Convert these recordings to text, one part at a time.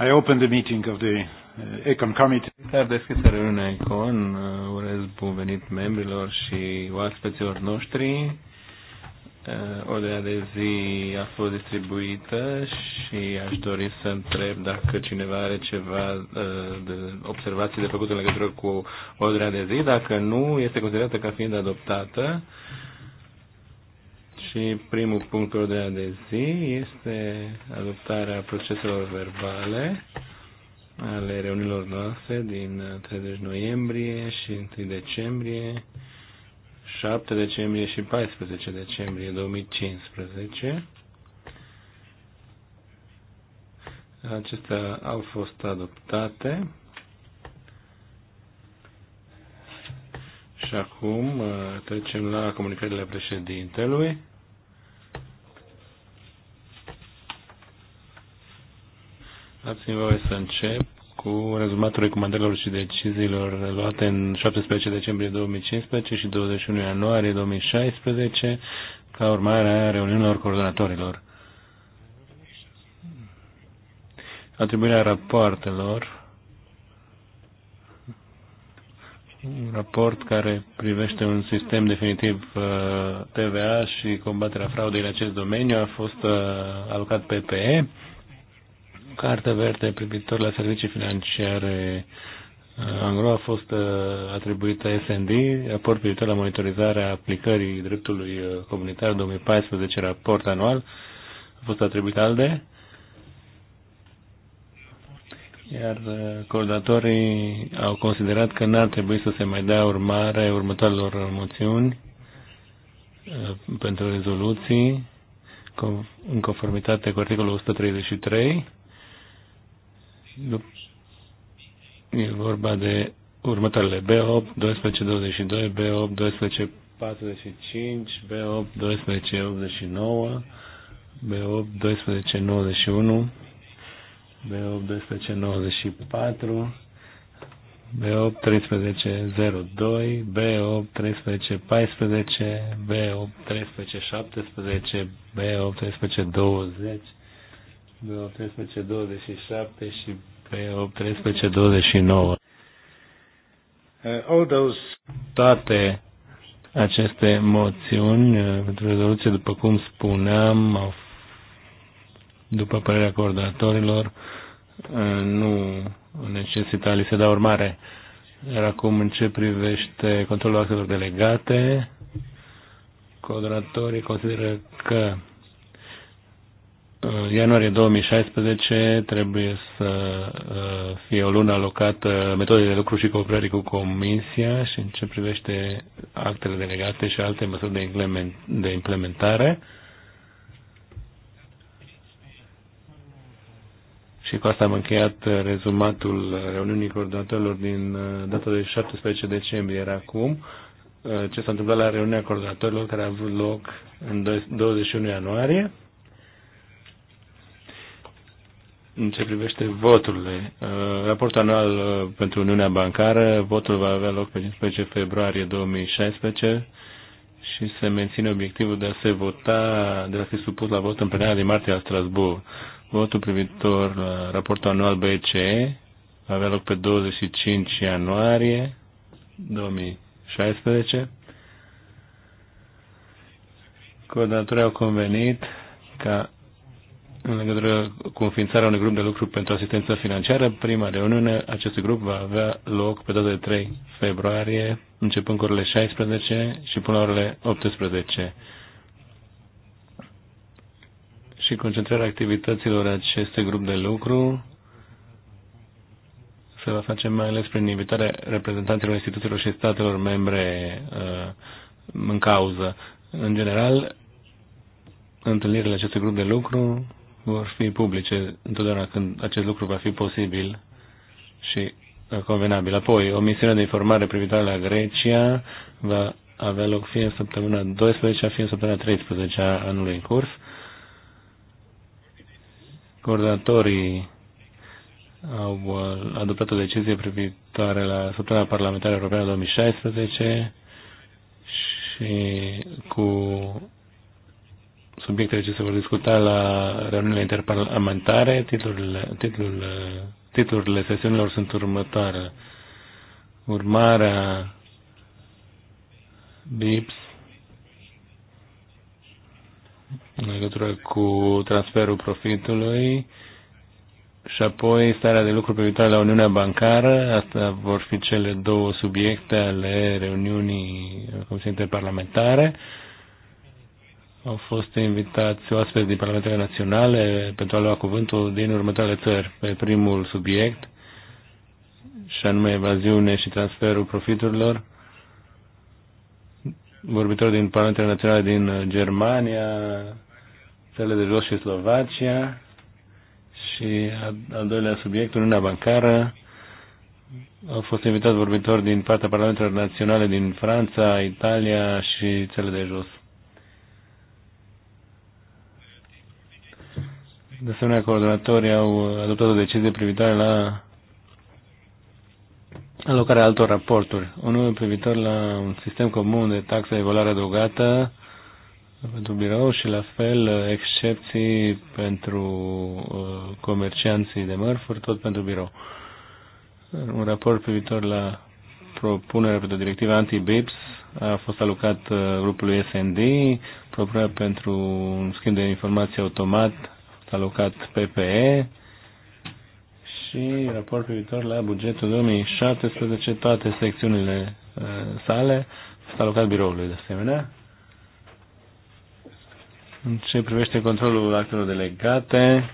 I open the meeting of the uh, Econ Committee. Chiar deschis reuniunea Econ, urez bun venit membrilor și oaspeților noștri. Uh, ordinea de zi a fost distribuită și aș dori să întreb dacă cineva are ceva uh, de observații de făcut în legătură cu ordinea de zi. Dacă nu, este considerată ca fiind adoptată. Și primul punct ordinea de zi este adoptarea proceselor verbale ale reunilor noastre din 30 noiembrie și 1 decembrie, 7 decembrie și 14 decembrie 2015. Acestea au fost adoptate. Și acum uh, trecem la comunicările președintelui. Dați-mi voie să încep cu rezumatul recomandărilor și deciziilor luate în 17 decembrie 2015 și 21 ianuarie 2016 ca urmare a reuniunilor coordonatorilor. Atribuirea rapoartelor un raport care privește un sistem definitiv uh, TVA și combaterea fraudei în acest domeniu a fost uh, alocat PPE carte verde privitor la servicii financiare uh, Angro a fost uh, atribuită SND, raport privitor la monitorizarea aplicării dreptului uh, comunitar 2014, raport anual, a fost atribuit ALDE, iar coordonatorii au considerat că n-ar trebui să se mai dea urmare următoarelor moțiuni pentru rezoluții în conformitate cu articolul 133 E vorba de următoarele B8, 1222, B8, 1245, B8, 1289, B8, 1291, B8, 1294, B8 1302, B8 1314, B8 1317, B8 1320, pe 813.27 și pe 813.29. Uh, all those... Toate aceste moțiuni uh, pentru rezoluție, după cum spuneam, au după părerea coordonatorilor, uh, nu necesită li se da urmare. Iar acum, în ce privește controlul actelor delegate, coordonatorii consideră că Uh, ianuarie 2016 trebuie să uh, fie o lună alocată metodei de lucru și cooperare cu Comisia și în ce privește actele delegate și alte măsuri de, de implementare. Și cu asta am încheiat rezumatul reuniunii coordonatorilor din uh, data de 17 decembrie, era acum, ce s-a întâmplat la reuniunea coordonatorilor care a avut loc în 21 ianuarie. În ce privește voturile, uh, raportul anual uh, pentru Uniunea Bancară, votul va avea loc pe 15 februarie 2016 și se menține obiectivul de a se vota, de a fi supus la vot în plenarea din martie la Strasbourg. Votul privitor la raportul anual BCE va avea loc pe 25 ianuarie 2016. Coordonatorii au convenit ca în legătură cu înființarea unui grup de lucru pentru asistență financiară. Prima reuniune acestui grup va avea loc pe data de 3 februarie, începând cu orele 16 și până la orele 18. Și concentrarea activităților acestui grup de lucru se va face mai ales prin invitarea reprezentanților instituțiilor și statelor membre uh, în cauză. În general, întâlnirile acestui grup de lucru vor fi publice întotdeauna când acest lucru va fi posibil și uh, convenabil. Apoi, o misiune de informare privitoare la Grecia va avea loc fie în săptămâna 12, fie în săptămâna 13 a anului în curs. Coordonatorii au uh, adoptat o decizie privitoare la săptămâna parlamentară europeană 2016 și cu subiectele ce se vor discuta la reuniunile interparlamentare. Titlurile, titlurile, titlurile sesiunilor sunt următoare. Urmarea BIPS în legătură cu transferul profitului și apoi starea de lucru privitoare la Uniunea Bancară. Asta vor fi cele două subiecte ale reuniunii Comisiei Interparlamentare au fost invitați oaspeți din Parlamentele Naționale pentru a lua cuvântul din următoarele țări pe primul subiect, și anume evaziune și transferul profiturilor. Vorbitori din Parlamentele Naționale din Germania, țările de jos și Slovacia și al doilea subiect, Uniunea Bancară. Au fost invitați vorbitori din partea Parlamentelor Naționale din Franța, Italia și țările de jos. De asemenea, coordonatorii au adoptat o decizie privitoare la alocarea altor raporturi. Unul privitor la un sistem comun de taxe de valoare adăugată pentru birou și la fel excepții pentru uh, comercianții de mărfuri, tot pentru birou. Un raport privitor la propunerea pentru directiva anti-BIPS a fost alocat uh, grupului SND, propunerea pentru un schimb de informații automat alocat PPE și raport privitor la bugetul 2017, toate secțiunile uh, sale, s-a alocat biroului de asemenea. În ce privește controlul actelor delegate,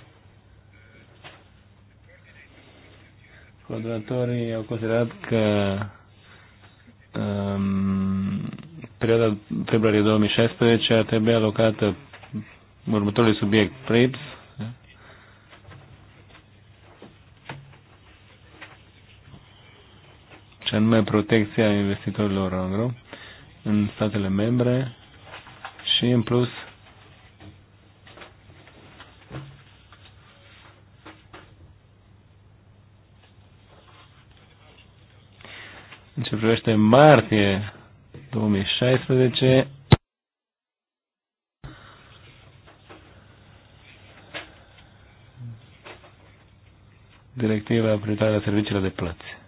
Quadratorii au considerat că um, perioada februarie 2016 ar trebui alocată următorului subiect PRIPS ce anume protecția investitorilor angro în statele membre și în plus în ce privește martie 2016 directiva privitoare la serviciile de plăți.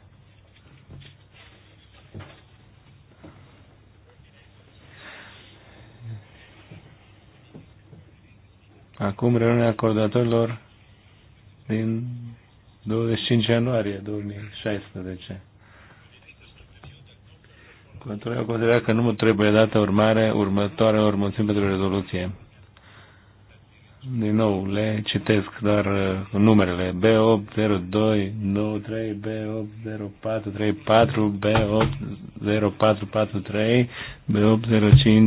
Acum reuniunea acordatorilor din 25 ianuarie 2016. Controlul considera că nu trebuie dată urmare următoare, urmățim pentru rezoluție. Din nou, le citesc doar uh, numerele B80293, b 34 B80443, B80526,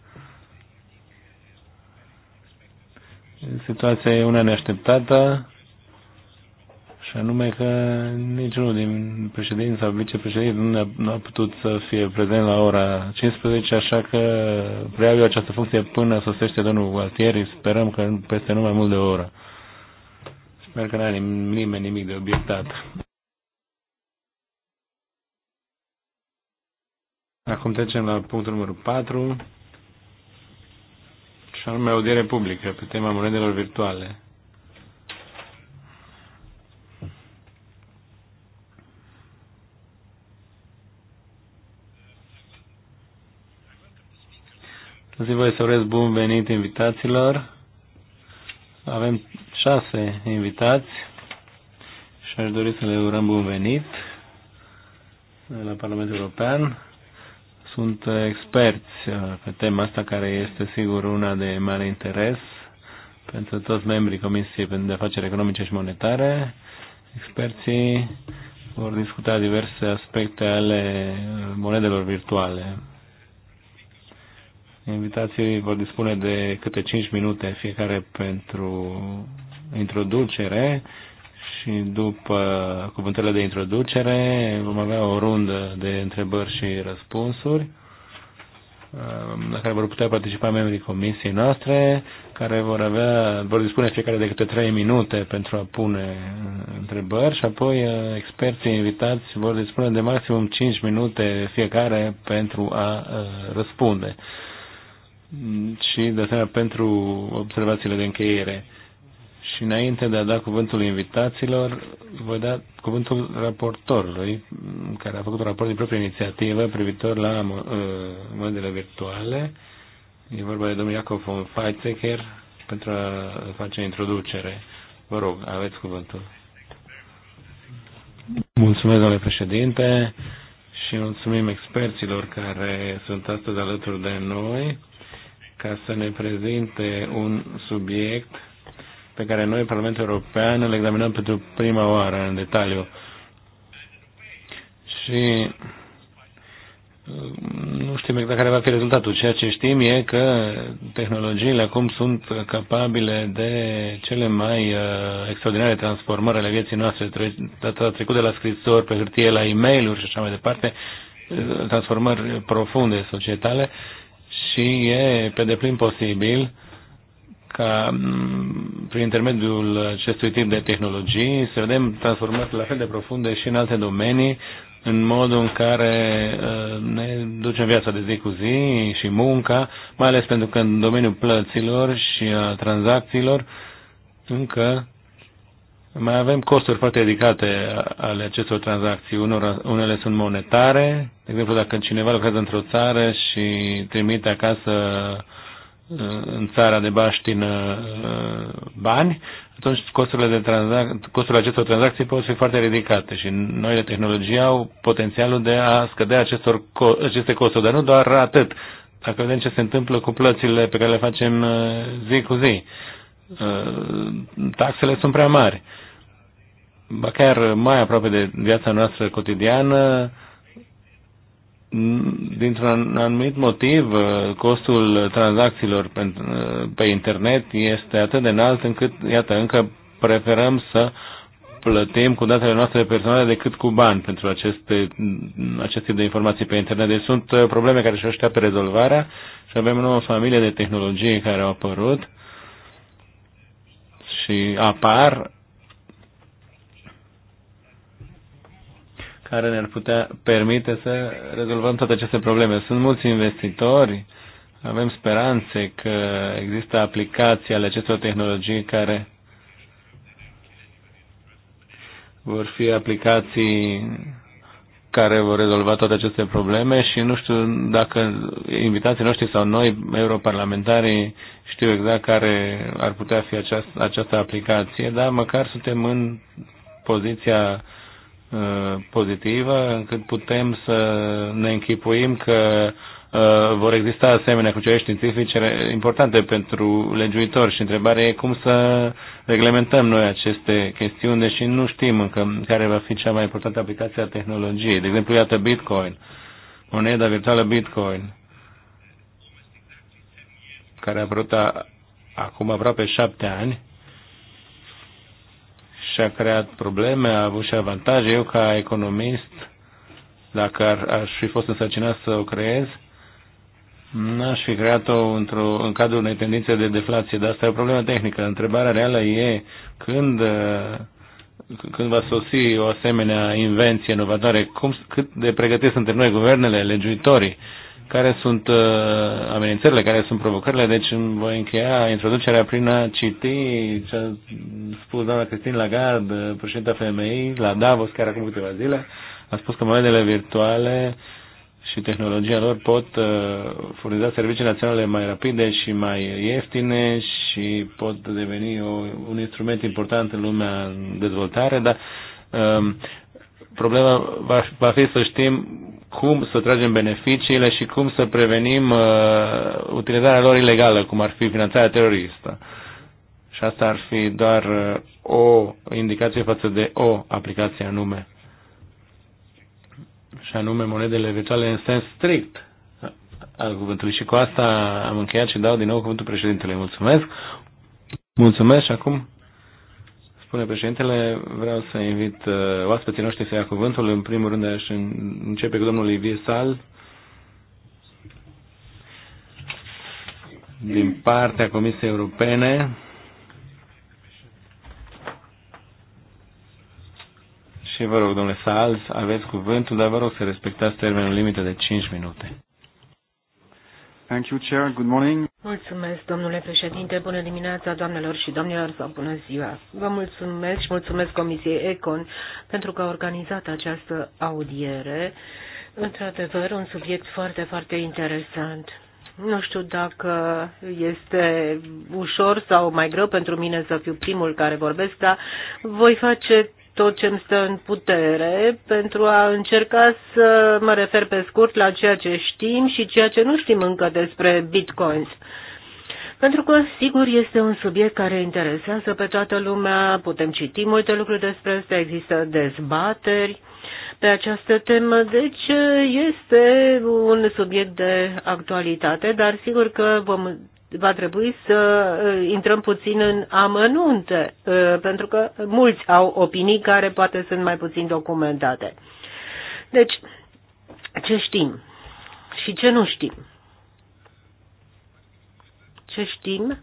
situația e una neașteptată și anume că niciunul din președinți sau vicepreședinți nu a putut să fie prezent la ora 15, așa că preiau eu această funcție până sosește domnul Gualtieri, sperăm că peste nu mai mult de o oră. Sper că n-are nimeni nimic de obiectat. Acum trecem la punctul numărul 4 și anume audiere publică pe tema monedelor virtuale. Dați voi să urez bun venit invitaților. Avem șase invitați și aș dori să le urăm bun venit la Parlamentul European. Sunt experți uh, pe tema asta, care este sigur una de mare interes pentru toți membrii Comisiei de Afaceri Economice și Monetare. Experții vor discuta diverse aspecte ale uh, monedelor virtuale. Invitații vor dispune de câte 5 minute fiecare pentru introducere și după cuvântele de introducere vom avea o rundă de întrebări și răspunsuri um, la care vor putea participa membrii comisiei noastre, care vor avea, vor dispune fiecare de câte trei minute pentru a pune uh, întrebări și apoi uh, experții invitați vor dispune de maximum 5 minute fiecare pentru a uh, răspunde și de asemenea pentru observațiile de încheiere. Și înainte de a da cuvântul invitaților, voi da cuvântul raportorului, care a făcut un raport din proprie inițiativă privitor la uh, modele virtuale. E vorba de domnul Iacov von Feitzecher pentru a face introducere. Vă rog, aveți cuvântul. Mulțumesc, domnule președinte, și mulțumim experților care sunt astăzi alături de noi ca să ne prezinte un subiect pe care noi, Parlamentul European, îl examinăm pentru prima oară în detaliu. Și uh, nu știm exact care va fi rezultatul. Ceea ce știm e că tehnologiile acum sunt capabile de cele mai uh, extraordinare transformări ale vieții noastre. Data trecut de la scrisori, pe hârtie, la e mail și așa mai departe, uh, transformări profunde societale și e pe deplin posibil ca prin intermediul acestui tip de tehnologii să vedem transformări la fel de profunde și în alte domenii, în modul în care uh, ne ducem viața de zi cu zi și munca, mai ales pentru că în domeniul plăților și a tranzacțiilor încă mai avem costuri foarte ridicate ale acestor tranzacții. Unor, unele sunt monetare, de exemplu dacă cineva lucrează într-o țară și trimite acasă Uh, în țara de baștină uh, bani, atunci costurile, de costurile acestor tranzacții pot fi foarte ridicate și noile tehnologii au potențialul de a scădea acestor co- aceste costuri, dar nu doar atât. Dacă vedem ce se întâmplă cu plățile pe care le facem uh, zi cu zi, taxele sunt prea mari. Ba chiar mai aproape de viața noastră cotidiană, dintr-un anumit motiv, uh, costul tranzacțiilor uh, pe internet este atât de înalt încât, iată, încă preferăm să plătim cu datele noastre personale decât cu bani pentru aceste, acest tip de informații pe internet. Deci sunt uh, probleme care își așteaptă rezolvarea și avem o nouă familie de tehnologie care au apărut și apar care ne-ar putea permite să rezolvăm toate aceste probleme. Sunt mulți investitori, avem speranțe că există aplicații ale acestor tehnologii care vor fi aplicații care vor rezolva toate aceste probleme și nu știu dacă invitații noștri sau noi, europarlamentarii, știu exact care ar putea fi această, această aplicație, dar măcar suntem în poziția pozitivă, încât putem să ne închipuim că uh, vor exista asemenea cuceriri științifice importante pentru legiuitori și întrebarea e cum să reglementăm noi aceste chestiuni, deși nu știm încă care va fi cea mai importantă aplicație a tehnologiei. De exemplu, iată Bitcoin, moneda virtuală Bitcoin, care a apărut acum aproape șapte ani și-a creat probleme, a avut și avantaje. Eu, ca economist, dacă ar, aș fi fost însărcinat să o creez, n-aș fi creat-o într-o, în cadrul unei tendințe de deflație, dar asta e o problemă tehnică. Întrebarea reală e când, uh, când va sosi o asemenea invenție inovatoare, cum, cât de pregătiți suntem noi, guvernele, legiuitorii, care sunt uh, amenințările, care sunt provocările. Deci îmi voi încheia introducerea prin a citi ce a spus doamna Cristin Lagarde, președinta FMI, la Davos, care acum câteva zile, a spus că monedele virtuale și tehnologia lor pot uh, furniza servicii naționale mai rapide și mai ieftine și pot deveni o, un instrument important în lumea în dezvoltare, dar uh, problema va, va fi să știm cum să tragem beneficiile și cum să prevenim uh, utilizarea lor ilegală, cum ar fi finanțarea teroristă. Și asta ar fi doar uh, o indicație față de o aplicație anume. Și anume monedele virtuale în sens strict al cuvântului. Și cu asta am încheiat și dau din nou cuvântul președintele. Mulțumesc! Mulțumesc și acum Spune președintele, vreau să invit uh, oaspeții noștri să ia cuvântul. În primul rând aș începe cu domnul Ivie Sal, din partea Comisiei Europene. Și vă rog, domnule Sal, aveți cuvântul, dar vă rog să respectați termenul limită de 5 minute. Thank you, Chair. Good morning. Mulțumesc, domnule președinte. Bună dimineața, doamnelor și domnilor, sau bună ziua. Vă mulțumesc și mulțumesc Comisiei Econ pentru că a organizat această audiere. Într-adevăr, un subiect foarte, foarte interesant. Nu știu dacă este ușor sau mai greu pentru mine să fiu primul care vorbesc, dar voi face tot ce îmi stă în putere pentru a încerca să mă refer pe scurt la ceea ce știm și ceea ce nu știm încă despre bitcoins. Pentru că, sigur, este un subiect care interesează pe toată lumea, putem citi multe lucruri despre asta, există dezbateri pe această temă, deci este un subiect de actualitate, dar sigur că vom va trebui să uh, intrăm puțin în amănunte, uh, pentru că mulți au opinii care poate sunt mai puțin documentate. Deci, ce știm și ce nu știm? Ce știm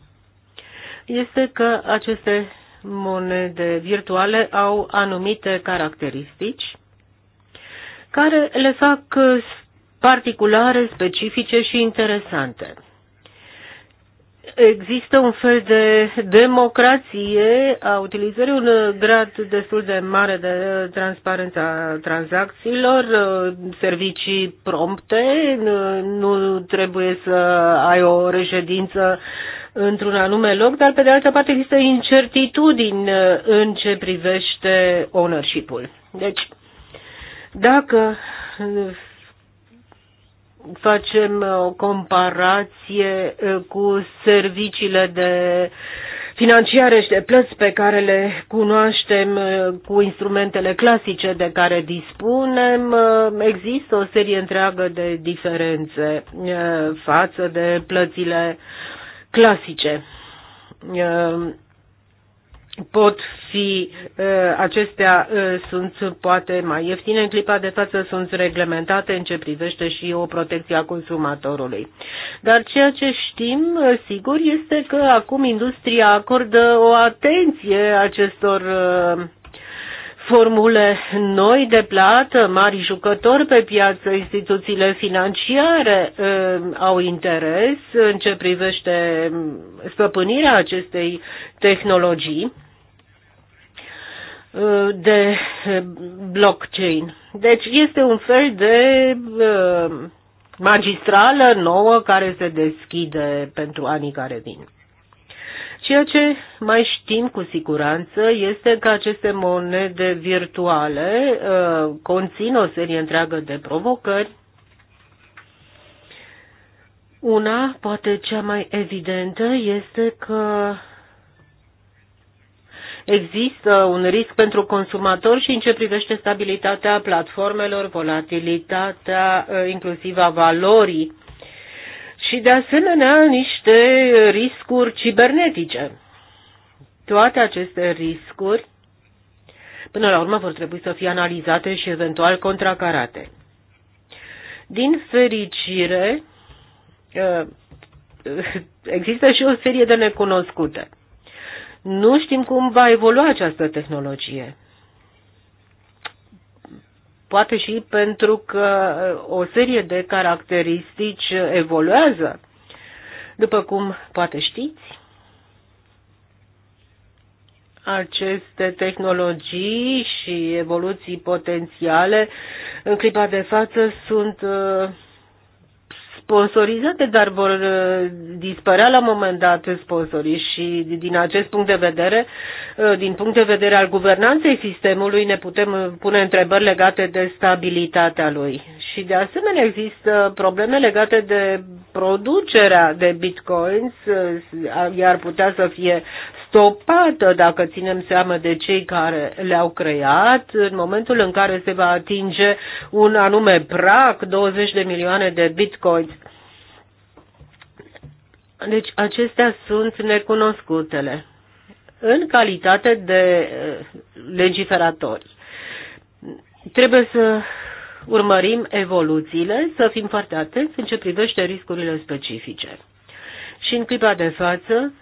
este că aceste monede virtuale au anumite caracteristici care le fac uh, particulare, specifice și interesante există un fel de democrație a utilizării, un grad destul de mare de uh, transparență a tranzacțiilor, uh, servicii prompte, nu trebuie să ai o reședință într-un anume loc, dar pe de altă parte există incertitudini uh, în ce privește ownership-ul. Deci, dacă facem o comparație eh, cu serviciile de financiare și de plăți pe care le cunoaștem eh, cu instrumentele clasice de care dispunem, eh, există o serie întreagă de diferențe față de plățile clasice pot fi, acestea sunt poate mai ieftine în clipa de față, sunt reglementate în ce privește și o protecție a consumatorului. Dar ceea ce știm, sigur, este că acum industria acordă o atenție acestor formule noi de plată, mari jucători pe piață, instituțiile financiare au interes în ce privește stăpânirea acestei tehnologii de blockchain. Deci este un fel de uh, magistrală nouă care se deschide pentru anii care vin. Ceea ce mai știm cu siguranță este că aceste monede virtuale uh, conțin o serie întreagă de provocări. Una, poate cea mai evidentă, este că există un risc pentru consumator și în ce privește stabilitatea platformelor, volatilitatea, eh, inclusiv a valorii și de asemenea niște riscuri cibernetice. Toate aceste riscuri până la urmă vor trebui să fie analizate și eventual contracarate. Din fericire, eh, există și o serie de necunoscute. Nu știm cum va evolua această tehnologie. Poate și pentru că uh, o serie de caracteristici evoluează. După cum poate știți, aceste tehnologii și evoluții potențiale în clipa de față sunt uh, sponsorizate, dar vor uh, dispărea la un moment dat sponsorii și din acest punct de vedere Uh, din punct de vedere al guvernanței sistemului ne putem uh, pune întrebări legate de stabilitatea lui. Și de asemenea există probleme legate de producerea de bitcoins, uh, iar putea să fie stopată dacă ținem seama de cei care le-au creat în momentul în care se va atinge un anume prag, 20 de milioane de bitcoins. Deci acestea sunt necunoscutele în calitate de uh, legiferatori. Trebuie să urmărim evoluțiile, să fim foarte atenți în ce privește riscurile specifice. Și în clipa de față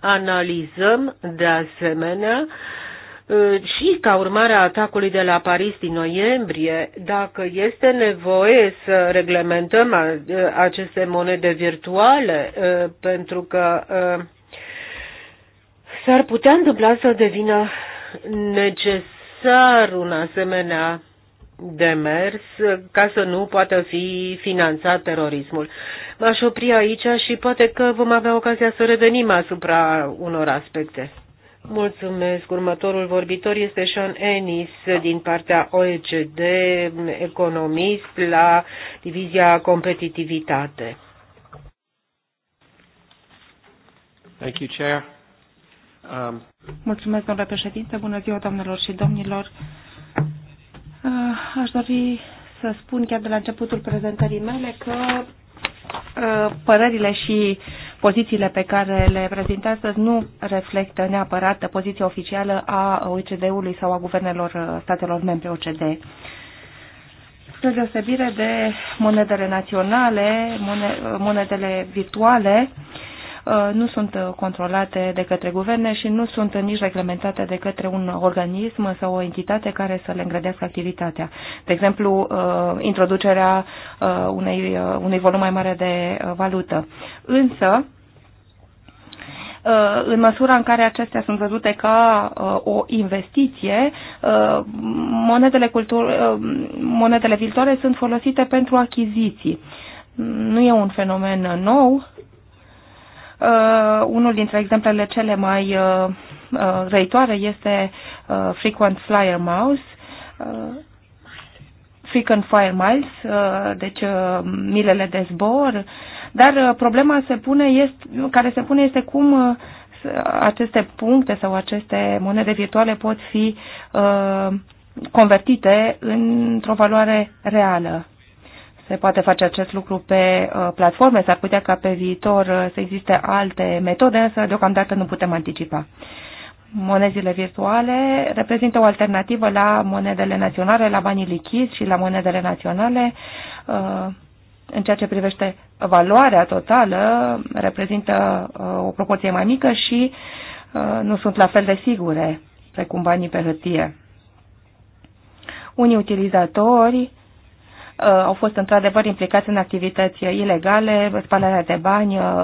analizăm de asemenea uh, și ca urmare a atacului de la Paris din noiembrie, dacă este nevoie să reglementăm uh, aceste monede virtuale, pentru că S-ar putea întâmpla să devină necesar un asemenea demers ca să nu poată fi finanțat terorismul. M-aș opri aici și poate că vom avea ocazia să revenim asupra unor aspecte. Mulțumesc. Următorul vorbitor este Sean Ennis din partea OECD, economist la Divizia Competitivitate. Thank you, Chair. Um, Mulțumesc, domnule președinte. Bună ziua, doamnelor și domnilor. Uh, aș dori să spun chiar de la începutul prezentării mele că uh, părerile și pozițiile pe care le prezint astăzi nu reflectă neapărat poziția oficială a OECD-ului sau a guvernelor uh, statelor membre OCD. spre deosebire de monedele naționale, monedele virtuale, Uh, nu sunt controlate de către guverne și nu sunt nici reglementate de către un organism sau o entitate care să le îngrădească activitatea. De exemplu, uh, introducerea uh, unei, unui volum mai mare de valută. Însă, în măsura în care acestea sunt văzute ca o investiție, monedele, cultur, monedele viitoare sunt folosite pentru achiziții. Nu e un fenomen nou, Uh, unul dintre exemplele cele mai uh, uh, răitoare este uh, Frequent Flyer Mouse, uh, Frequent Flyer Miles, uh, deci uh, milele de zbor, dar uh, problema se pune este, care se pune este cum uh, aceste puncte sau aceste monede virtuale pot fi uh, convertite într-o valoare reală se poate face acest lucru pe uh, platforme, s-ar putea ca pe viitor uh, să existe alte metode, însă deocamdată nu putem anticipa. Monezile virtuale reprezintă o alternativă la monedele naționale, la banii lichizi și la monedele naționale. Uh, în ceea ce privește valoarea totală, reprezintă o proporție mai mică și nu sunt la fel de sigure precum banii pe hârtie. Unii utilizatori uh, Uh, au fost într-adevăr implicați în activități ilegale, spalarea de bani, uh,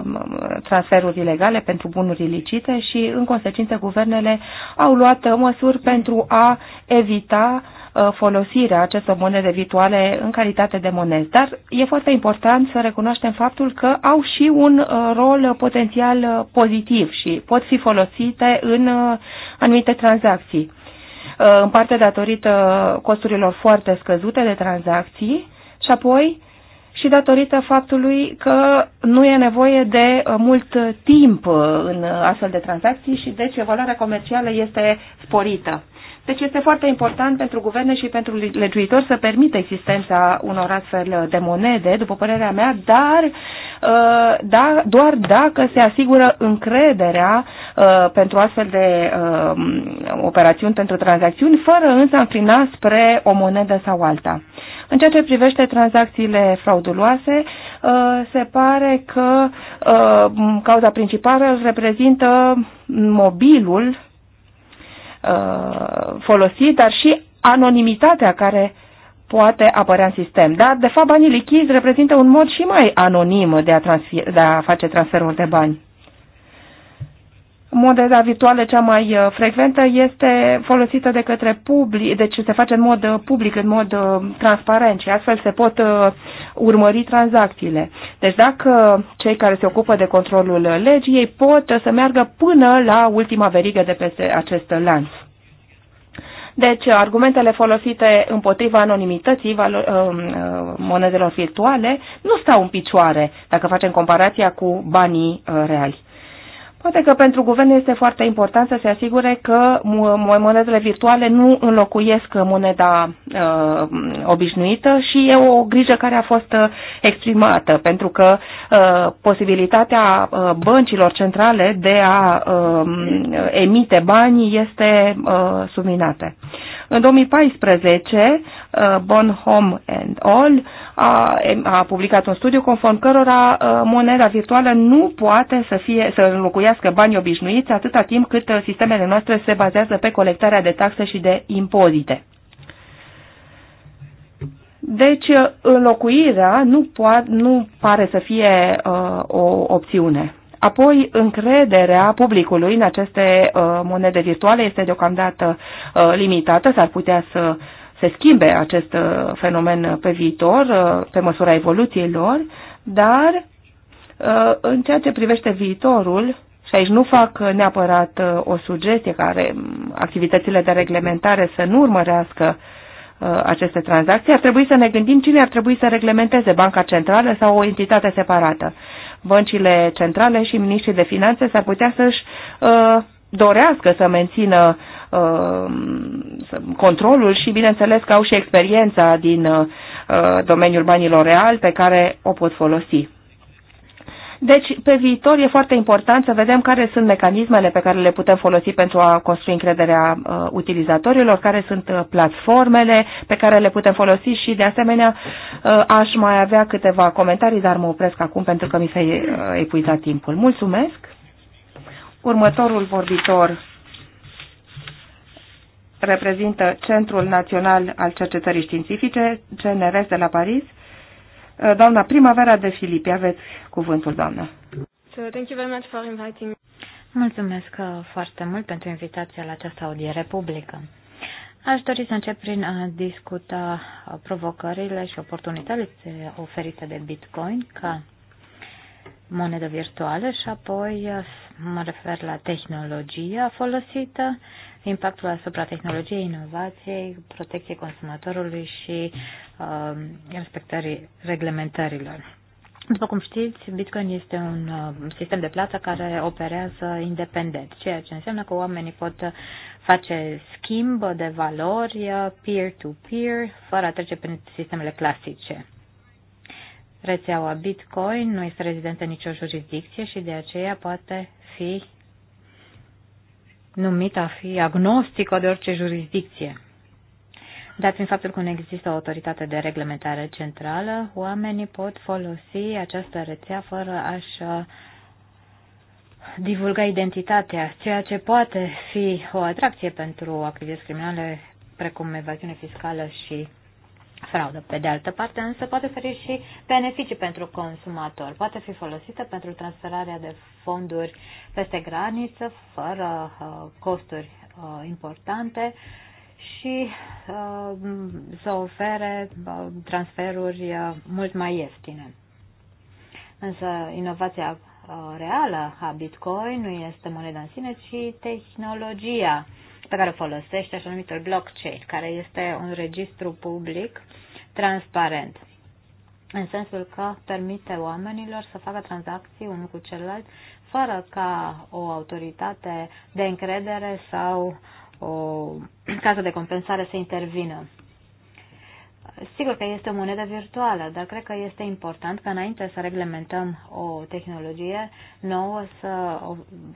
transferuri ilegale pentru bunuri ilicite și, în consecință, guvernele au luat măsuri pentru a evita uh, folosirea acestor monede virtuale în calitate de monede. Dar e foarte important să recunoaștem faptul că au și un rol potențial pozitiv și pot fi folosite în anumite tranzacții în parte datorită costurilor foarte scăzute de tranzacții și apoi și datorită faptului că nu e nevoie de uh, mult timp uh, în astfel de tranzacții și deci valoarea comercială este sporită. Deci este foarte important pentru guverne și pentru legiuitori să permită existența unor astfel de monede, după părerea mea, dar Uh, da, doar dacă se asigură încrederea uh, pentru astfel de um, operațiuni, pentru tranzacțiuni, fără însă înclina spre o monedă sau alta. În ceea ce privește tranzacțiile frauduloase, uh, se pare că cauza principală îl reprezintă mobilul folosit, dar și anonimitatea care poate apărea în sistem. Dar, de fapt, banii lichizi reprezintă un mod și mai anonim de a, transfer, de a face transferul de bani. Moneda virtuală cea mai uh, frecventă este folosită de către public, deci se face în mod uh, public, în mod uh, transparent și astfel se pot urmări tranzacțiile. Deci dacă cei care se ocupă de controlul legii ei pot să meargă până la ultima verigă de peste acest lanț. Deci, argumentele folosite împotriva anonimității uh, uh, monedelor virtuale nu stau în picioare dacă facem comparația cu banii uh, reali. Poate că pentru guvern este foarte important să se asigure că monedele virtuale nu înlocuiesc moneda uh, obișnuită și e o grijă care a fost uh, exprimată, pentru că uh, posibilitatea uh, băncilor centrale de a uh, emite bani este uh, subminată. Uh, în 2014, uh, Home and All a, a publicat un studiu conform cărora uh, moneda virtuală nu poate să, fie, să înlocuiască banii obișnuiți atâta timp cât uh, sistemele noastre se bazează pe colectarea de taxe și de impozite. Deci, înlocuirea nu, poa- nu pare să fie uh, o opțiune. Apoi, încrederea publicului în aceste uh, monede virtuale este deocamdată uh, limitată, s-ar putea să se schimbe acest uh, fenomen pe viitor, pe măsura evoluției lor, dar în ceea ce privește viitorul, și aici nu fac neapărat o sugestie care activitățile de reglementare să nu urmărească aceste tranzacții, ar trebui să ne gândim cine ar trebui să reglementeze Banca Centrală sau o entitate separată băncile centrale și miniștrii de finanțe s-ar putea să-și uh, dorească să mențină uh, controlul și, bineînțeles, că au și experiența din uh, domeniul banilor real pe care o pot folosi. Deci, pe viitor e foarte important să vedem care sunt mecanismele pe care le putem folosi pentru a construi încrederea uh, utilizatorilor, care sunt uh, platformele pe care le putem folosi și, de asemenea, uh, aș mai avea câteva comentarii, dar mă opresc acum pentru că mi s-a uh, epuizat timpul. Mulțumesc! Următorul vorbitor reprezintă Centrul Național al Cercetării Științifice, CNRS de la Paris, Eh, doamna Primavera de Filipe, aveți cuvântul, doamna. So, thank you very much for inviting me. Mulțumesc eh, foarte mult pentru invitația la această audiere publică. Aș dori să încep prin a discuta eh, provocările și oportunitățile oferite de Bitcoin ca monedă virtuală și apoi mă refer la tehnologia folosită, impactul asupra tehnologiei, inovației, protecției consumatorului și Uh, respectării reglementărilor. După cum știți, Bitcoin este un uh, sistem de plată care operează independent, ceea ce înseamnă că oamenii pot face schimb de valori peer-to-peer, uh, -peer, fără a trece prin sistemele clasice. Rețeaua Bitcoin nu este rezidentă nicio jurisdicție și de aceea poate fi numită a fi agnostică de orice jurisdicție. Dar prin faptul că nu există o autoritate de reglementare centrală, oamenii pot folosi această rețea fără a-și uh, divulga identitatea, ceea ce poate fi o atracție pentru activități criminale precum evaziune fiscală și fraudă. Pe de altă parte, însă, poate oferi și beneficii pentru consumator. Poate fi folosită pentru transferarea de fonduri peste graniță, fără uh, costuri uh, importante, uh, și uh, să ofere uh, transferuri uh, mult mai ieftine. Însă inovația reală a Bitcoin nu este moneda în sine, ci tehnologia pe care o folosește, așa numitul blockchain, care este un registru public transparent, în sensul că permite oamenilor să facă tranzacții unul cu celălalt, fără ca o autoritate de încredere sau o casă de compensare să intervină. Sigur că este o monedă virtuală, dar cred că este important că înainte să reglementăm o tehnologie nouă, să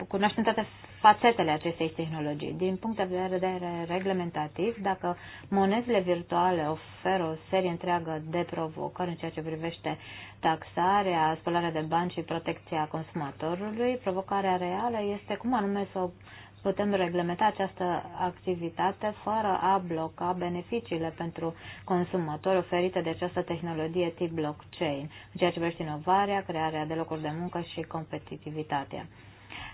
cunoaștem toate fațetele acestei tehnologii. Din punct de vedere reglementativ, dacă monedele virtuale oferă o serie întreagă de provocări în ceea ce privește taxarea, spălarea de bani și protecția consumatorului, provocarea reală este cum anume să putem reglementa această activitate fără a bloca beneficiile pentru consumatori oferite de această tehnologie tip blockchain, în ceea ce privește inovarea, crearea de locuri de muncă și competitivitatea.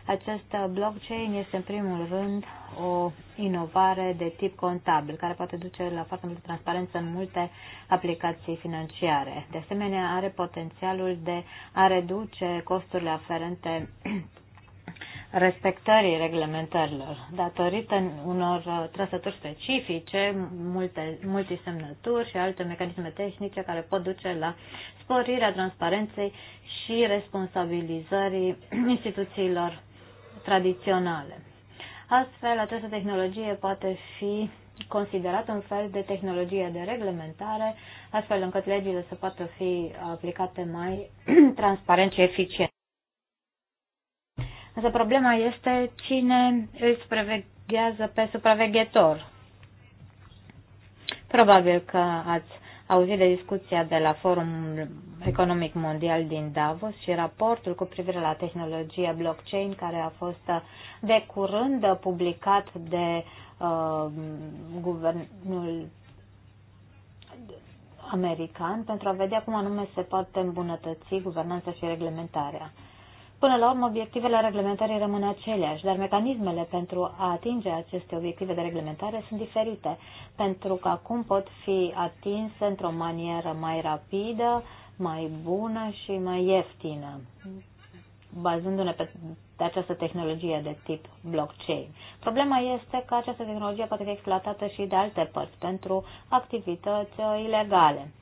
Acest blockchain este în primul rând o inovare de tip contabil, care poate duce la foarte multă transparență în multe aplicații financiare. De asemenea, are potențialul de a reduce costurile aferente respectării reglementărilor. Datorită unor uh, trăsături specifice, multe, multisemnături și alte mecanisme tehnice care pot duce la sporirea transparenței și responsabilizării instituțiilor tradiționale. Astfel, această tehnologie poate fi considerată un fel de tehnologie de reglementare, astfel încât legile să poată fi aplicate mai transparent și eficient. Însă problema este cine îl supraveghează pe supraveghetor. Probabil că ați auzit de discuția de la Forumul Economic Mondial din Davos și raportul cu privire la tehnologia blockchain care a fost de curând publicat de uh, guvernul american pentru a vedea cum anume se poate îmbunătăți guvernanța și reglementarea. Până la urmă, obiectivele reglementării rămân aceleași, dar mecanismele pentru a atinge aceste obiective de reglementare sunt diferite, pentru că acum pot fi atinse într-o manieră mai rapidă, mai bună și mai ieftină, bazându-ne pe această tehnologie de tip blockchain. Problema este că această tehnologie poate fi exploatată și de alte părți pentru activități uh, ilegale.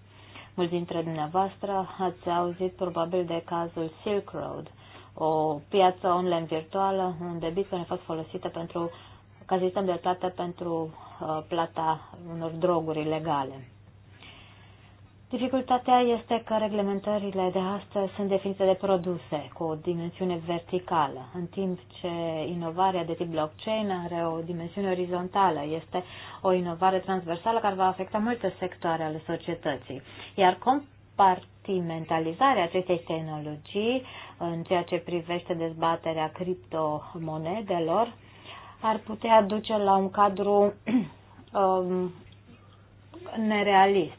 Mulți dintre dumneavoastră ați auzit probabil de cazul Silk Road, o piață online virtuală unde Bitcoin a fost folosită pentru, ca sistem de plată pentru uh, plata unor droguri ilegale. Dificultatea este că reglementările de astăzi sunt definite de produse cu o dimensiune verticală, în timp ce inovarea de tip blockchain are o dimensiune orizontală. Este o inovare transversală care va afecta multe sectoare ale societății. Iar compart instrumentalizarea acestei tehnologii în ceea ce privește dezbaterea criptomonedelor ar putea duce la un cadru um, nerealist.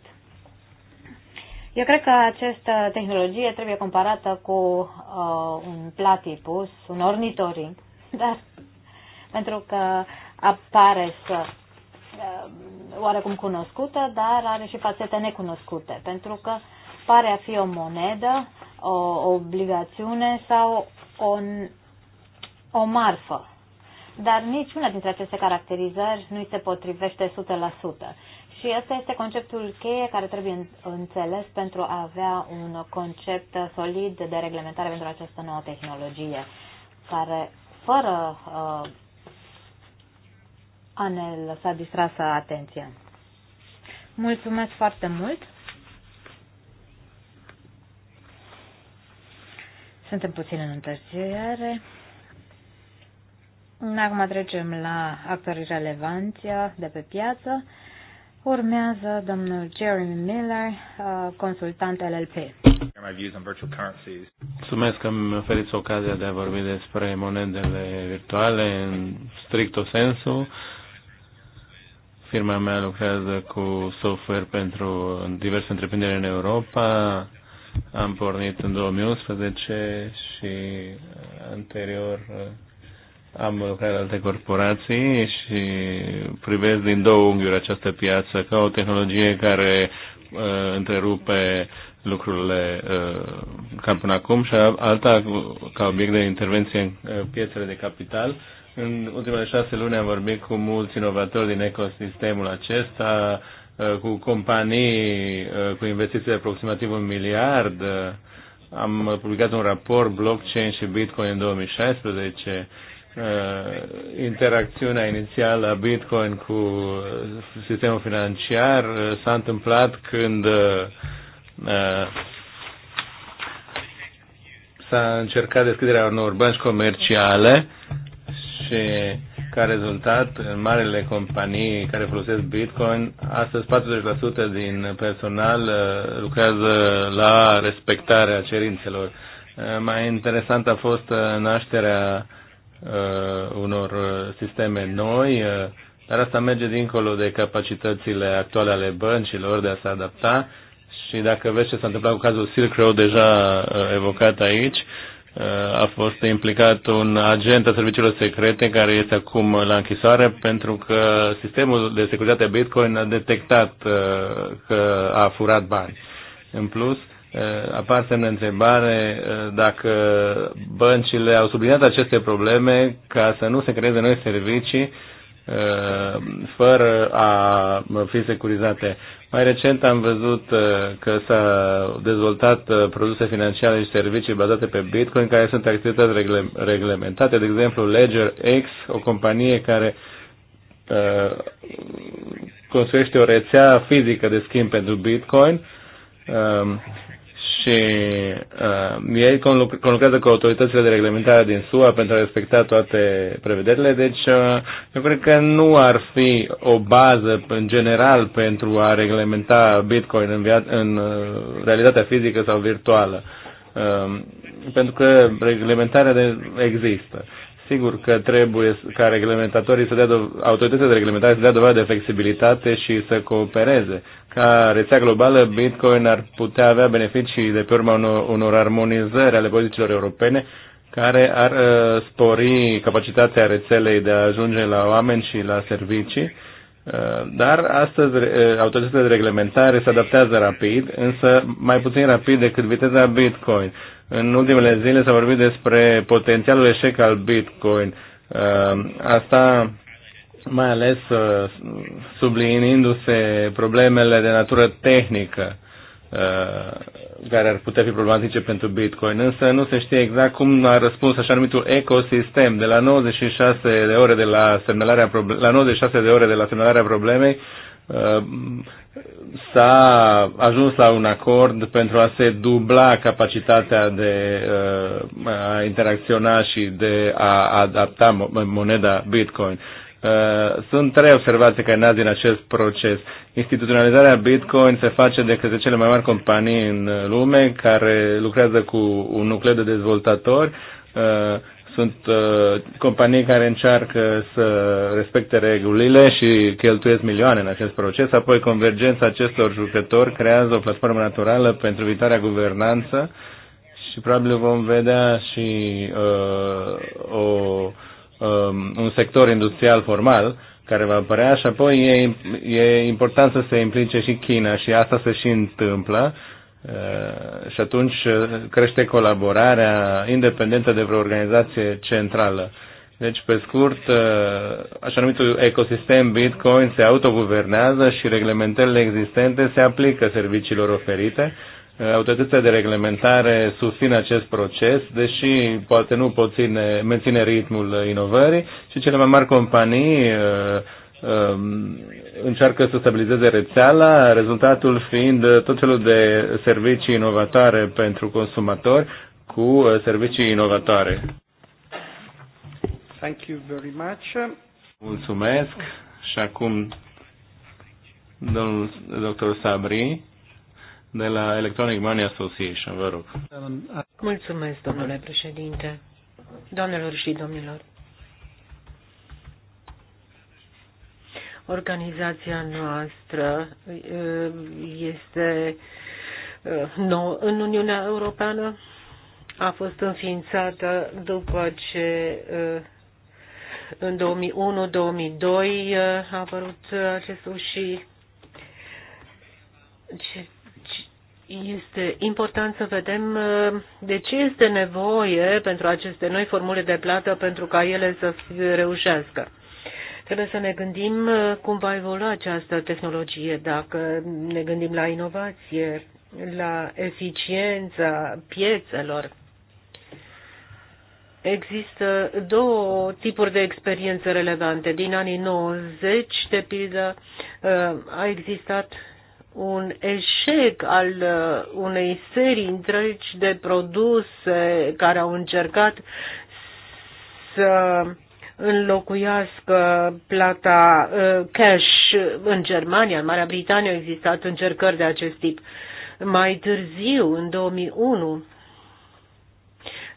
Eu cred că această tehnologie trebuie comparată cu uh, un platipus, un ornitoring, dar pentru că apare să uh, oarecum cunoscută, dar are și fațete necunoscute, pentru că pare a fi o monedă, o obligațiune sau o, o marfă. Dar niciuna dintre aceste caracterizări nu îi se potrivește 100%. Și ăsta este conceptul cheie care trebuie înțeles pentru a avea un concept solid de reglementare pentru această nouă tehnologie, care fără uh, a ne lăsa distrasă atenția. Mulțumesc foarte mult! Suntem puțin în întârziere. Acum trecem la actorii relevanți uh, de pe piață. Urmează domnul Jeremy Miller, uh, consultant LLP. Mulțumesc că mi oferiți ocazia de a vorbi despre monedele virtuale în o sensu. Firma mea lucrează cu software pentru diverse întreprinderi în Europa, am pornit în 2011 și uh, anterior uh, am lucrat alte corporații și privesc din două unghiuri această piață ca o tehnologie care uh, întrerupe lucrurile uh, ca până acum și alta ca obiect de intervenție în uh, piețele de capital. În ultimele șase luni am vorbit cu mulți inovatori din ecosistemul acesta, uh, Uh, cu companii uh, cu investiții de aproximativ un miliard. Uh, am publicat un raport blockchain și bitcoin în 2016 interacțiunea inițială a Bitcoin cu sistemul financiar s-a întâmplat când s-a încercat deschiderea unor bănci comerciale și ca rezultat, în marele companii care folosesc Bitcoin, astăzi 40% din personal uh, lucrează la respectarea cerințelor. Uh, mai interesant a fost uh, nașterea unor sisteme noi, dar asta merge dincolo de capacitățile actuale ale băncilor de a se adapta. Și dacă vezi ce s-a întâmplat cu cazul Silk Road deja evocat aici, a fost implicat un agent al serviciilor secrete care este acum la închisoare pentru că sistemul de securitate Bitcoin a detectat uh, că a furat bani. În plus, uh, apar semne întrebare uh, dacă băncile au subliniat aceste probleme ca să nu se creeze noi servicii Uh, fără a fi securizate. Mai recent am văzut uh, că s-a dezvoltat uh, produse financiare și servicii bazate pe Bitcoin, care sunt activități reglementate. De exemplu, Ledger X, o companie care construiește o rețea fizică de schimb pentru Bitcoin și uh, ei conlucrează cu autoritățile de reglementare din SUA pentru a respecta toate prevederile, deci uh, eu cred că nu ar fi o bază în general pentru a reglementa Bitcoin în, via- în uh, realitatea fizică sau virtuală, uh, pentru că reglementarea de- există. Sigur că trebuie ca reglementatorii să dea autoritățile de reglementare să dea dovadă de flexibilitate și să coopereze. Ca rețea globală, Bitcoin ar putea avea beneficii de pe urma unor, unor armonizări ale politicilor europene care ar uh, spori capacitatea rețelei de a ajunge la oameni și la servicii. Uh, dar astăzi uh, autoritățile de reglementare se adaptează rapid, însă mai puțin rapid decât viteza Bitcoin. În ultimele zile s-a vorbit despre potențialul eșec al Bitcoin. Ehm, asta mai ales uh, sublinindu se problemele de natură tehnică uh, care ar putea fi problematice pentru Bitcoin, însă nu se știe exact cum a răspuns așa numitul ecosistem de la 96 de ore de la semnalarea la 96 de ore de la semnalarea problemei uh, s-a ajuns la un acord pentru a se dubla capacitatea de uh, a interacționa și de a adapta moneda Bitcoin. Uh, sunt trei observații care nasc din acest proces. Instituționalizarea Bitcoin se face de către cele mai mari companii în lume care lucrează cu un nucleu de dezvoltatori uh, sunt uh, companii care încearcă să respecte regulile și cheltuiesc milioane în acest proces, apoi convergența acestor jucători creează o platformă naturală pentru viitoarea guvernanță și probabil vom vedea și uh, o, um, un sector industrial formal care va apărea și apoi e, e important să se implice și China și asta se și întâmplă Uh, și atunci uh, crește colaborarea independentă de vreo organizație centrală. Deci, pe scurt, uh, așa numitul ecosistem Bitcoin se autoguvernează și reglementările existente se aplică serviciilor oferite. Autoritățile de reglementare susțin acest proces, deși poate nu pot ține, menține ritmul inovării și cele mai mari companii Um, încearcă să stabilizeze rețeala, rezultatul fiind tot felul de servicii inovatoare pentru consumatori cu uh, servicii inovatoare. Thank you very much. Mulțumesc și acum domnul dr. Sabri de la Electronic Money Association, vă rog. Mulțumesc, domnule președinte. Doamnelor și domnilor, Organizația noastră uh, este uh, nouă în Uniunea Europeană. A fost înființată după ce uh, în 2001-2002 a apărut acest și este important să vedem de ce este nevoie pentru aceste noi formule de plată pentru ca ele să reușească. Trebuie să ne gândim uh, cum va evolua această tehnologie, dacă ne gândim la inovație, la eficiența piețelor. Există două tipuri de experiențe relevante. Din anii 90, de pildă, uh, a existat un eșec al uh, unei serii întregi de produse care au încercat să înlocuiască plata uh, cash în Germania, în Marea Britanie au existat încercări de acest tip. Mai târziu, în 2001,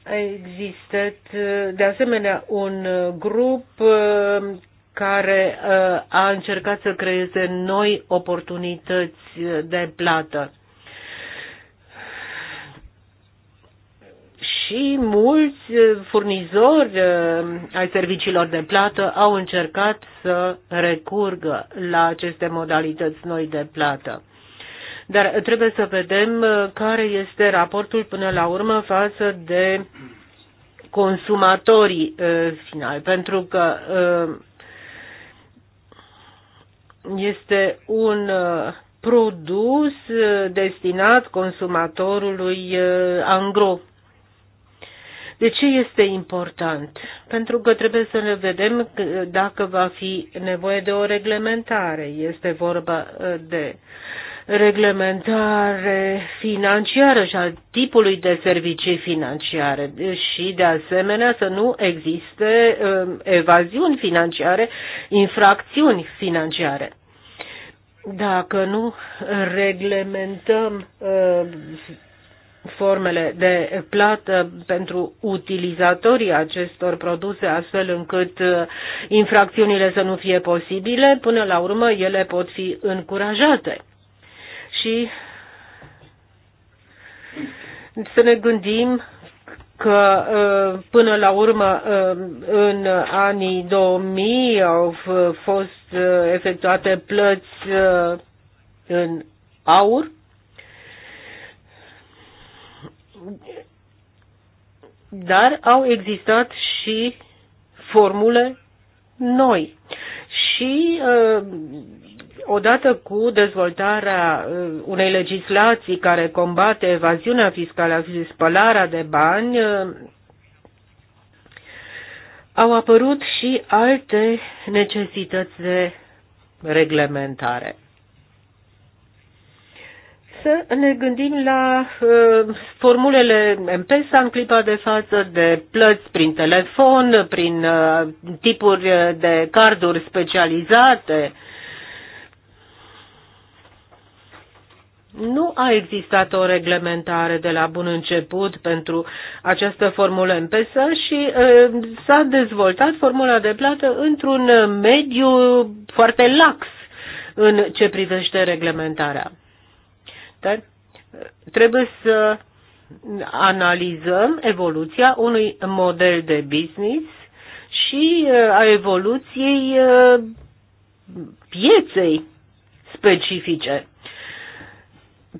a existat uh, de asemenea un grup uh, care a încercat să creeze noi oportunități de plată. și mulți eh, furnizori eh, ai serviciilor de plată au încercat să recurgă la aceste modalități noi de plată. Dar trebuie să vedem eh, care este raportul până la urmă față de consumatorii finali, pentru că este un produs destinat consumatorului angro. De ce este important? Pentru că trebuie să ne vedem dacă va fi nevoie de o reglementare. Este vorba uh, de reglementare financiară și al tipului de servicii financiare și, de asemenea, să nu existe um, evaziuni financiare, infracțiuni financiare. Dacă nu reglementăm uh, formele de plată pentru utilizatorii acestor produse, astfel încât uh, infracțiunile să nu fie posibile, până la urmă ele pot fi încurajate. Și să ne gândim că uh, până la urmă uh, în anii 2000 au fost efectuate plăți în aur dar au existat și formule noi. Și uh, odată cu dezvoltarea uh, unei legislații care combate evaziunea fiscală, spălarea de bani, uh, au apărut și alte necesități de reglementare să ne gândim la uh, formulele MPESA în clipa de față, de plăți prin telefon, prin uh, tipuri de carduri specializate. Nu a existat o reglementare de la bun început pentru această formulă MPESA și uh, s-a dezvoltat formula de plată într-un mediu foarte lax în ce privește reglementarea. Dar uh, trebuie să analizăm evoluția unui model de business și uh, a evoluției uh, pieței specifice.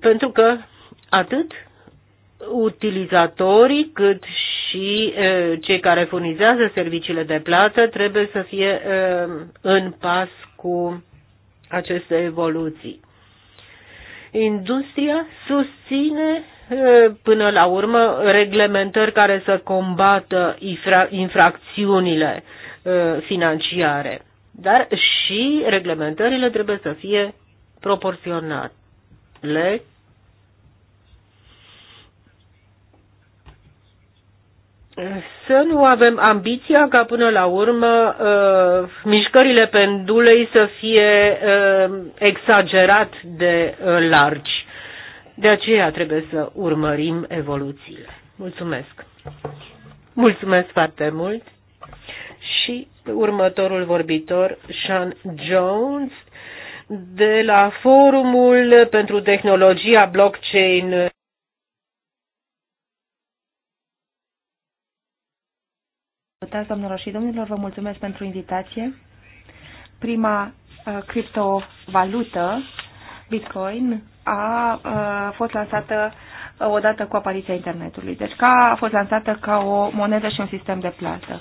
Pentru că atât utilizatorii cât și cei care furnizează serviciile de plată trebuie să fie în pas cu aceste evoluții. Industria susține până la urmă reglementări care să combată infra infracțiunile financiare. Dar și reglementările trebuie să fie proporționate. să nu avem ambiția ca până la urmă uh, mișcările pendulei să fie uh, exagerat de uh, largi. De aceea trebuie să urmărim evoluțiile. Mulțumesc! Mulțumesc foarte mult! Și următorul vorbitor, Sean Jones, de la Forumul pentru Tehnologia Blockchain. Salutați, domnilor și domnilor, vă mulțumesc pentru invitație. Prima uh, criptovalută, Bitcoin, a uh, fost lansată uh, odată cu apariția internetului. Deci ca, a fost lansată ca o monedă și un sistem de plată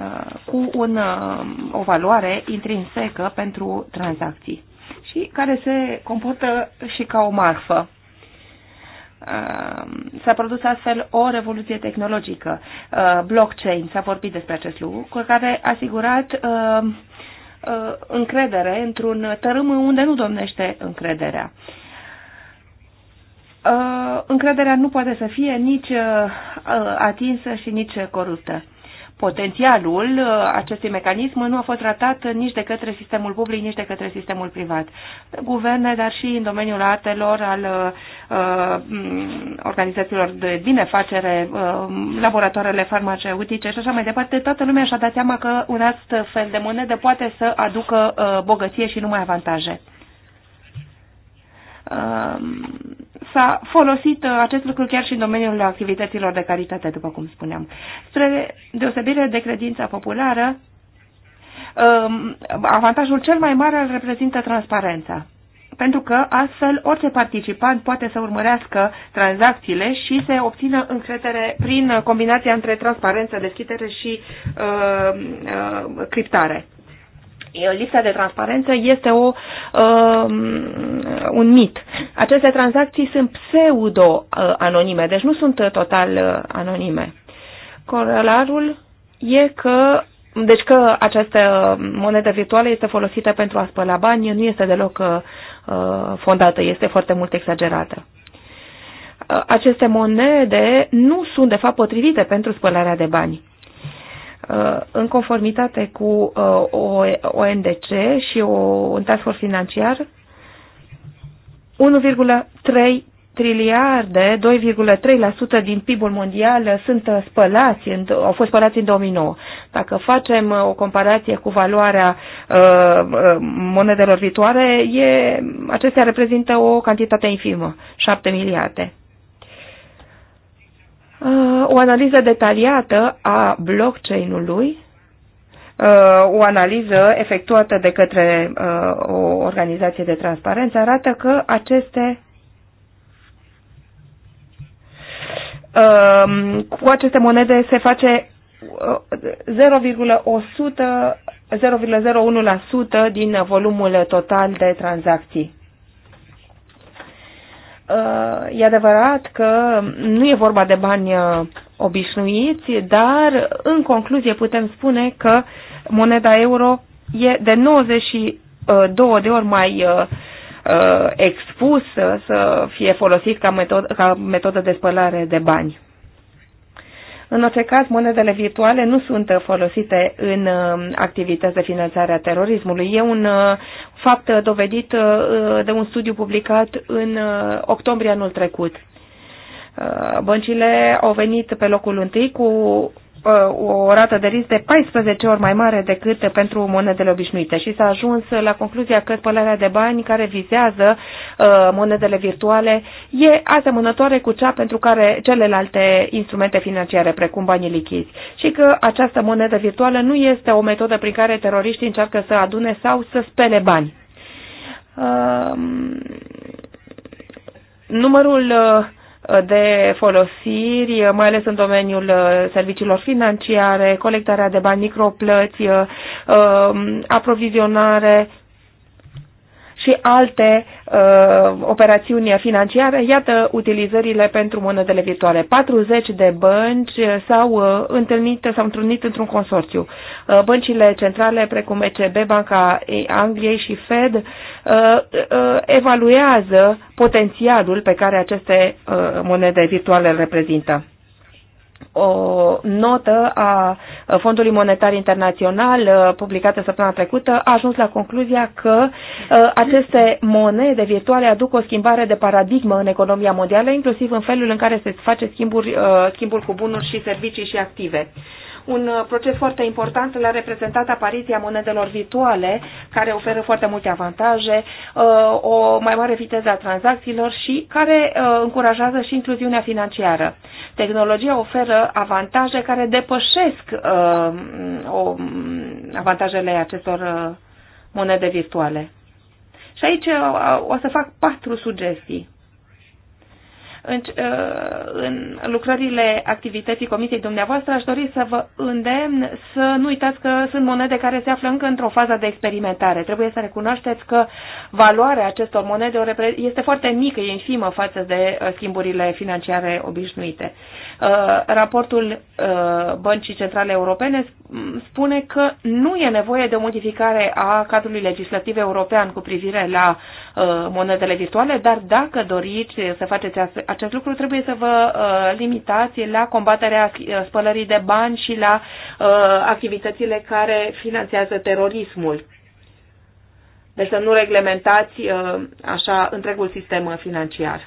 uh, cu un, uh, o valoare intrinsecă pentru tranzacții și care se comportă și ca o marfă. Um, s-a produs astfel o revoluție tehnologică. Uh, blockchain, s-a vorbit despre acest lucru, care a asigurat uh, uh, încredere într-un tărâm unde nu domnește încrederea. Încrederea nu poate să fie nici atinsă și nici coruptă. Potențialul uh, acestui mecanism nu a fost tratat nici de către sistemul public, nici de către sistemul privat. Guverne, dar și în domeniul artelor, al uh, mm, organizațiilor de binefacere, uh, laboratoarele farmaceutice și așa mai departe, toată lumea și-a dat seama că un alt fel de monedă poate să aducă bogăție și numai avantaje. Um, s-a folosit uh, acest lucru chiar și în domeniul activităților de caritate, după cum spuneam. Spre deosebire de credința populară, um, avantajul cel mai mare îl reprezintă transparența pentru că astfel orice participant poate să urmărească tranzacțiile și se obțină încredere prin combinația între transparență, deschidere și uh, uh, criptare. Lista de transparență este o, uh, un mit. Aceste tranzacții sunt pseudo-anonime, deci nu sunt total uh, anonime. Corolarul e că deci că această monedă virtuală este folosită pentru a spăla bani nu este deloc uh, fondată, este foarte mult exagerată. Uh, aceste monede nu sunt de fapt potrivite pentru spălarea de bani. Uh, în conformitate cu uh, ONDC și o, un task force financiar, 1,3 triliarde, 2,3% din PIB-ul mondial sunt uh, spălați, au fost spălați în 2009. Dacă facem o comparație cu valoarea uh, monedelor viitoare, e, acestea reprezintă o cantitate infimă, 7 miliarde. Uh, o analiză detaliată a blockchain-ului, uh, o analiză efectuată de către uh, o organizație de transparență arată că aceste um, cu aceste monede se face 0,01% din volumul total de tranzacții. Uh, e adevărat că nu e vorba de bani uh, obișnuiți, dar în concluzie putem spune că moneda euro e de 92 uh, de ori mai expus să fie folosit ca metodă, ca metodă de spălare de bani. În orice caz, monedele virtuale nu sunt folosite în uh, activități de finanțare a terorismului. E un uh, fapt dovedit uh, de un studiu publicat în octombrie anul trecut. Băncile au venit pe locul întâi cu Uh, o rată de risc de 14 ori mai mare decât pentru monedele obișnuite și s-a ajuns la concluzia că spălarea de bani care vizează uh, monedele virtuale e asemănătoare cu cea pentru care celelalte instrumente financiare, precum banii lichizi, și că această monedă virtuală nu este o metodă prin care teroriștii încearcă să adune sau să spele bani. Uh, numărul de folosiri, mai ales în domeniul uh, serviciilor financiare, colectarea de bani, microplăți, uh, um, aprovizionare și alte Uh, operațiuni financiare, iată utilizările pentru monedele virtuale. 40 de bănci s-au uh, întâlnit, s-au întâlnit într-un consorțiu. Uh, băncile centrale precum ECB, Banca Angliei și Fed evaluează potențialul pe care aceste monede virtuale îl reprezintă o notă a Fondului Monetar Internațional uh, publicată săptămâna trecută a ajuns la concluzia că uh, aceste monede virtuale aduc o schimbare de paradigmă în economia mondială, inclusiv în felul în care se face schimburi, uh, schimbul cu bunuri și servicii și active un uh, proces foarte important l-a reprezentat apariția monedelor virtuale, care oferă foarte multe avantaje, uh, o mai mare viteză a tranzacțiilor și care uh, încurajează și incluziunea financiară. Tehnologia oferă avantaje care depășesc avantajele acestor monede virtuale. Și aici o să fac patru sugestii în, uh, în lucrările activității comisiei dumneavoastră, aș dori să vă îndemn să nu uitați că sunt monede care se află încă într-o fază de experimentare. Trebuie să recunoașteți că valoarea acestor monede este foarte mică, e infimă față de uh, schimburile financiare obișnuite. Uh, raportul uh, Băncii Centrale Europene spune că nu e nevoie de o modificare a cadrului legislativ european cu privire la uh, monedele virtuale, dar dacă doriți să faceți acest lucru, trebuie să vă limitați la combaterea spălării de bani și la activitățile care finanțează terorismul. Deci să nu reglementați așa întregul sistem financiar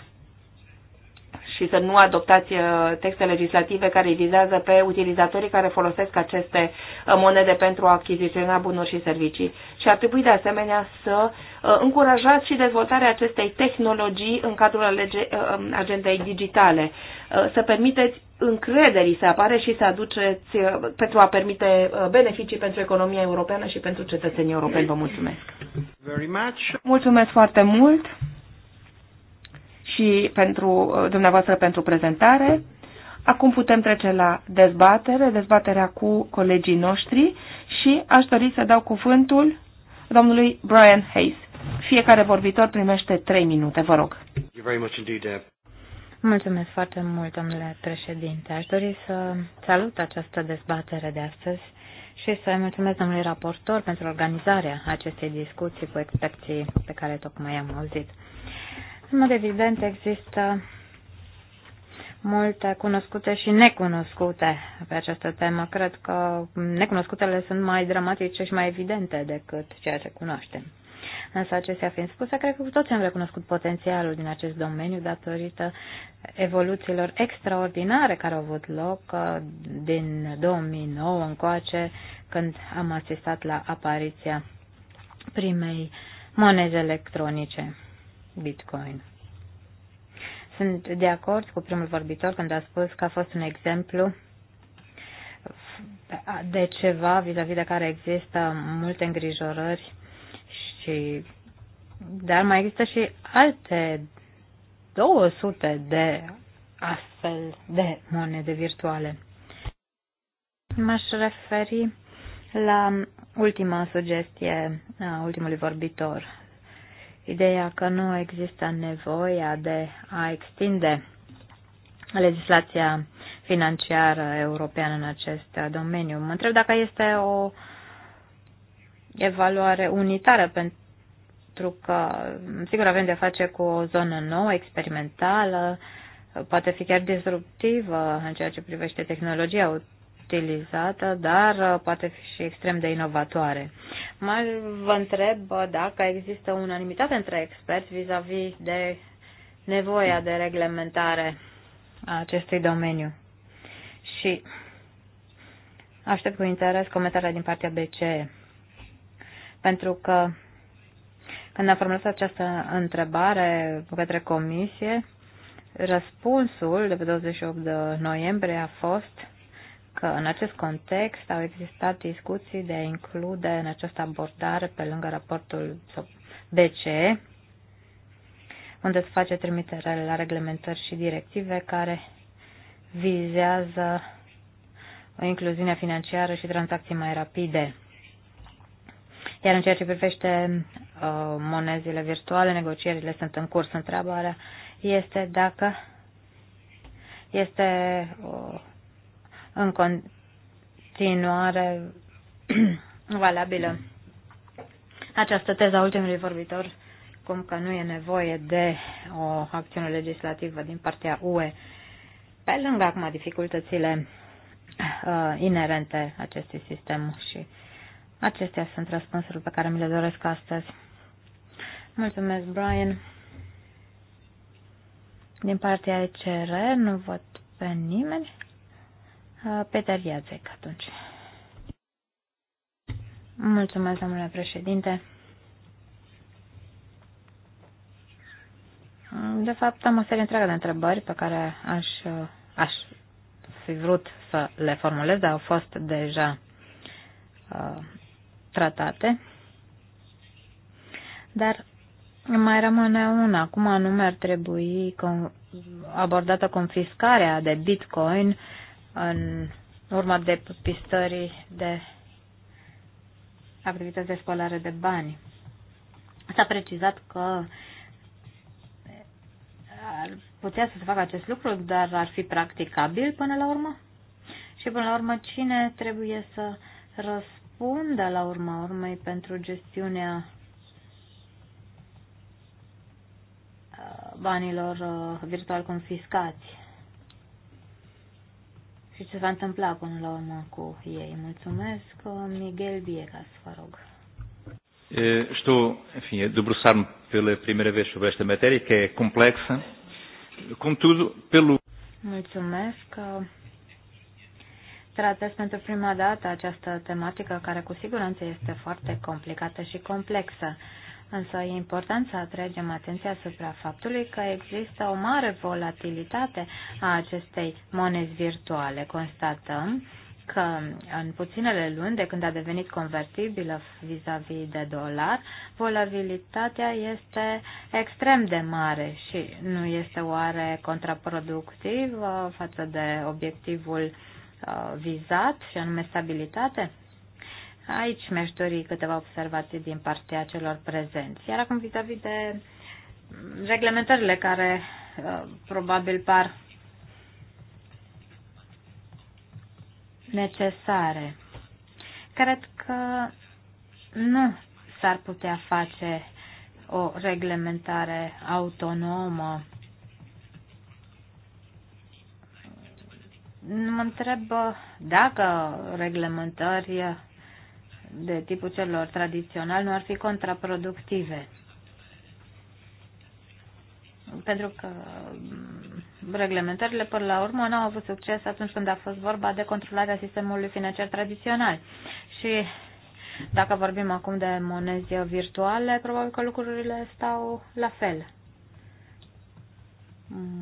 și să nu adoptați uh, texte legislative care vizează pe utilizatorii care folosesc aceste uh, monede pentru a achiziționa bunuri și servicii. Și ar trebui de asemenea să uh, încurajați și dezvoltarea acestei tehnologii în cadrul um, agendei digitale, să permiteți încrederii să apare și să aduceți pentru a permite beneficii pentru economia europeană și pentru cetățenii europeni. Vă mulțumesc! Mulțumesc foarte mult! și pentru uh, dumneavoastră pentru prezentare. Acum putem trece la dezbatere, dezbaterea cu colegii noștri și aș dori să dau cuvântul domnului Brian Hayes. Fiecare vorbitor primește 3 minute, vă rog. Mulțumesc foarte mult, domnule președinte. Aș dori să salut această dezbatere de astăzi și să mulțumesc domnului raportor pentru organizarea acestei discuții cu experții pe care tocmai am auzit. În mod evident există multe cunoscute și necunoscute pe această temă. Cred că necunoscutele sunt mai dramatice și mai evidente decât ceea ce cunoaștem. Însă acestea fiind spuse, cred că cu toți am recunoscut potențialul din acest domeniu datorită evoluțiilor extraordinare care au avut loc uh, din 2009 încoace, când am asistat la apariția primei monede electronice. Bitcoin. Sunt de acord cu primul vorbitor când a spus că a fost un exemplu de ceva vis-a-vis -vis de care există multe îngrijorări și dar mai există și alte 200 de astfel de monede virtuale. M-aș referi la ultima sugestie a ultimului vorbitor, ideea că nu există nevoia de a extinde legislația financiară europeană în acest domeniu. Mă întreb dacă este o evaluare unitară pentru că, sigur, avem de face cu o zonă nouă, experimentală, poate fi chiar disruptivă în ceea ce privește tehnologia utilizată, dar poate fi și extrem de inovatoare. Mai vă întreb dacă există unanimitate între experți vis-a-vis -vis de nevoia de reglementare a acestui domeniu. Și aștept cu interes comentarea din partea BCE. Pentru că când am formulat această întrebare către comisie, răspunsul de pe 28 de noiembrie a fost că în acest context au existat discuții de a include în această abordare, pe lângă raportul BCE, unde se face trimitere la reglementări și directive care vizează o incluziune financiară și tranzacții mai rapide. Iar în ceea ce privește uh, monezile virtuale, negocierile sunt în curs. Întrebarea este dacă este uh, în continuare valabilă această teză ultimului vorbitor, cum că nu e nevoie de o acțiune legislativă din partea UE, pe lângă acum dificultățile uh, inerente acestui sistem și acestea sunt răspunsurile pe care mi le doresc astăzi. Mulțumesc, Brian. Din partea ECR nu văd pe nimeni. Uh, Peter Iazec atunci. Mulțumesc, domnule președinte. De fapt, am o serie întreagă de întrebări pe care aș, uh, aș fi vrut să le formulez, dar au fost deja uh, tratate. Dar mai rămâne una. Cum anume ar trebui abordată confiscarea de bitcoin în urma depistării de activități de spălare de bani. S-a precizat că ar putea să se facă acest lucru, dar ar fi practicabil până la urmă? Și până la urmă, cine trebuie să răspundă la urma urmei pentru gestiunea uh, banilor uh, virtual confiscați? și ce s-a întâmplat până la urmă cu ei. Mulțumesc, Miguel Viegas, vă rog. Estou, enfim, a debruçar-me pela primeira vez sobre esta matéria, que é complexa. Contudo, pelo. Mulțumesc. Tratez pentru prima dată această tematică, care cu siguranță este foarte complicată și complexă. Însă e important să atragem atenția asupra faptului că există o mare volatilitate a acestei monezi virtuale. Constatăm că în puținele luni de când a devenit convertibilă vis-a-vis -vis de dolar, volatilitatea este extrem de mare și nu este oare contraproductiv uh, față de obiectivul uh, vizat și anume stabilitate? Aici mi-aș dori câteva observații din partea celor prezenți. Iar acum vis-a-vis de mm, reglementările care uh, probabil par necesare. Cred că nu s-ar putea face o reglementare autonomă. Mă întreb dacă reglementări de tipul celor tradițional nu ar fi contraproductive. Pentru că mm, reglementările, până la urmă, nu au avut succes atunci când a fost vorba de controlarea sistemului financiar tradițional. Și dacă vorbim acum de monezi virtuale, probabil că lucrurile stau la fel.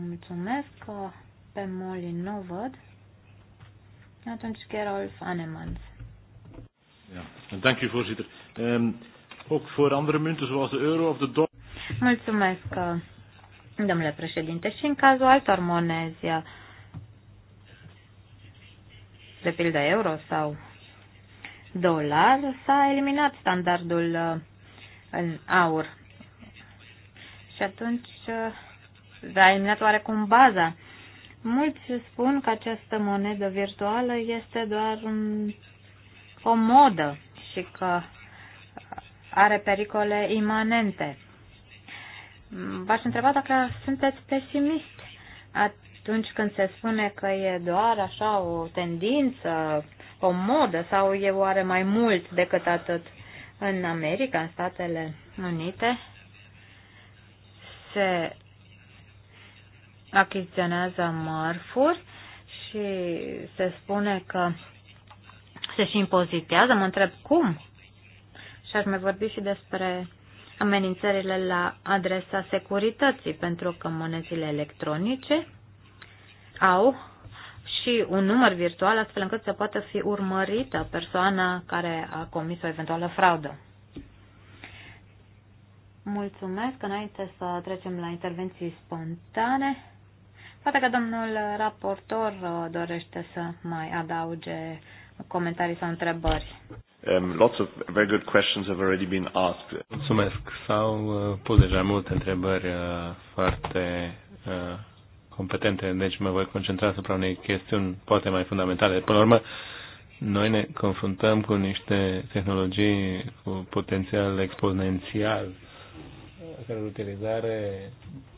Mulțumesc că pe Molly nu văd. Atunci Gerolf Anemans. Ja, dank u voorzitter. Um, ook voor andere munten zoals de euro of de dollar. Mulțumesc, eh, domnule președinte. Și în cazul altor monezi, eh, de pildă euro sau dolar, s-a eliminat standardul eh, în aur. Și atunci s-a eliminat oarecum baza. Mulți spun că această monedă virtuală este doar un o modă și că are pericole imanente. V-aș întreba dacă sunteți pesimist atunci când se spune că e doar așa o tendință, o modă sau e oare mai mult decât atât în America, în Statele Unite, se achiziționează mărfuri și se spune că taxe și impozitează, mă întreb cum. Și aș mai vorbi și despre amenințările la adresa securității, pentru că monezile electronice au și un număr virtual, astfel încât să poată fi urmărită persoana care a comis o eventuală fraudă. Mulțumesc. Înainte să trecem la intervenții spontane, poate că domnul raportor uh, dorește să mai adauge comentarii sau întrebări. Um, lots of very good questions have already been asked. Mulțumesc. S-au uh, pus deja multe întrebări uh, foarte uh, competente, deci mă voi concentra asupra unei chestiuni poate mai fundamentale. Până la urmă, noi ne confruntăm cu niște tehnologii cu potențial exponențial, care utilizare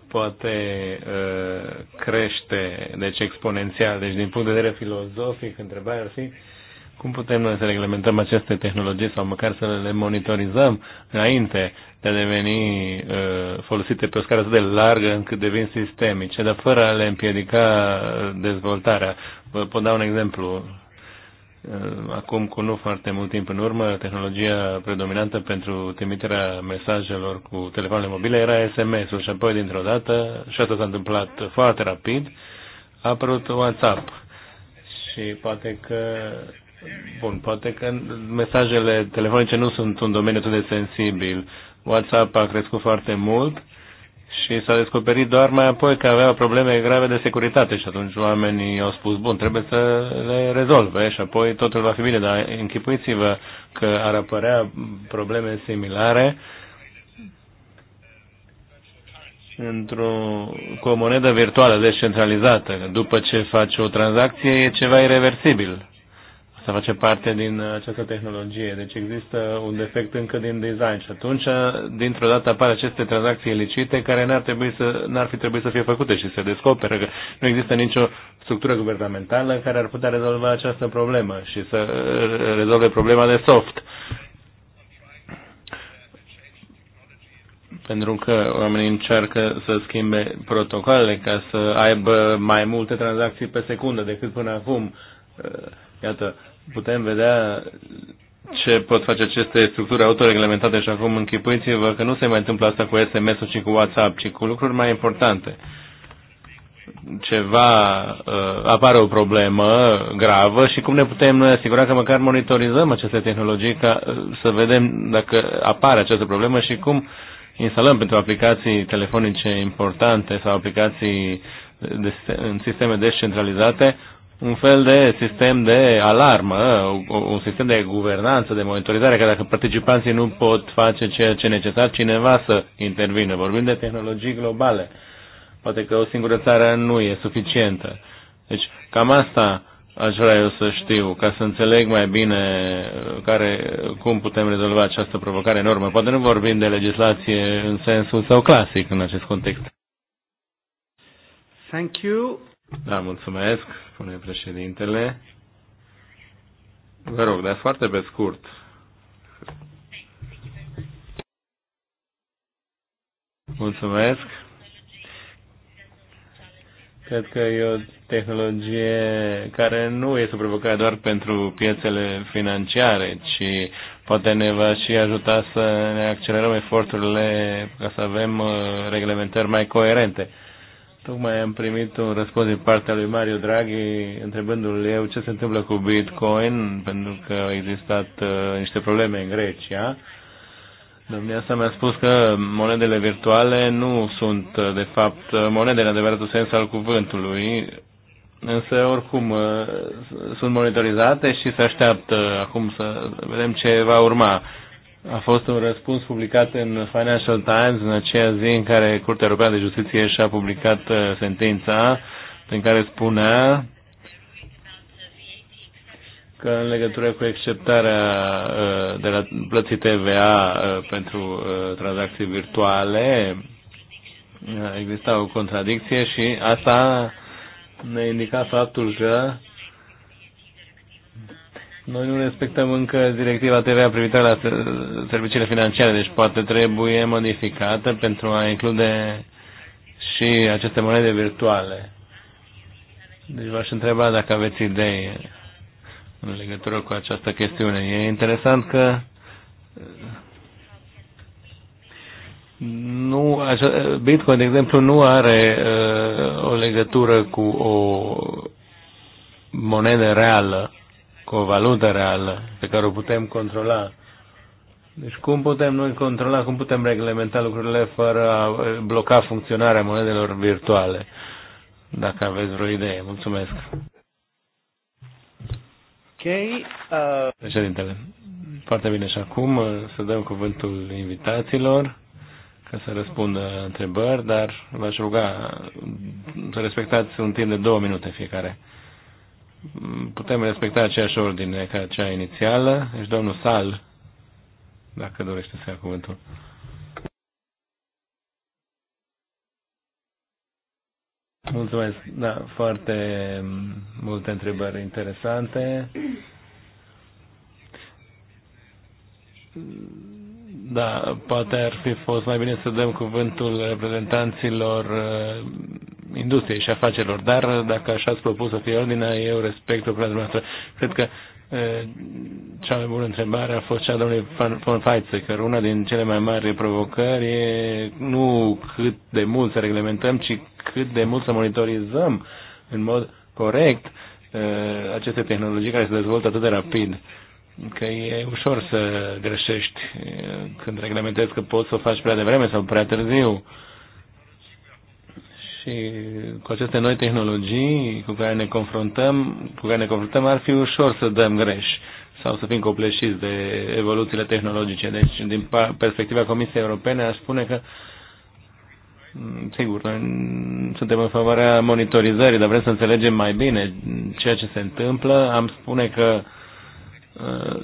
poate uh, crește, deci exponențial. Deci din punct de vedere filozofic, întrebarea ar fi cum putem noi să reglementăm aceste tehnologii sau măcar să le monitorizăm înainte de a deveni uh, folosite pe o scară atât de largă încât devin sistemice, dar fără a le împiedica uh, dezvoltarea? Vă pot da un exemplu. Uh, acum, cu nu foarte mult timp în urmă, tehnologia predominantă pentru trimiterea mesajelor cu telefoanele mobile era SMS-ul și apoi, dintr-o dată, și asta s-a întâmplat foarte rapid, a apărut WhatsApp. Și poate că Bun, poate că mesajele telefonice nu sunt un domeniu atât de sensibil. WhatsApp a crescut foarte mult și s-a descoperit doar mai apoi că avea probleme grave de securitate și atunci oamenii au spus, bun, trebuie să le rezolve și apoi totul va fi bine, dar închipuiți-vă că ar apărea probleme similare într-o, cu o monedă virtuală descentralizată. După ce faci o tranzacție, e ceva irreversibil asta face parte din această tehnologie. Deci există un defect încă din design și atunci, dintr-o dată, apar aceste tranzacții ilicite care n-ar, trebui să, n-ar fi trebuit să fie făcute și se descoperă că nu există nicio structură guvernamentală care ar putea rezolva această problemă și să rezolve problema de soft. pentru că oamenii încearcă să schimbe protocoalele ca să aibă mai multe tranzacții pe secundă decât până acum. Iată, putem vedea ce pot face aceste structuri autoreglementate și acum închipuiți-vă că nu se mai întâmplă asta cu SMS-ul și cu WhatsApp, ci cu lucruri mai importante. Ceva, uh, apare o problemă gravă și cum ne putem noi asigura că măcar monitorizăm aceste tehnologii ca uh, să vedem dacă apare această problemă și cum instalăm pentru aplicații telefonice importante sau aplicații de, în sisteme descentralizate un fel de sistem de alarmă, un sistem de guvernanță, de monitorizare, că dacă participanții nu pot face ceea ce e necesar, cineva să intervine? Vorbim de tehnologii globale. Poate că o singură țară nu e suficientă. Deci, cam asta aș vrea eu să știu, ca să înțeleg mai bine uh, care, cum putem rezolva această provocare enormă. Poate nu vorbim de legislație în sensul său clasic în acest context. Thank you. Da, mulțumesc spune președintele. Vă rog, dar foarte pe scurt. Mulțumesc. Cred că e o tehnologie care nu este provocată doar pentru piețele financiare, ci poate ne va și ajuta să ne accelerăm eforturile ca să avem uh, reglementări mai coerente. Tocmai am primit un răspuns din partea lui Mario Draghi întrebându-l eu ce se întâmplă cu Bitcoin, pentru că au existat uh, niște probleme în Grecia. Domnia sa mi-a spus că monedele virtuale nu sunt, uh, de fapt, uh, monede în adevăratul sens al cuvântului, însă, oricum, uh, sunt monitorizate și se așteaptă acum să vedem ce va urma. A fost un răspuns publicat în Financial Times în aceea zi în care Curtea Europeană de Justiție și-a publicat uh, sentința în care spunea că în legătură cu exceptarea uh, de la plății TVA uh, pentru tranzacții virtuale exista o contradicție și asta ne indica faptul că noi nu respectăm încă directiva TVA privitoare la serviciile financiare, deci poate trebuie modificată pentru a include și aceste monede virtuale. Deci v-aș întreba dacă aveți idei în legătură cu această chestiune. E interesant că nu, așa, Bitcoin, de exemplu, nu are uh, o legătură cu o monedă reală cu o valută reală pe care o putem controla. Deci cum putem noi controla, cum putem reglementa lucrurile fără a eh, bloca funcționarea monedelor virtuale? Dacă aveți vreo idee. Mulțumesc. Ok. Uh... Președintele, foarte bine. Și acum eh, să dăm cuvântul invitațiilor ca să răspundă întrebări, dar v-aș ruga să respectați un timp de două minute fiecare putem respecta aceeași ordine ca cea inițială. Deci domnul Sal, dacă dorește să ia cuvântul. Mulțumesc, da, foarte multe întrebări interesante. Da, poate ar fi fost mai bine să dăm cuvântul reprezentanților industriei și afacerilor, dar dacă așa ați propus să fie ordinea, eu respect o noastră. Cred că cea mai bună întrebare a fost cea a domnului von Feitzecker. Una din cele mai mari provocări e nu cât de mult să reglementăm, ci cât de mult să monitorizăm în mod corect aceste tehnologii care se dezvoltă atât de rapid. Că e ușor să greșești când reglementezi că poți să o faci prea devreme sau prea târziu. Uh, și cu aceste noi tehnologii cu care ne confruntăm, cu care ne confruntăm ar fi ușor să dăm greș sau să fim copleșiți de evoluțiile tehnologice. Deci, din perspectiva Comisiei Europene, aș spune că mm, Sigur, noi suntem în favoarea monitorizării, dar vrem să înțelegem mai bine ceea ce se întâmplă. Am spune că uh,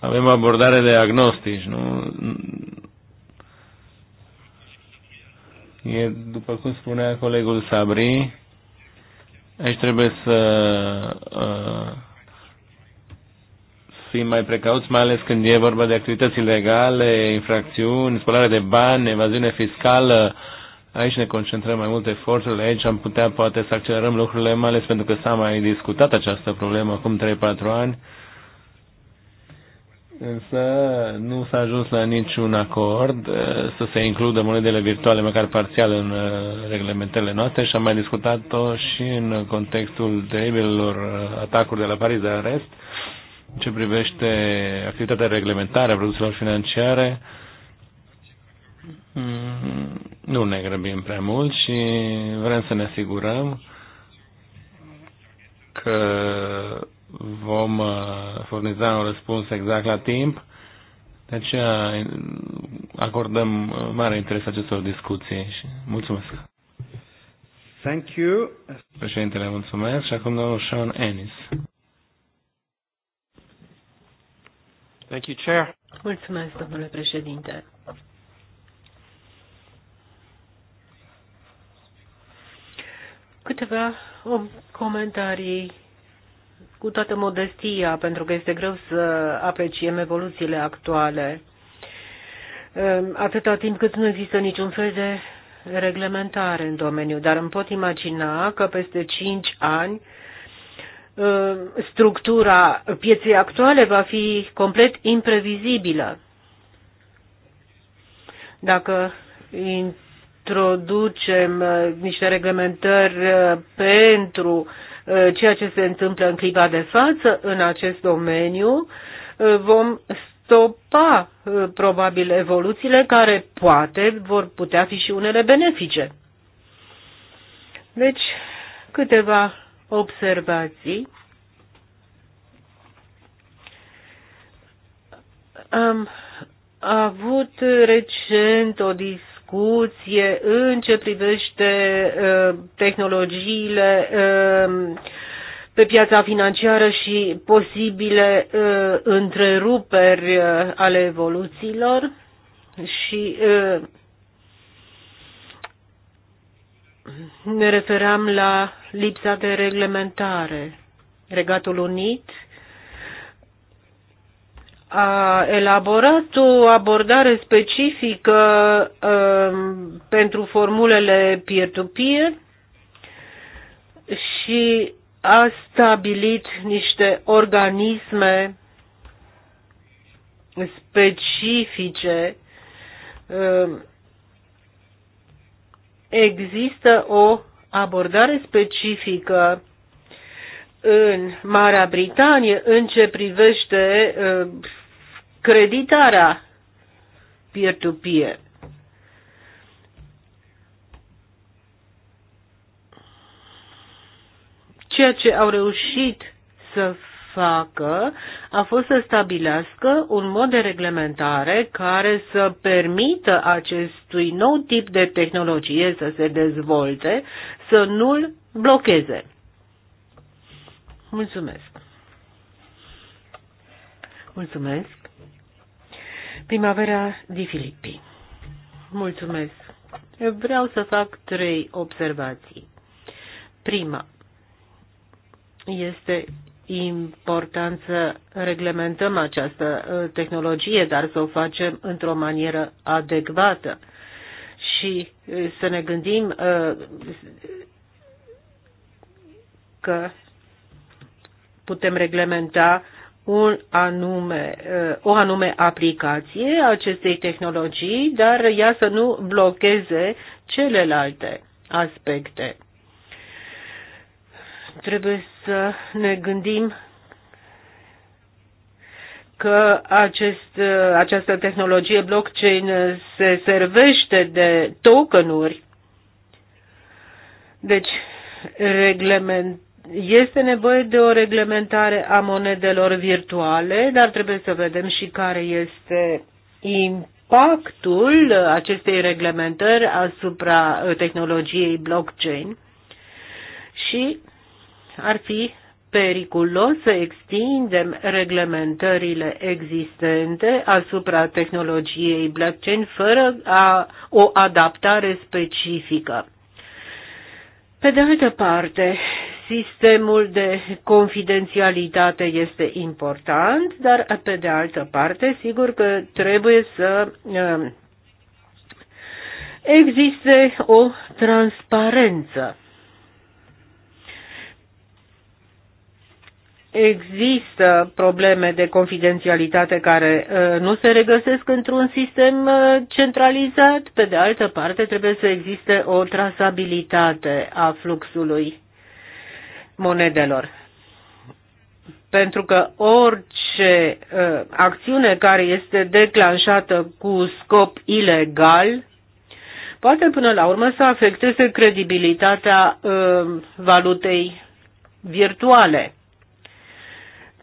avem abordare de agnostici, nu? E, după cum spunea colegul Sabri, aici trebuie să uh, fim mai precauți, mai ales când e vorba de activități ilegale, infracțiuni, spălare de bani, evaziune fiscală. Aici ne concentrăm mai mult eforturile, aici am putea poate să accelerăm lucrurile, mai ales pentru că s-a mai discutat această problemă acum 3-4 ani. Uh, Însă nu s-a ajuns la niciun acord eh, să se includă monedele virtuale, măcar parțial, în eh, reglementările noastre și am mai discutat-o și în contextul teribilor eh, atacuri de la Paris, de în ce privește activitatea reglementară a produselor financiare, mm, nu ne grăbim prea mult și vrem să ne asigurăm că vom uh, furniza un răspuns exact la timp. De deci, aceea uh, acordăm mare interes acestor discuții și mulțumesc. Thank you. Președintele, mulțumesc. Și acum domnul Sean Ennis. Thank you, Chair. Mulțumesc, domnule președinte. Câteva um, comentarii cu toată modestia, pentru că este greu să apreciem evoluțiile actuale. Ehm, atâta timp cât nu există niciun fel de reglementare în domeniu, dar îmi pot imagina că peste 5 ani ehm, structura pieței actuale va fi complet imprevizibilă. Dacă introducem eh, niște reglementări eh, pentru uh, Uh, ceea ce se întâmplă în clipa de față în acest domeniu, uh, vom stopa uh, probabil evoluțiile care poate vor putea fi și unele benefice. Deci, câteva observații. Am avut recent o discuție discuție în ce privește ă, tehnologiile ă, pe piața financiară și posibile ă, întreruperi ale evoluțiilor și ne referam la lipsa de reglementare. Regatul Unit a elaborat o abordare specifică uh, pentru formulele peer-to-peer -peer și a stabilit niște organisme specifice. Uh, există o abordare specifică în Marea Britanie în ce privește uh, creditarea peer-to-peer. Ceea ce au reușit să facă a fost să stabilească un mod de reglementare care să permită acestui nou tip de tehnologie să se dezvolte, să nu-l blocheze. Mulțumesc! Mulțumesc! Primavera Di Filippi. Mulțumesc. Eu vreau să fac trei observații. Prima. Este important să reglementăm această uh, tehnologie, dar să o facem într-o manieră adecvată și uh, să ne gândim uh, că putem reglementa un anume, eh, o anume aplicație a acestei tehnologii, dar ea să nu blocheze celelalte aspecte. Trebuie să ne gândim că acest, eh, această tehnologie blockchain eh, se servește de tokenuri, deci reglement este nevoie de o reglementare a monedelor virtuale, dar trebuie să vedem și care este impactul acestei reglementări asupra uh, tehnologiei blockchain și ar fi periculos să extindem reglementările existente asupra tehnologiei blockchain fără a, o adaptare specifică. Pe de altă parte, Sistemul de confidențialitate este important, dar pe de altă parte, sigur că trebuie să um, existe o transparență. Există probleme de confidențialitate care uh, nu se regăsesc într-un sistem uh, centralizat. Pe de altă parte, trebuie să existe o trasabilitate a fluxului monedelor. Pentru că orice uh, acțiune care este declanșată cu scop ilegal poate până la urmă să afecteze credibilitatea uh, valutei virtuale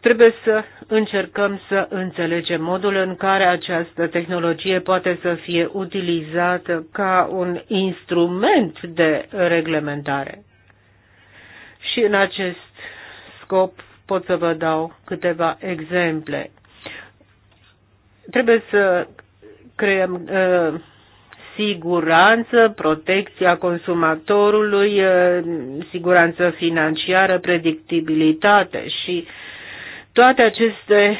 trebuie să încercăm să înțelegem modul în care această tehnologie poate să fie utilizată ca un instrument de reglementare. Și în acest scop pot să vă dau câteva exemple. Trebuie să creăm uh, siguranță, protecția consumatorului, uh, siguranță financiară, predictibilitate și toate aceste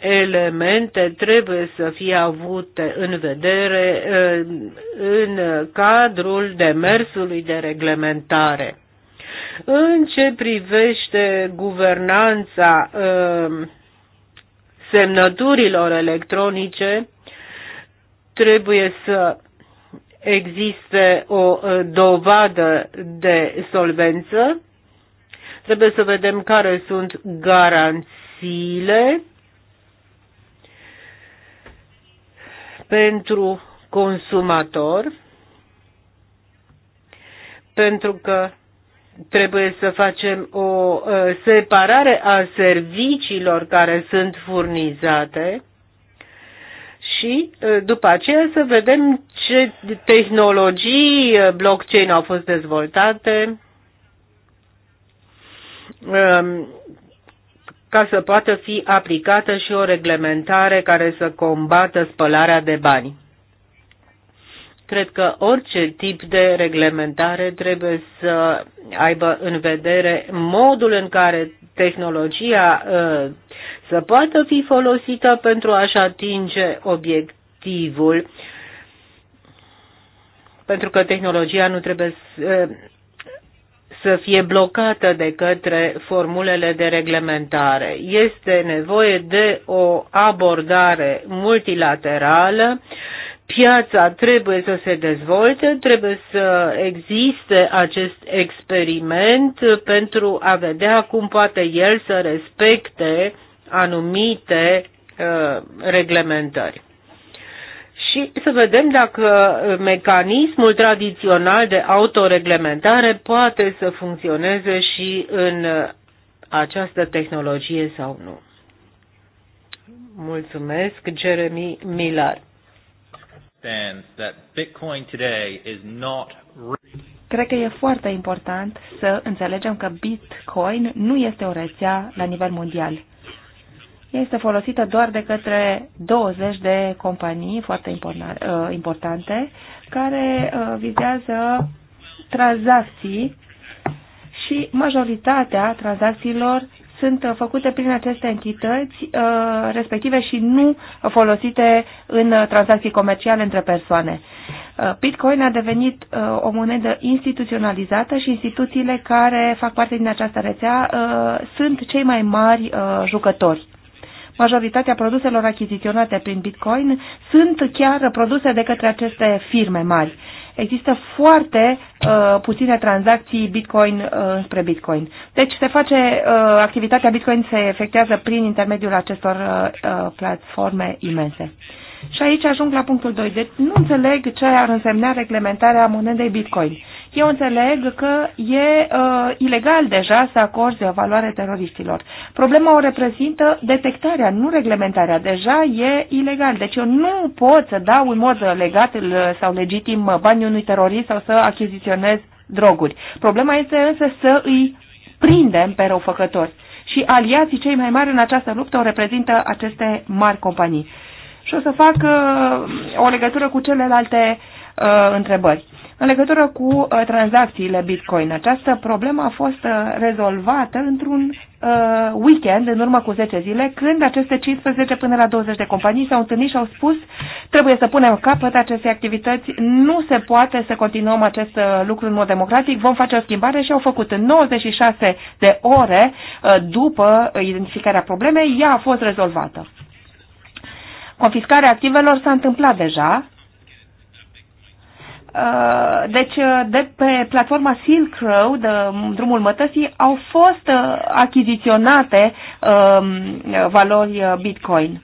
elemente trebuie să fie avute în vedere uh, în cadrul demersului de reglementare. În ce privește guvernanța um, semnăturilor electronice, trebuie să existe o uh, dovadă de solvență. Trebuie să vedem care sunt garanțiile pentru consumator, pentru că trebuie să facem o uh, separare a serviciilor care sunt furnizate și uh, după aceea să vedem ce tehnologii uh, blockchain au fost dezvoltate um, ca să poată fi aplicată și o reglementare care să combată spălarea de bani. Cred că orice tip de reglementare trebuie să aibă în vedere modul în care tehnologia uh, să poată fi folosită pentru a-și atinge obiectivul. Pentru că tehnologia nu trebuie să, uh, să fie blocată de către formulele de reglementare. Este nevoie de o abordare multilaterală piața trebuie să se dezvolte, trebuie să existe acest experiment pentru a vedea cum poate el să respecte anumite uh, reglementări. Și să vedem dacă mecanismul tradițional de autoreglementare poate să funcționeze și în această tehnologie sau nu. Mulțumesc, Jeremy Millard that Bitcoin today is not Cred că e foarte important să înțelegem că Bitcoin nu este o rețea la nivel mondial. este folosită doar de către 20 de companii foarte uh, importante care uh, vizează tranzacții și majoritatea tranzacțiilor sunt uh, făcute prin aceste entități uh, respective și nu folosite în uh, tranzacții comerciale între persoane. Bitcoin a devenit o monedă instituționalizată și instituțiile care fac parte din această rețea sunt cei mai mari jucători. Majoritatea produselor achiziționate prin Bitcoin sunt chiar produse de către aceste firme mari există foarte uh, puține tranzacții Bitcoin uh, spre Bitcoin. Deci se face, uh, activitatea Bitcoin se efectuează prin intermediul acestor uh, uh platforme imense. Și aici ajung la punctul 2. Deci nu înțeleg ce ar însemna reglementarea monedei Bitcoin. Eu înțeleg că e uh, ilegal deja să acorzi valoare teroristilor. Problema o reprezintă detectarea, nu reglementarea. Deja e ilegal. Deci eu nu pot să dau în mod legat uh, sau legitim uh, banii unui terorist sau să achiziționez droguri. Problema este însă să îi prindem pe răufăcători. Și aliații cei mai mari în această luptă o reprezintă aceste mari companii. Și o să fac uh, o legătură cu celelalte uh, întrebări. În legătură cu uh, tranzacțiile Bitcoin, această problemă a fost uh, rezolvată într-un uh, weekend, în urmă cu 10 zile, când aceste 15 până la 20 de companii s-au întâlnit și au spus trebuie să punem capăt acestei activități, nu se poate să continuăm acest lucru în mod democratic, vom face o schimbare și au făcut în 96 de ore după identificarea problemei, ea a fost rezolvată. Confiscarea activelor s-a întâmplat deja, Uh, deci, uh, de pe platforma Silk Road, uh, drumul mătăsii, au fost achiziționate um, valori Bitcoin.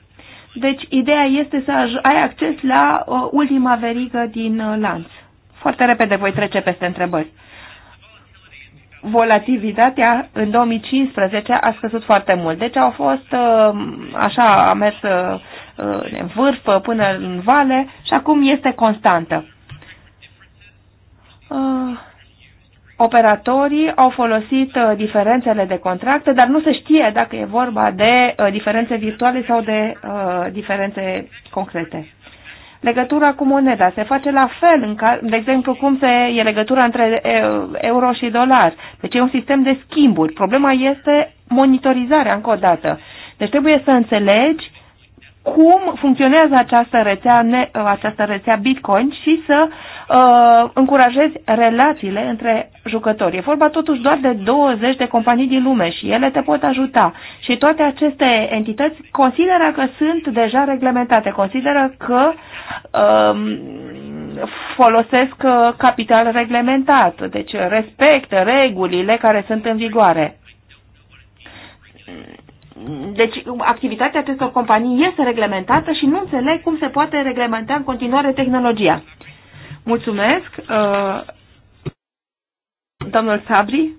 Deci, ideea este să ai acces la ultima verigă din lanț. Foarte repede voi trece peste întrebări. Volatilitatea în 2015 a scăzut foarte mult. Deci au fost, um, așa, a mers în vârf până în vale și acum este constantă Ah, operatorii au folosit uh, diferențele de contracte, dar nu se știe dacă e vorba de uh, diferențe virtuale sau de uh, diferențe concrete. Legătura cu moneda se face la fel, în care, de exemplu, cum se e legătura între euro și dolar. Deci e un sistem de schimburi. Problema este monitorizarea, încă o dată. Deci trebuie să înțelegi cum funcționează această rețea, ne, uh, această rețea Bitcoin și să uh, încurajezi relațiile între jucători. E vorba totuși doar de 20 de companii din lume și ele te pot ajuta. Și toate aceste entități consideră că sunt deja reglementate, consideră că um, uh, folosesc capital reglementat, deci respectă regulile care sunt în vigoare deci activitatea acestor companii este reglementată și nu înțeleg cum se poate reglementa în continuare tehnologia. Mulțumesc. Uh, domnul Sabri.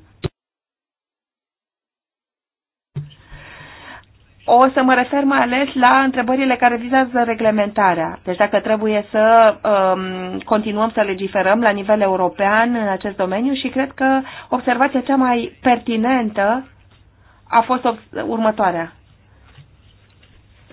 O să mă refer mai ales la întrebările care vizează reglementarea. Deci dacă trebuie să um, continuăm să legiferăm la nivel european în acest domeniu și cred că observația cea mai pertinentă a fost următoarea.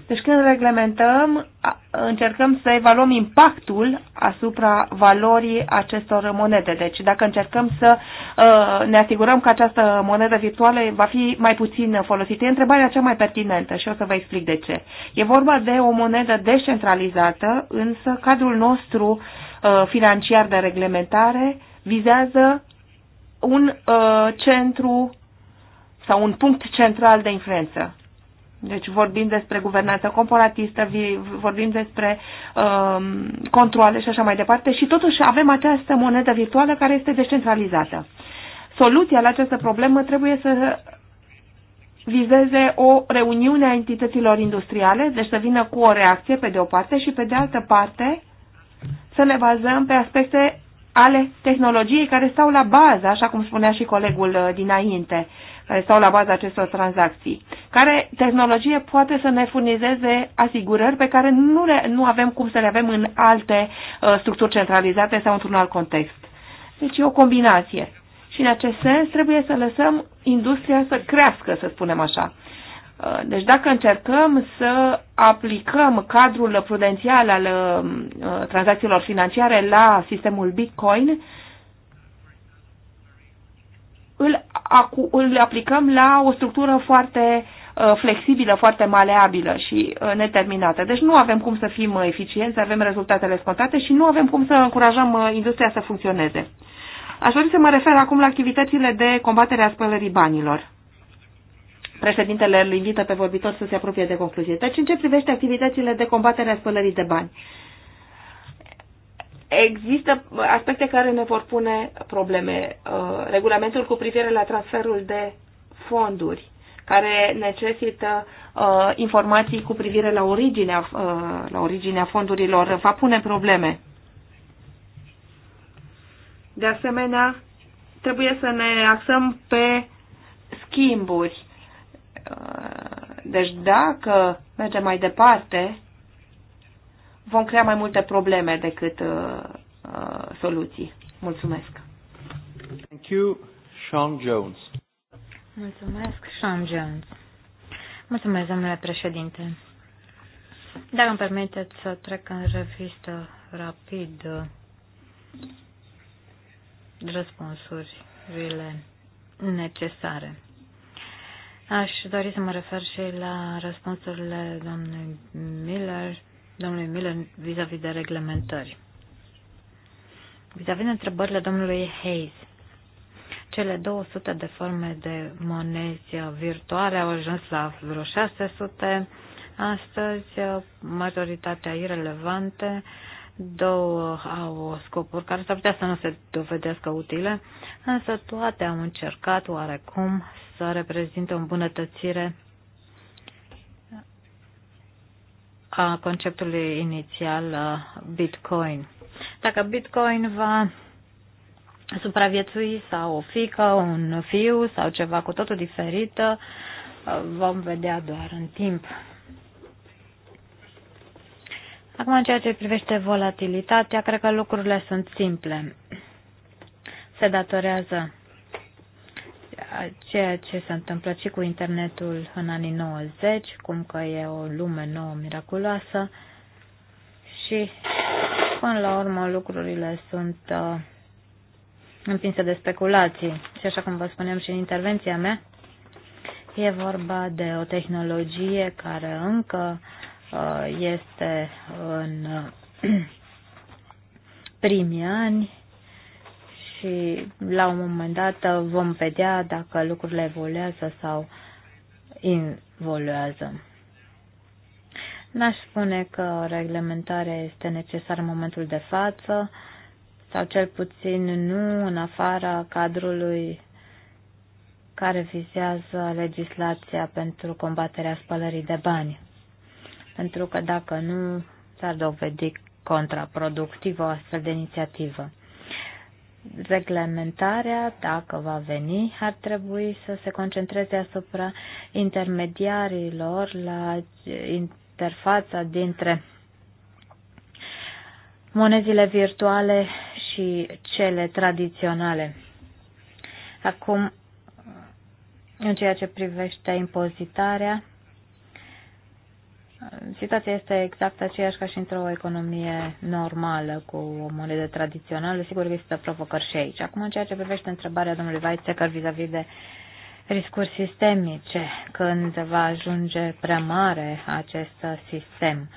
Deci când reglementăm, încercăm să evaluăm impactul asupra valorii acestor monede. Deci dacă încercăm să ă, ne asigurăm că această monedă virtuală va fi mai puțin folosită, e întrebarea cea mai pertinentă și o să vă explic de ce. E vorba de o monedă descentralizată, însă cadrul nostru ă, financiar de reglementare vizează un ă, centru sau un punct central de influență. Deci vorbim despre guvernanță comparatistă, vorbim despre um, controle și așa mai departe și totuși avem această monedă virtuală care este descentralizată. Soluția la această problemă trebuie să vizeze o reuniune a entităților industriale, deci să vină cu o reacție pe de o parte și pe de altă parte să ne bazăm pe aspecte ale tehnologiei care stau la bază, așa cum spunea și colegul uh, dinainte. Uh, care stau la baza acestor tranzacții, care tehnologie poate să ne furnizeze asigurări pe care nu, le, nu avem cum să le avem în alte uh, structuri centralizate sau într-un alt context. Deci e o combinație. Și în acest sens trebuie să lăsăm industria să crească, să spunem așa. Uh, deci dacă încercăm să aplicăm cadrul prudențial al uh, tranzacțiilor financiare la sistemul Bitcoin, îl, acu, îl aplicăm la o structură foarte uh, flexibilă, foarte maleabilă și uh, neterminată. Deci nu avem cum să fim eficienți, avem rezultatele scontate și nu avem cum să încurajăm uh, industria să funcționeze. Aș dori să mă refer acum la activitățile de combatere a spălării banilor. Președintele îl invită pe vorbitor să se apropie de concluzie. Deci în ce privește activitățile de combatere a spălării de bani? există aspecte care ne vor pune probleme. Uh, regulamentul cu privire la transferul de fonduri care necesită uh, informații cu privire la originea, uh, la originea fondurilor, va pune probleme. De asemenea, trebuie să ne axăm pe schimburi. deci dacă mergem mai departe, vom crea mai multe probleme decât uh, uh, soluții. Mulțumesc. Thank you, Sean Jones. Mulțumesc, Sean Jones. Mulțumesc, domnule președinte. Dacă îmi permiteți să trec în revistă rapid uh, răspunsurile necesare. Aș dori să mă refer și la răspunsurile domnului Miller domnului Miller vis-a-vis de reglementări. Vis-a-vis de întrebările domnului Hayes, cele 200 de forme de monezi virtuale au ajuns la vreo 600, astăzi majoritatea irelevante, două au scopuri care s-ar putea să nu se dovedească utile, însă toate au încercat oarecum să reprezinte o îmbunătățire a conceptului inițial uh, Bitcoin. Dacă Bitcoin va supraviețui sau o fică, un fiu sau ceva cu totul diferit, uh, vom vedea doar în timp. Acum, în ceea ce privește volatilitatea, cred că lucrurile sunt simple. Se datorează ceea ce s-a întâmplat și cu internetul în anii 90, cum că e o lume nouă miraculoasă și până la urmă lucrurile sunt uh, împinse de speculații. Și așa cum vă spuneam și în intervenția mea, e vorba de o tehnologie care încă uh, este în uh, primii ani și la un moment dat vom vedea dacă lucrurile evoluează sau involuează. N-aș spune că reglementarea este necesară în momentul de față, sau cel puțin nu în afara cadrului care vizează legislația pentru combaterea spălării de bani. Pentru că dacă nu, s-ar dovedi contraproductivă o astfel de inițiativă reglementarea, dacă va veni, ar trebui să se concentreze asupra intermediarilor la interfața dintre monezile virtuale și cele tradiționale. Acum, în ceea ce privește impozitarea, Situația este exact aceeași ca și într-o economie normală cu o monedă tradițională. Sigur că există provocări și aici. Acum, în ceea ce privește întrebarea domnului Weizsäcker vis-a-vis de riscuri sistemice, când va ajunge prea mare acest sistem.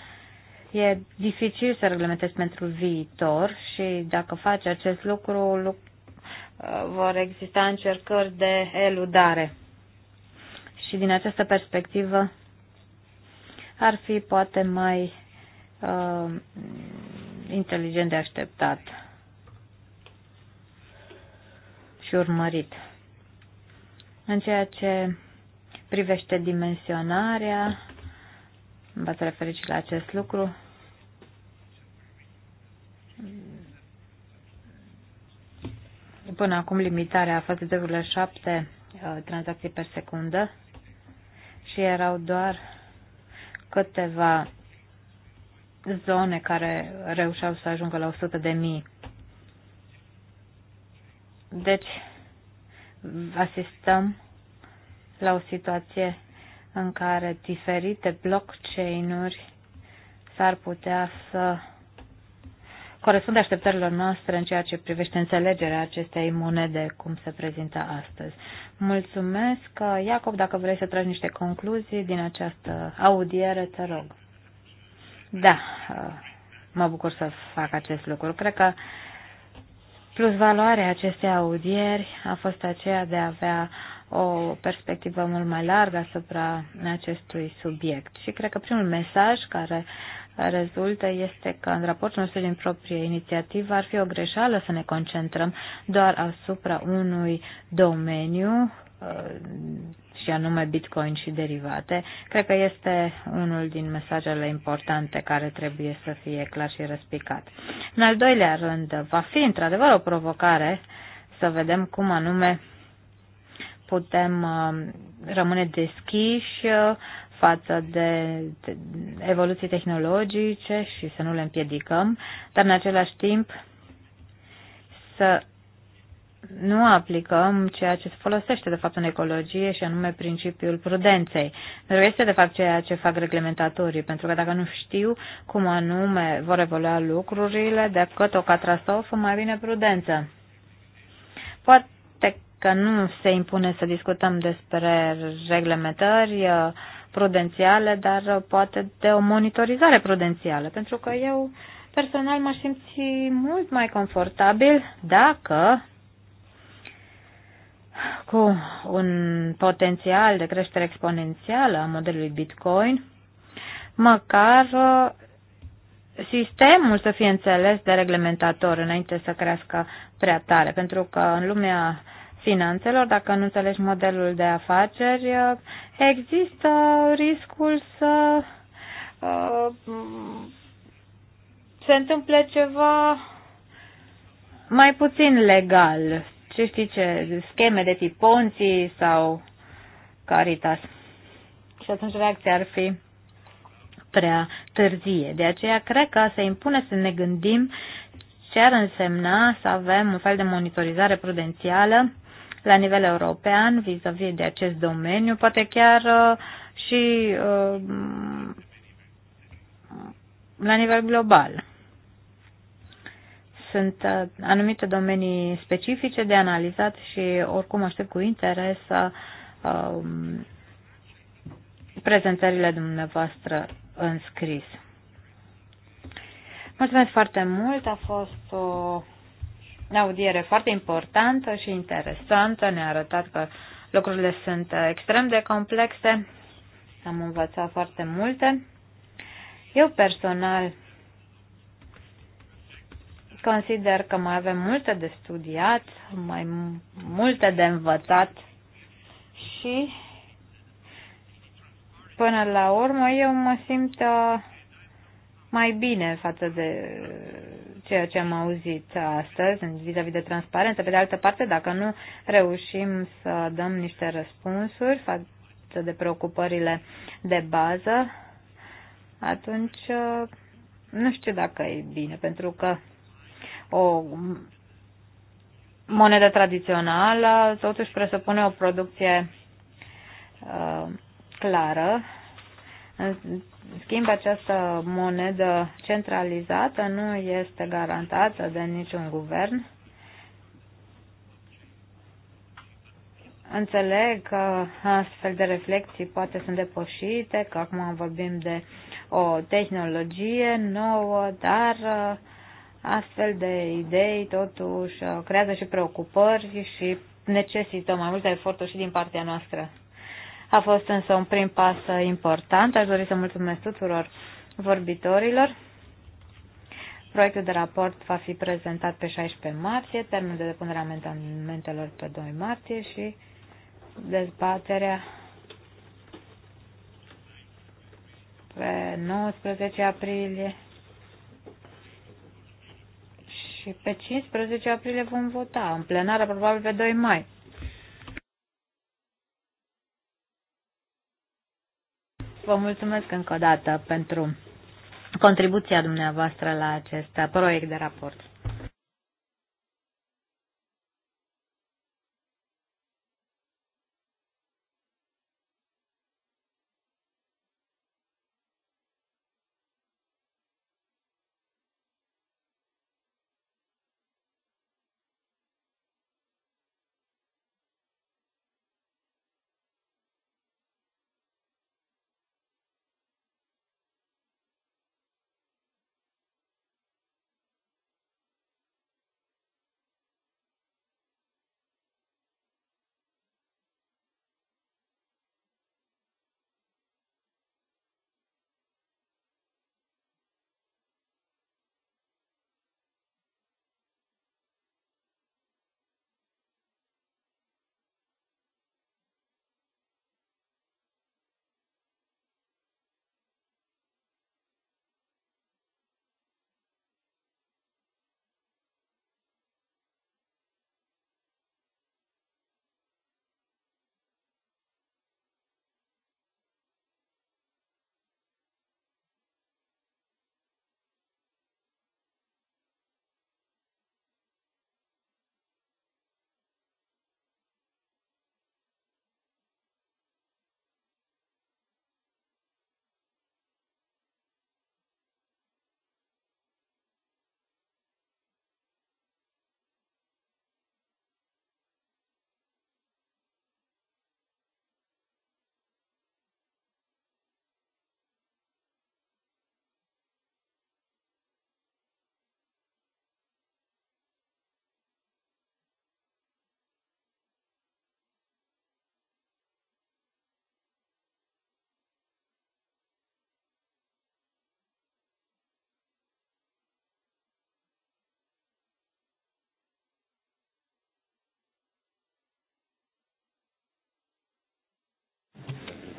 E dificil să reglementezi pentru viitor și dacă faci acest lucru, vor exista încercări de eludare. Și din această perspectivă, ar fi poate mai uh, inteligent de așteptat și urmărit. În ceea ce privește dimensionarea, v-ați referit și la acest lucru, până acum limitarea a fost de 2,7 uh, tranzacții per secundă și erau doar câteva zone care reușeau să ajungă la 100 de mii. Deci, asistăm la o situație în care diferite blockchain-uri s-ar putea să corespunde așteptărilor noastre în ceea ce privește înțelegerea acestei monede, cum se prezintă astăzi. Mulțumesc. Iacob, dacă vrei să tragi niște concluzii din această audiere, te rog. Da, mă bucur să fac acest lucru. Cred că plus valoarea acestei audieri a fost aceea de a avea o perspectivă mult mai largă asupra acestui subiect. Și cred că primul mesaj care rezultă este că în raportul nostru din proprie inițiativă ar fi o greșeală să ne concentrăm doar asupra unui domeniu uh, și anume Bitcoin și derivate. Cred că este unul din mesajele importante care trebuie să fie clar și răspicat. În al doilea rând, va fi într-adevăr o provocare să vedem cum anume putem uh, rămâne deschiși uh, față de evoluții tehnologice și să nu le împiedicăm, dar în același timp să nu aplicăm ceea ce se folosește de fapt în ecologie și anume principiul prudenței. Pentru că este de fapt ceea ce fac reglementatorii, pentru că dacă nu știu cum anume vor evolua lucrurile, decât o catastrofă, mai bine prudență. Poate că nu se impune să discutăm despre reglementări, prudențiale, dar uh, poate de o monitorizare prudențială, pentru că eu personal m-aș simți mult mai confortabil dacă cu un potențial de creștere exponențială a modelului Bitcoin, măcar uh, sistemul să fie înțeles de reglementator înainte să crească prea tare, pentru că în lumea finanțelor, dacă nu înțelegi modelul de afaceri, uh, există riscul să uh, se întâmple ceva mai puțin legal. Ce știi ce, scheme de tip Ponzi sau Caritas. Și atunci reacția ar fi prea târzie. De aceea cred că se impune să ne gândim ce ar însemna să avem un fel de monitorizare prudențială la nivel european vis-a-vis -vis de acest domeniu, poate chiar uh, și uh, la nivel global. Sunt uh, anumite domenii specifice de analizat și oricum aștept cu interes um, prezentările dumneavoastră în scris. Mulțumesc foarte mult, a fost o audiere foarte importantă și interesantă. Ne-a arătat că lucrurile sunt extrem de complexe. Am învățat foarte multe. Eu personal consider că mai avem multe de studiat, mai multe de învățat și până la urmă eu mă simt uh, mai bine față de ceea ce am auzit astăzi deci vis-a-vis -vis de transparență. Pe de altă parte, dacă nu reușim să dăm niște răspunsuri față de preocupările de bază, atunci uh, nu știu dacă e bine, pentru că o monedă tradițională totuși presupune o producție uh, clară, schimb, această monedă centralizată nu este garantată de niciun guvern. Înțeleg că astfel de reflexii poate sunt depășite, că acum vorbim de o tehnologie nouă, dar uh, astfel de idei totuși uh, creează și preocupări și necesită mai multe eforturi și din partea noastră. A fost însă un prim pas important. Aș dori să mulțumesc tuturor vorbitorilor. Proiectul de raport va fi prezentat pe 16 martie, termenul de depunere a amendamentelor pe 2 martie și dezbaterea pe 19 aprilie și pe 15 aprilie vom vota în plenară, probabil pe 2 mai. Vă mulțumesc încă o dată pentru contribuția dumneavoastră la acest proiect de raport.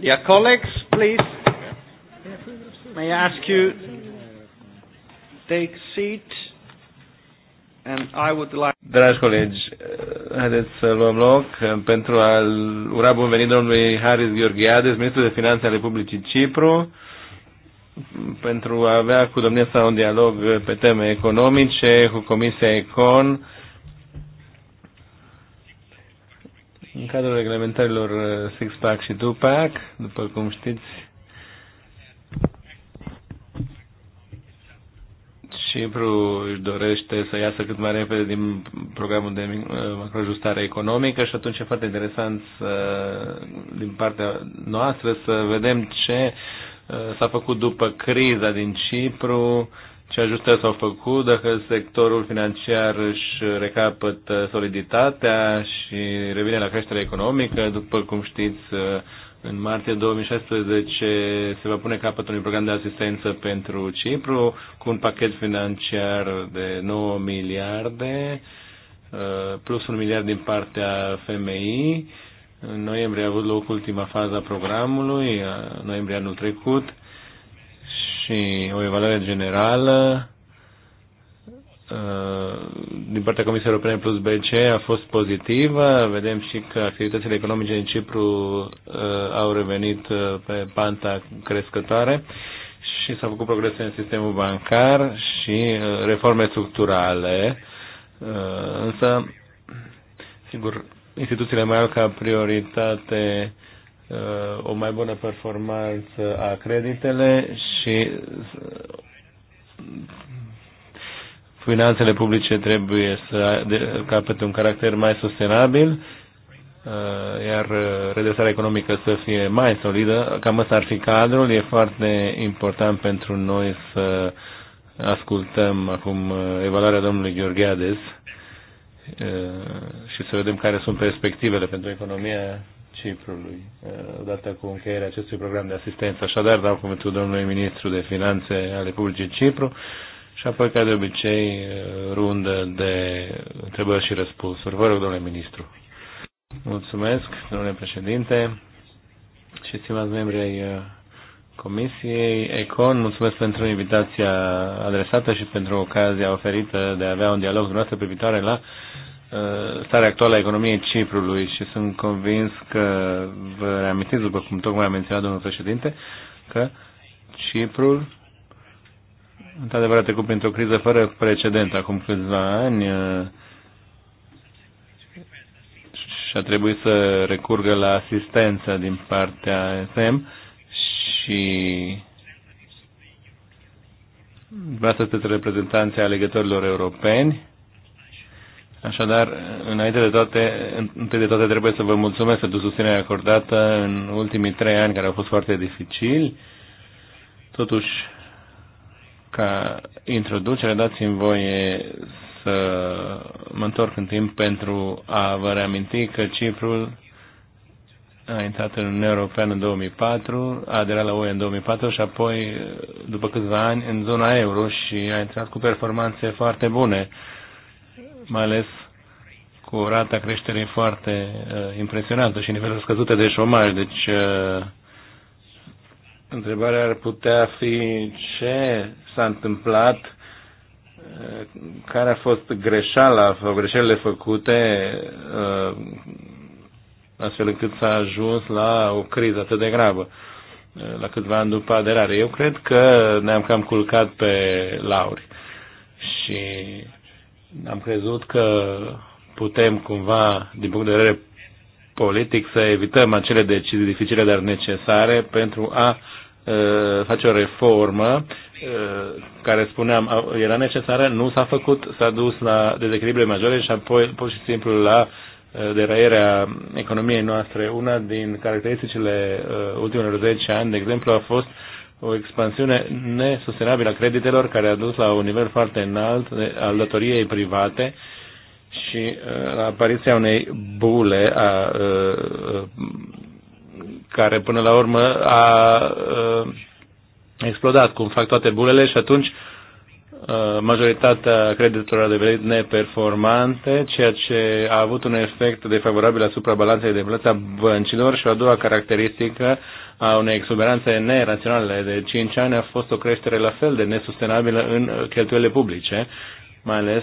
Dear colleagues, please, may I ask you take seat and I would like... Dragi colegi, haideți să luăm loc pentru a ura bun venit domnului Haris Gheorghiades, ministru de finanțe al Republicii Cipru, pentru a avea cu domnia sa un dialog pe teme economice, cu Comisia Econ, cadrul reglementărilor uh, six-pack și two-pack, după cum știți, Cipru își dorește să iasă cât mai repede din programul de uh, macroajustare economică și atunci e foarte interesant să, din partea noastră să vedem ce uh, s-a făcut după criza din Cipru, ce ajustări s-au făcut, dacă sectorul financiar își recapătă soliditatea și revine la creșterea economică. După cum știți, în martie 2016 se va pune capăt unui program de asistență pentru Cipru cu un pachet financiar de 9 miliarde uh, plus un miliard din partea FMI. În noiembrie a avut loc ultima fază a programului, uh, noiembrie anul trecut și o evaluare generală uh, din partea Comisiei Europene plus BC a fost pozitivă. Vedem și că activitățile economice din Cipru uh, au revenit uh, pe panta crescătoare și s-au făcut progrese în sistemul bancar și reforme structurale. Însă, sigur, instituțiile mai au ca prioritate Uh, o mai bună performanță a creditele și uh, finanțele publice trebuie să capete un caracter mai sustenabil, uh, iar redresarea economică să fie mai solidă. Cam asta ar fi cadrul. E foarte important pentru noi să ascultăm acum evaluarea domnului Gheorgheades și să vedem care sunt perspectivele pentru economia Ciprului, uh, odată cu încheierea acestui program de asistență. Așadar, dau cuvântul domnului ministru de finanțe al Republicii Cipru și apoi, ca de obicei, uh, rundă de întrebări și răspunsuri. Vă rog, domnule ministru. Mulțumesc, domnule președinte și stimați membri ai uh, Comisiei Econ, mulțumesc pentru invitația adresată și pentru ocazia oferită de a avea un dialog dumneavoastră privitoare la Uh, starea actuală a economiei Ciprului și sunt convins că vă reamintiți, după cum tocmai a menționat domnul președinte, că Ciprul într-adevăr a trecut printr-o criză fără precedent acum câțiva ani uh, și a trebuit să recurgă la asistență din partea SM și să sunteți reprezentanții alegătorilor europeni Așadar, înainte de toate, întâi de toate trebuie să vă mulțumesc pentru susținerea acordată în ultimii trei ani care au fost foarte dificili. Totuși, ca introducere, dați-mi voie să mă întorc în timp pentru a vă reaminti că Ciprul a intrat în Uniunea Europeană în 2004, a aderat la OE în 2004 și apoi, după câțiva ani, în zona euro și a intrat cu performanțe foarte bune mai ales cu o rata creșterii foarte uh, impresionantă și nivelul scăzute de șomaj. Deci, uh, întrebarea ar putea fi ce s-a întâmplat, uh, care a fost greșeala sau greșelile făcute uh, astfel încât s-a ajuns la o criză atât de gravă uh, la câțiva ani după aderare. Eu cred că ne-am cam culcat pe lauri și am crezut că putem cumva, din punct de vedere politic, să evităm acele decizii dificile, dar necesare pentru a uh, face o reformă uh, care, spuneam, era necesară, nu s-a făcut, s-a dus la dezechilibre majore și apoi, pur și simplu, la uh, deraierea economiei noastre. Una din caracteristicile ultimelor 10 ani, de exemplu, a fost uh, o expansiune nesustenabilă a creditelor care a dus la un nivel foarte înalt al datoriei private și uh, la apariția unei bule a, uh, uh, care până la urmă a, a explodat, cum fac toate bulele și atunci Uh, majoritatea creditelor devenit neperformante, ceea ce a avut un efect defavorabil asupra balanței de plăți a băncilor și o a doua caracteristică a unei exuberanțe neraționale de 5 ani a fost o creștere la fel de nesustenabilă în cheltuielile publice, mai ales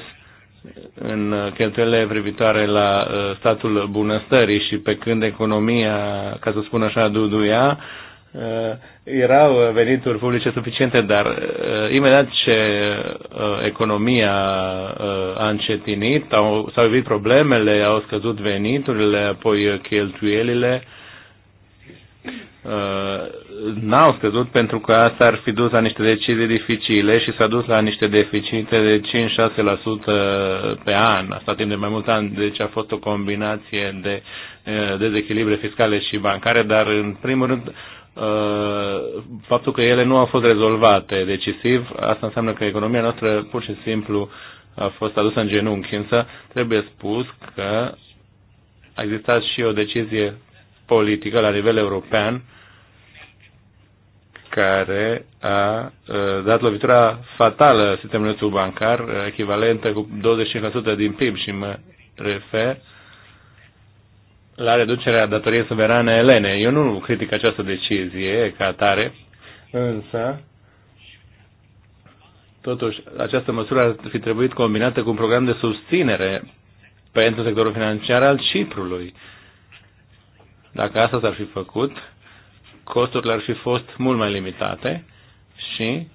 în cheltuielile privitoare la uh, statul bunăstării și pe când economia, ca să spun așa, duduia, Uh, erau venituri publice suficiente, dar uh, imediat ce uh, economia a încetinit, au, s-au evit problemele, au scăzut veniturile, apoi cheltuielile, n-au scăzut pentru că asta ar fi dus la niște decizii dificile și s-a dus la niște deficite de 5-6% pe an, asta timp de mai mult ani, deci a fost o combinație de dezechilibre fiscale și bancare, dar în primul rând Uh, faptul că ele nu au fost rezolvate decisiv, asta înseamnă că economia noastră pur și simplu a fost adusă în genunchi, însă trebuie spus că a existat și o decizie politică la nivel european care a uh, dat lovitura fatală sistemului bancar, uh, echivalentă cu 25% din PIB și mă refer la reducerea datoriei suverane elene. Eu nu critic această decizie ca atare, însă Totuși, această măsură ar fi trebuit combinată cu un program de susținere pentru sectorul financiar al Ciprului. Dacă asta s-ar fi făcut, costurile ar fi fost mult mai limitate și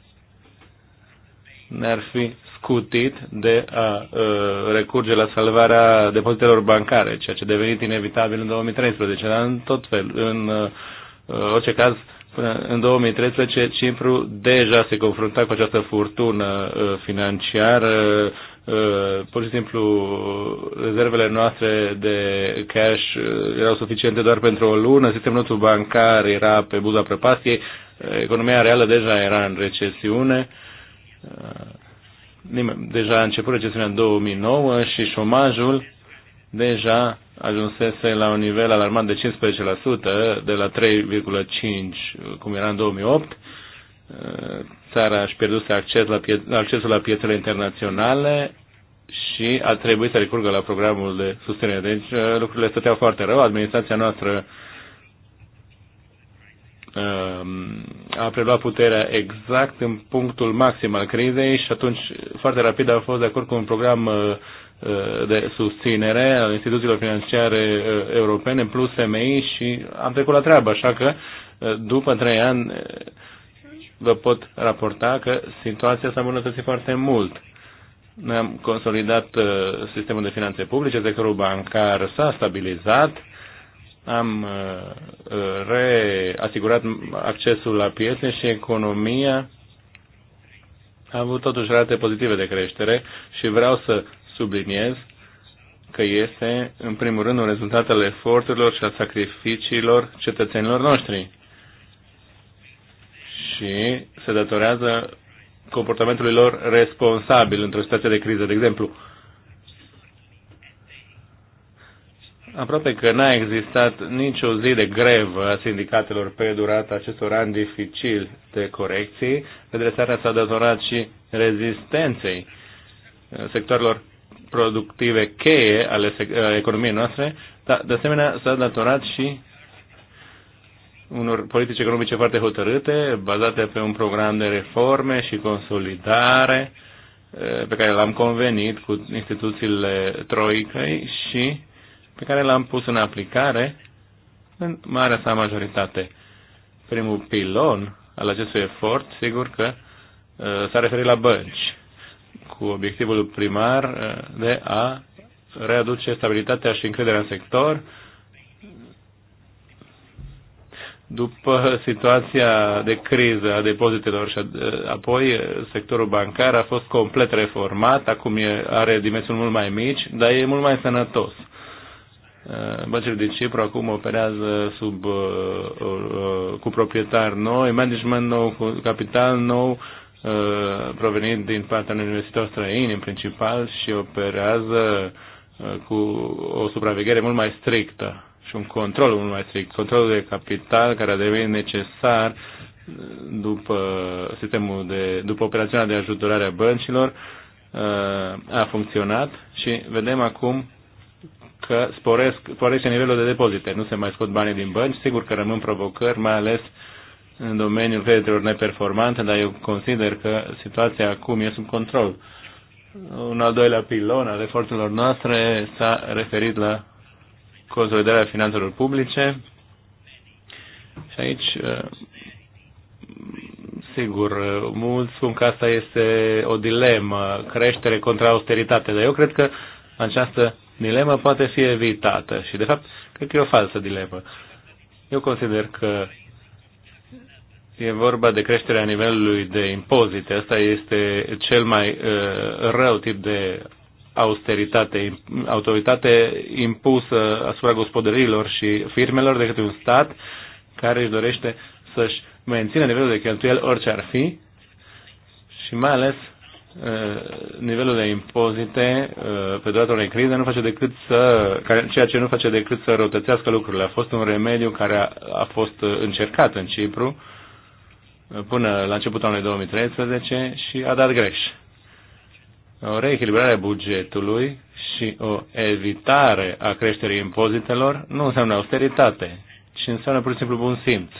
ne-ar fi scutit de a uh, recurge la salvarea depozitelor bancare, ceea ce a devenit inevitabil în 2013, dar în tot fel, în uh, orice caz, până în 2013 Cipru deja se confrunta cu această furtună uh, financiară, uh, pur și simplu rezervele noastre de cash erau suficiente doar pentru o lună, sistemul nostru bancar era pe buza prăpastiei, economia reală deja era în recesiune, uh, deja a început recesiunea 2009 și șomajul deja ajunsese la un nivel alarmant de 15%, de la 3,5% cum era în 2008. Uh, țara își pierduse acces la pie- accesul la piețele internaționale și a trebuit să recurgă la programul de susținere. Deci uh, lucrurile stăteau foarte rău. Administrația noastră Ehm, a preluat puterea exact în punctul maxim al crizei și atunci foarte rapid a fost de acord cu un program eh, eh, de susținere al instituțiilor financiare eh, europene plus FMI și am trecut la treabă, așa că după trei ani vă pot raporta că situația s-a îmbunătățit foarte mult. Noi am consolidat sistemul de finanțe publice, sectorul bancar s-a stabilizat, am uh, uh, reasigurat accesul la piețe și economia a avut totuși rate pozitive de creștere și vreau să subliniez că este, în primul rând, un rezultat al eforturilor și al sacrificiilor cetățenilor noștri. Și se datorează comportamentului lor responsabil într-o situație de criză. De exemplu, aproape că n-a existat nicio zi de grevă a sindicatelor pe durata acestor ani dificili de corecții. Redresarea s-a datorat și rezistenței sectorilor productive cheie ale economiei noastre, dar de asemenea s-a datorat și unor politici economice foarte hotărâte, bazate pe un program de reforme și consolidare eh, pe care l-am convenit cu instituțiile Troicăi și pe care l-am pus în aplicare în marea sa majoritate. Primul pilon al acestui efort, sigur că uh, s-a referit la bănci, cu obiectivul primar uh, de a readuce stabilitatea și încrederea în sector după situația de criză a depozitelor și apoi uh, sectorul bancar a fost complet reformat, acum are dimensiuni mult mai mici, dar e mult mai sănătos. Uh, Băncile de Cipru acum operează sub, uh, uh, cu proprietar noi, management nou, cu capital nou, provenit din partea unui investitor străin în principal și operează cu o supraveghere mult mai strictă și un control mult mai strict. Controlul de capital care a devenit necesar după sistemul de, după operațiunea de ajutorare a băncilor a funcționat și vedem acum că sporesc, sporește nivelul de depozite. Nu se mai scot banii din bănci. Sigur că rămân provocări, mai ales în domeniul creditelor neperformante, dar eu consider că situația acum e sub control. Un al doilea pilon al eforturilor noastre s-a referit la consolidarea finanțelor publice. Și aici, eh, sigur, mulți spun că asta este o dilemă, creștere contra austeritate, dar eu cred că această dilema poate fi evitată și, de fapt, cred că e o falsă dilemă. Eu consider că e vorba de creșterea nivelului de impozite. Asta este cel mai uh, rău tip de austeritate, autoritate impusă asupra gospodărilor și firmelor decât un stat care își dorește să-și mențină nivelul de cheltuiel orice ar fi și mai ales Eh, nivelul de impozite eh, pe durata unei crize nu face decât să, ceea ce nu face decât să răutățească lucrurile. A fost un remediu care a, a fost eh, încercat în Cipru până la începutul anului 2013 și a dat greș. O reechilibrare a bugetului și o evitare a creșterii impozitelor nu înseamnă austeritate, ci înseamnă pur și simplu bun simț.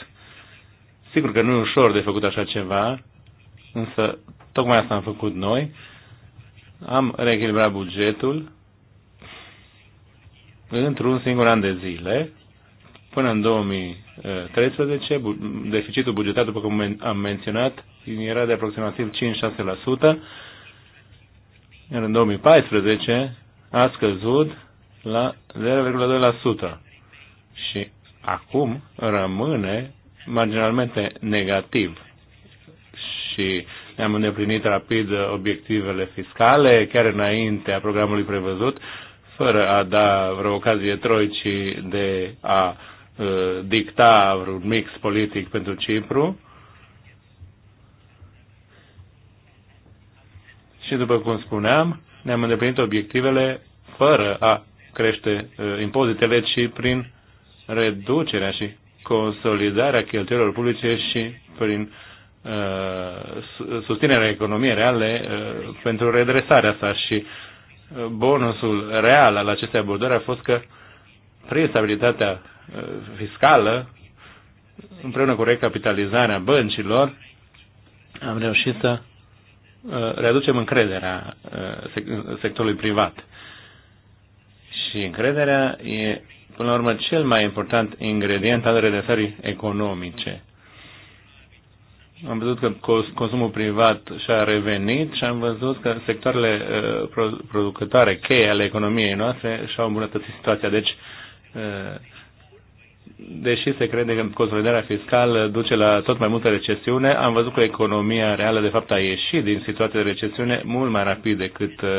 Sigur că nu e ușor de făcut așa ceva, însă Tocmai asta am făcut noi. Am reechilibrat bugetul într-un singur an de zile. Până în 2013, deficitul bugetat, după cum am menționat, era de aproximativ 5-6%. Iar în 2014 a scăzut la 0,2% și acum rămâne marginalmente negativ. Și ne-am îndeplinit rapid obiectivele fiscale, chiar înaintea programului prevăzut, fără a da vreo ocazie troicii de a uh, dicta vreun mix politic pentru Cipru. Și după cum spuneam, ne-am îndeplinit obiectivele fără a crește uh, impozitele, ci prin reducerea și consolidarea cheltuielor publice și prin Uh, susținerea economiei reale uh, pentru redresarea sa și uh, bonusul real al acestei abordări a fost că prin stabilitatea fiscală, împreună cu recapitalizarea băncilor, am reușit să readucem încrederea sectorului privat. Și încrederea e, până la urmă, cel mai important ingredient al redresării economice am văzut că consumul privat și-a revenit și am văzut că sectoarele uh, producătoare, cheie ale economiei noastre, și-au îmbunătățit situația. Deci, uh, deși se crede că consolidarea fiscală duce la tot mai multă recesiune, am văzut că economia reală, de fapt, a ieșit din situația de recesiune mult mai rapid decât uh,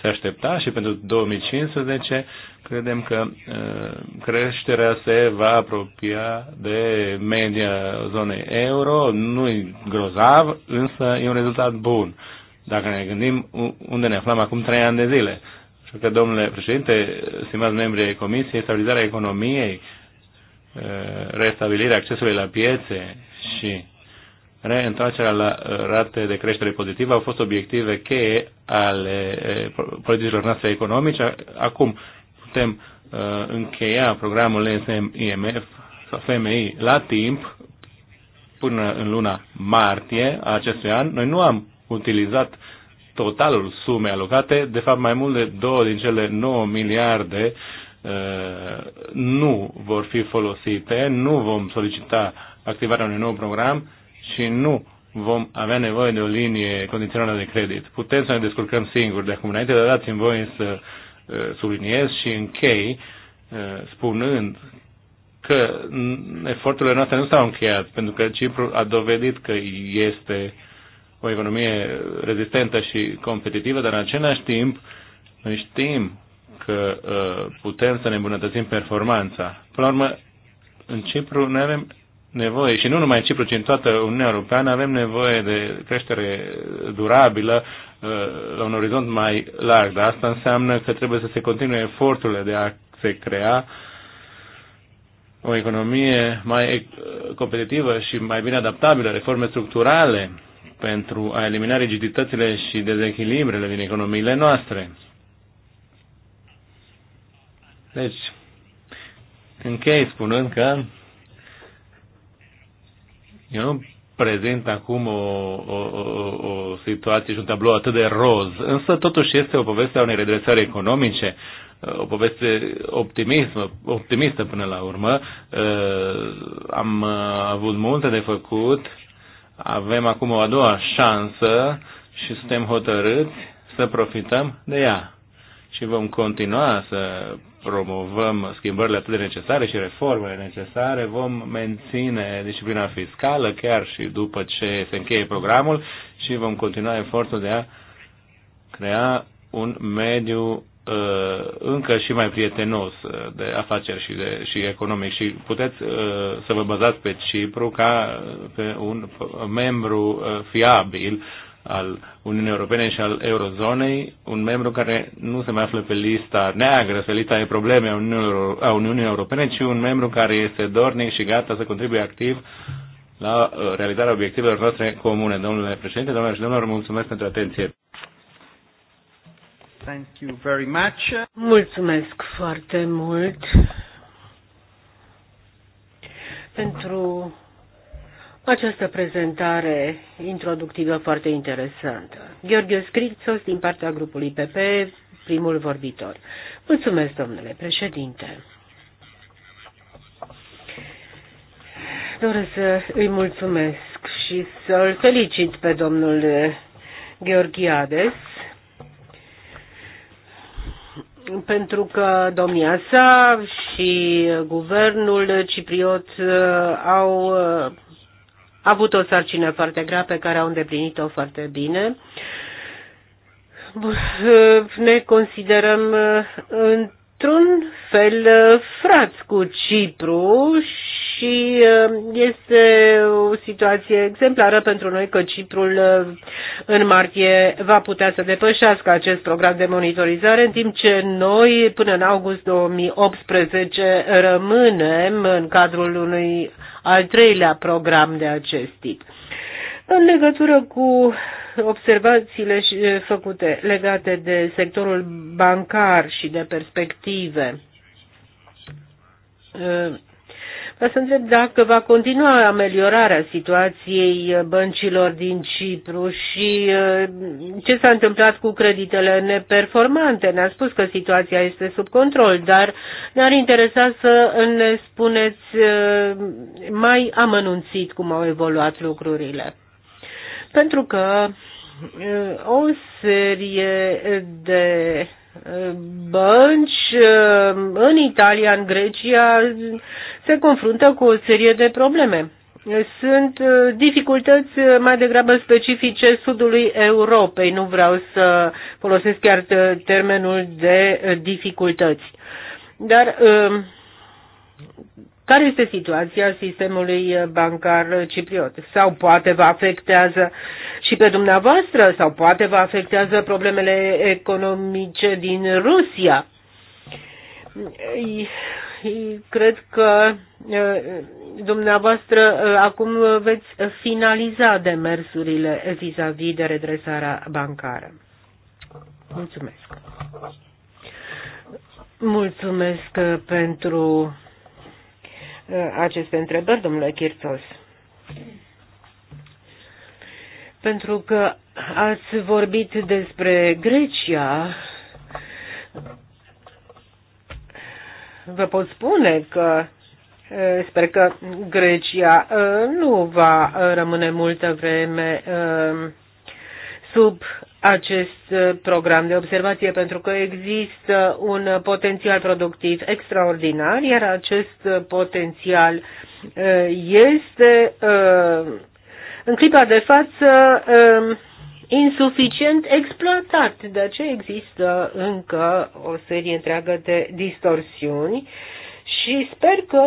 se aștepta și pentru 2015 Credem că uh, creșterea se va apropia de media zonei euro, nu e grozav, însă e un rezultat bun. Dacă ne gândim unde ne aflăm acum trei ani de zile. Așa că, domnule președinte, stimați membrii ai Comisiei, stabilizarea economiei, uh, restabilirea accesului la piețe și reîntoarcerea la uh, rate de creștere pozitivă au fost obiective cheie ale politicilor noastre economice. Acum, putem uh, încheia programul ESM IMF sau FMI la timp, până în luna martie a acestui an, noi nu am utilizat totalul sume alocate, de fapt mai mult de două din cele 9 miliarde uh, nu vor fi folosite, nu vom solicita activarea unui nou program și nu vom avea nevoie de o linie condiționată de credit. Putem să ne descurcăm singuri de acum înainte, dar dați-mi voie să uh, subliniez și închei uh, spunând că eforturile noastre nu s-au încheiat, pentru că Cipru a dovedit că este o economie rezistentă și competitivă, dar în același timp noi știm că uh, putem să ne îmbunătățim performanța. Până la urmă, în Cipru noi avem nevoie, și nu numai în Cipru, ci în toată Uniunea Europeană, avem nevoie de creștere durabilă uh, la un orizont mai larg. Dar asta înseamnă că trebuie să se continue eforturile de a se crea o economie mai uh, competitivă și mai bine adaptabilă, reforme structurale pentru a elimina rigiditățile și dezechilibrele din economiile noastre. Deci, închei spunând că eu nu prezint acum o, o, o, o situație și un tablou atât de roz, însă totuși este o poveste a unei redresări economice, o poveste optimism, optimistă până la urmă. Am avut multe de făcut, avem acum o a doua șansă și suntem hotărâți să profităm de ea. Și vom continua să promovăm schimbările atât de necesare și reformele necesare, vom menține disciplina fiscală chiar și după ce se încheie programul și vom continua efortul de a crea un mediu uh, încă și mai prietenos uh, de afaceri și, de, și economic și puteți uh, să vă bazați pe Cipru ca pe un membru fiabil al Uniunii Europene și al Eurozonei, un membru care nu se mai află pe lista neagră, pe lista de probleme a Uniunii, a Uniunii Europene, ci un membru care este dornic și gata să contribuie activ la uh, realizarea obiectivelor noastre comune. Domnule președinte, domnule și domnilor, mulțumesc pentru atenție. Thank you very much. Mulțumesc foarte mult pentru această prezentare introductivă foarte interesantă. Gheorghe Scrițos din partea grupului PP, primul vorbitor. Mulțumesc, domnule președinte. Doresc să îi mulțumesc și să-l felicit pe domnul Gheorghiades pentru că domnia sa și guvernul cipriot uh, au uh, a avut o sarcină foarte grea pe care au îndeplinit-o foarte bine. Eh, ne considerăm eh, într-un fel eh, frați cu Cipru și uh, este o situație exemplară pentru noi că Ciprul uh, în martie va putea să depășească acest program de monitorizare, în timp ce noi până în august 2018 rămânem în cadrul unui al treilea program de acest tip. În legătură cu observațiile uh, făcute legate de sectorul bancar și de perspective, Vreau să întreb dacă va continua ameliorarea situației uh, băncilor din Cipru și uh, ce s-a întâmplat cu creditele neperformante. Ne-a spus că situația este sub control, dar ne-ar interesa să ne spuneți uh, mai amănunțit cum au evoluat lucrurile. Pentru că o serie de bănci în Italia, în Grecia se confruntă cu o serie de probleme. Sunt uh, dificultăți uh, mai degrabă specifice sudului Europei. Nu vreau să folosesc chiar uh, termenul de dificultăți. Dar um, care este situația sistemului bancar cipriot? Sau poate vă afectează și pe dumneavoastră, sau poate vă afectează problemele economice din Rusia? cred că dumneavoastră acum veți finaliza demersurile vis-a-vis -vis de redresarea bancară. Mulțumesc. Mulțumesc pentru aceste întrebări, domnule Chirțos. Pentru că ați vorbit despre Grecia, vă pot spune că sper că Grecia nu va rămâne multă vreme sub acest program de observație pentru că există un potențial productiv extraordinar, iar acest potențial este în clipa de față insuficient exploatat. De aceea există încă o serie întreagă de distorsiuni și sper că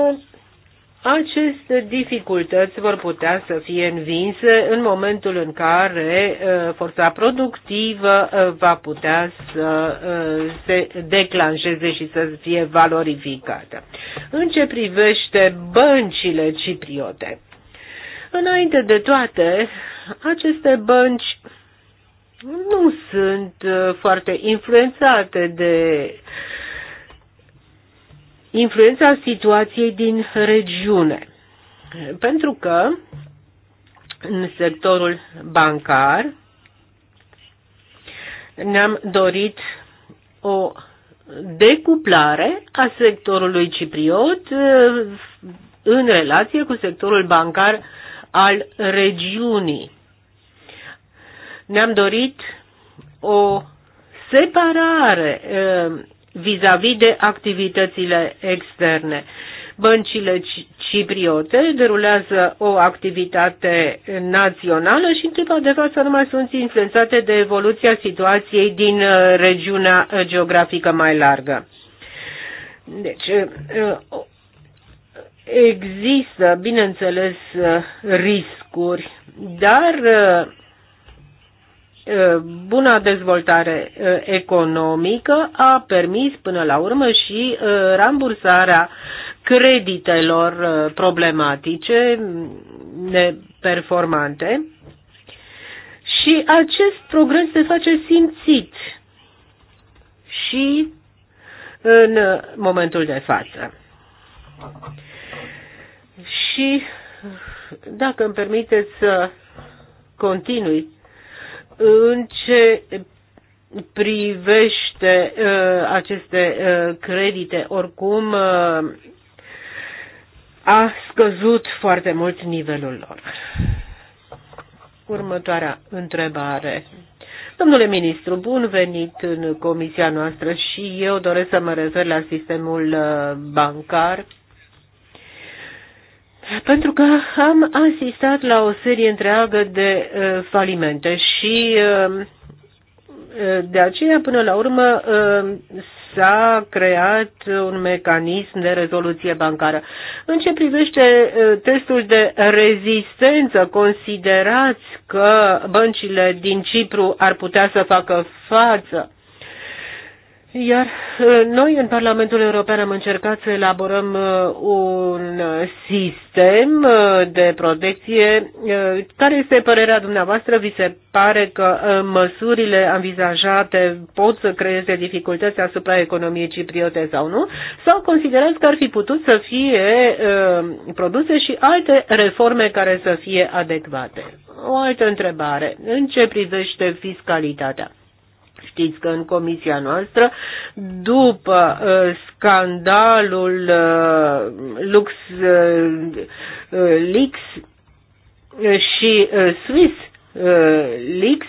aceste dificultăți vor putea să fie învinse în momentul în care uh, forța productivă uh, va putea să uh, se declanșeze și să fie valorificată. În ce privește băncile cipriote, înainte de toate, aceste bănci nu sunt uh, foarte influențate de influența situației din regiune. Pentru că în sectorul bancar ne-am dorit o decuplare a sectorului cipriot uh, în relație cu sectorul bancar al regiunii ne-am dorit o separare vis-a-vis -vis de activitățile externe. Băncile cipriote derulează o activitate națională și în clipa de față nu mai sunt influențate de evoluția situației din regiunea geografică mai largă. Deci, există, bineînțeles, riscuri, dar buna dezvoltare economică a permis până la urmă și rambursarea creditelor problematice neperformante și acest progres se face simțit și în momentul de față. Și dacă îmi permiteți să continui în ce privește uh, aceste uh, credite, oricum uh, a scăzut foarte mult nivelul lor. Următoarea întrebare. Domnule ministru, bun venit în comisia noastră și eu doresc să mă refer la sistemul uh, bancar. Pentru că am asistat la o serie întreagă de uh, falimente și uh, uh, de aceea, până la urmă, uh, s-a creat un mecanism de rezoluție bancară. În ce privește uh, testul de rezistență, considerați că băncile din Cipru ar putea să facă față? Iar uh, noi în Parlamentul European am încercat să elaborăm uh, un sistem uh, de protecție. Care este părerea dumneavoastră? Vi se pare că măsurile anvizajate pot să creeze dificultăți asupra economiei cipriote sau nu? Sau considerați că ar fi putut să fie produse și alte reforme care să fie adecvate? O altă întrebare. În ce privește fiscalitatea? Știți că în comisia noastră, după uh, scandalul uh, Lux uh, uh Leaks uh, și uh, Swiss uh, Leaks,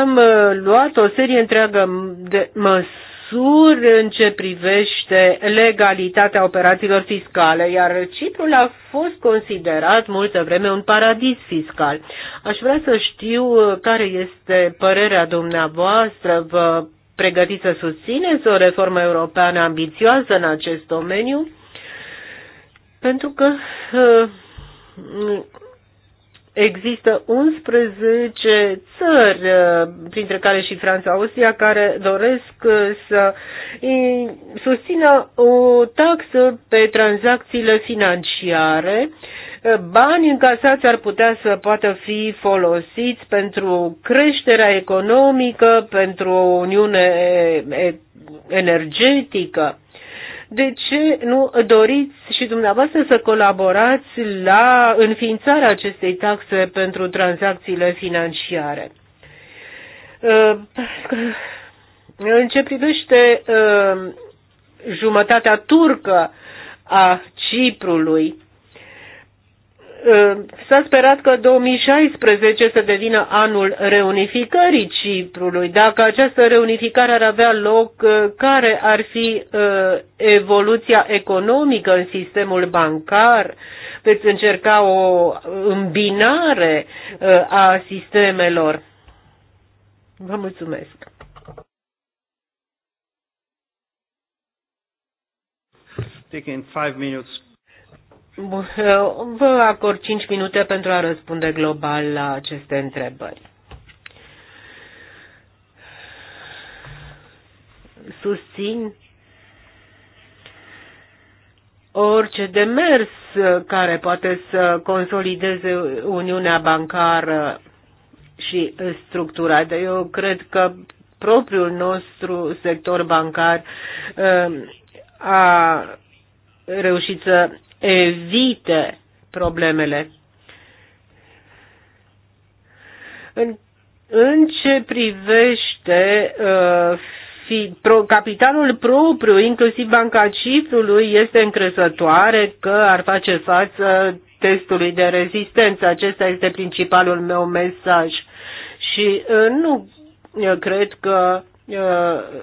am uh, luat o serie întreagă de măsuri măsuri în ce privește legalitatea operațiilor fiscale, iar Ciprul a fost considerat multă vreme un paradis fiscal. Aș vrea să știu uh, care este părerea dumneavoastră. Vă pregătiți să susțineți o reformă europeană ambițioasă în acest domeniu? Pentru că uh, Există 11 țări, uh, printre care și Franța, Austria, care doresc uh, să susțină o taxă pe tranzacțiile financiare. Uh, Bani încasați ar putea să poată fi folosiți pentru creșterea economică, pentru o uniune energetică. De ce nu doriți și dumneavoastră să colaborați la înființarea acestei taxe pentru tranzacțiile financiare? Uh, în ce privește uh, jumătatea turcă a Ciprului, Ă, s-a sperat că 2016 să devină anul reunificării Ciprului. Dacă această reunificare ar avea loc, ă, care ar fi ă, evoluția economică în sistemul bancar? Veți încerca o îmbinare a sistemelor? Vă mulțumesc! Taking five minutes Bun, vă acord 5 minute pentru a răspunde global la aceste întrebări. Susțin orice demers care poate să consolideze Uniunea Bancară și structura. Eu cred că propriul nostru sector bancar uh, a reușit să evite problemele. În, în ce privește uh, fi, pro, capitalul propriu, inclusiv banca Ciprului, este încrezătoare că ar face față testului de rezistență. Acesta este principalul meu mesaj. Și uh, nu eu cred că uh,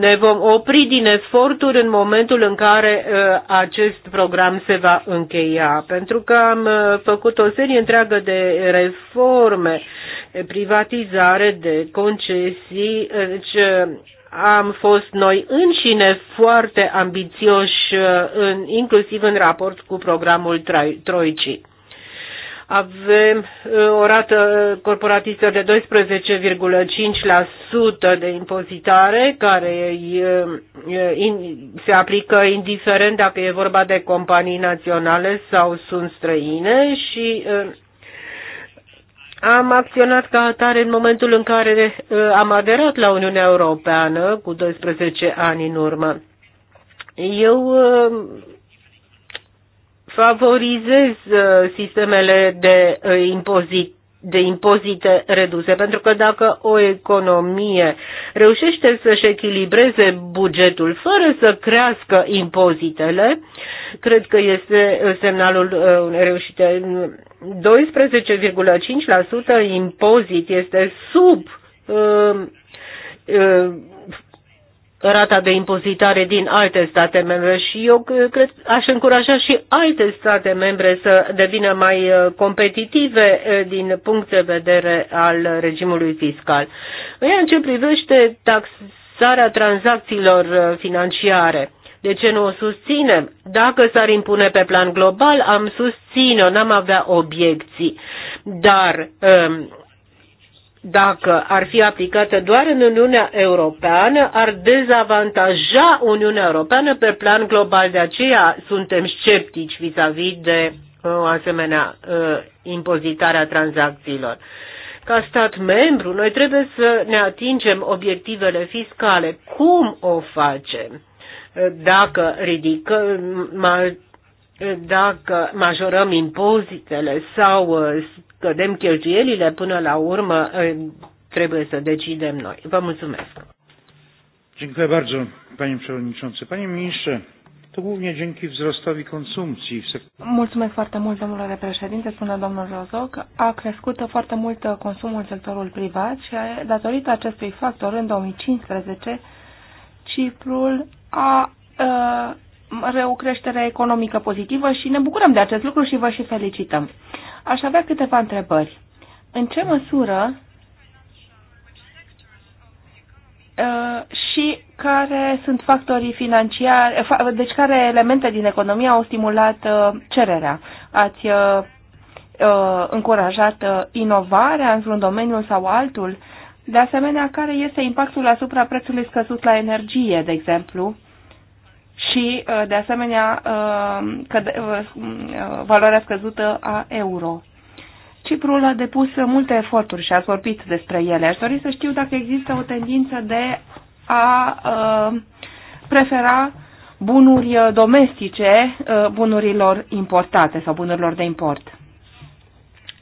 ne vom opri din eforturi în momentul în care uh, acest program se va încheia, pentru că am uh, făcut o serie întreagă de reforme, privatizare, de concesii, deci uh, am fost noi înșine foarte ambițioși, uh, în, inclusiv în raport cu programul Troicii avem uh, o rată corporatistă de 12,5% de impozitare care uh, uh, se aplică indiferent dacă e vorba de companii naționale sau sunt străine și am acționat ca atare în momentul în care am aderat la Uniunea Europeană cu 12 ani în urmă. Eu favorizez uh, sistemele de uh, impozit de impozite reduse, pentru că dacă o economie reușește să-și echilibreze bugetul fără să crească impozitele, cred că este uh, semnalul unei reușite. 12,5% impozit este sub uh, uh, rata de impozitare din alte state membre și eu cred, aș încuraja și alte state membre să devină mai uh, competitive uh, din punct de vedere al regimului fiscal. Iar în ce privește taxarea tranzacțiilor uh, financiare, de ce nu o susținem? Dacă s-ar impune pe plan global, am susține-o, n-am avea obiecții. Dar um, dacă ar fi aplicată doar în Uniunea Europeană, ar dezavantaja Uniunea Europeană pe plan global. De aceea suntem sceptici vis-a-vis -vis de uh, o asemenea uh, impozitare a tranzacțiilor. Ca stat membru, noi trebuie să ne atingem obiectivele fiscale. Cum o facem? Dacă ridicăm, dacă majorăm impozitele sau uh, scădem cheltuielile, până la urmă eh, trebuie să decidem noi. Vă mulțumesc. Dziękuję bardzo, panie przewodniczący. Panie ministrze, to głównie dzięki wzrostowi konsumpcji w sektorze. Mulțumesc foarte mult, domnule președinte, spune domnul Rozoc. A crescut foarte mult consumul în sectorul privat și eh, datorită acestui factor, în 2015, Ciprul a uh, o creștere economică pozitivă și ne bucurăm de acest lucru și vă și felicităm aș avea câteva întrebări. În ce măsură ă, și care sunt factorii financiari, deci care elemente din economie au stimulat ă, cererea? Ați ă, încurajat inovarea într-un domeniu sau altul? De asemenea, care este impactul asupra prețului scăzut la energie, de exemplu, și, uh, de asemenea, uh, uh, valoarea scăzută a euro. Ciprul a depus multe eforturi și a vorbit despre ele. Aș dori să știu dacă există o tendință de a prefera bunuri domestice bunurilor importate sau bunurilor de import.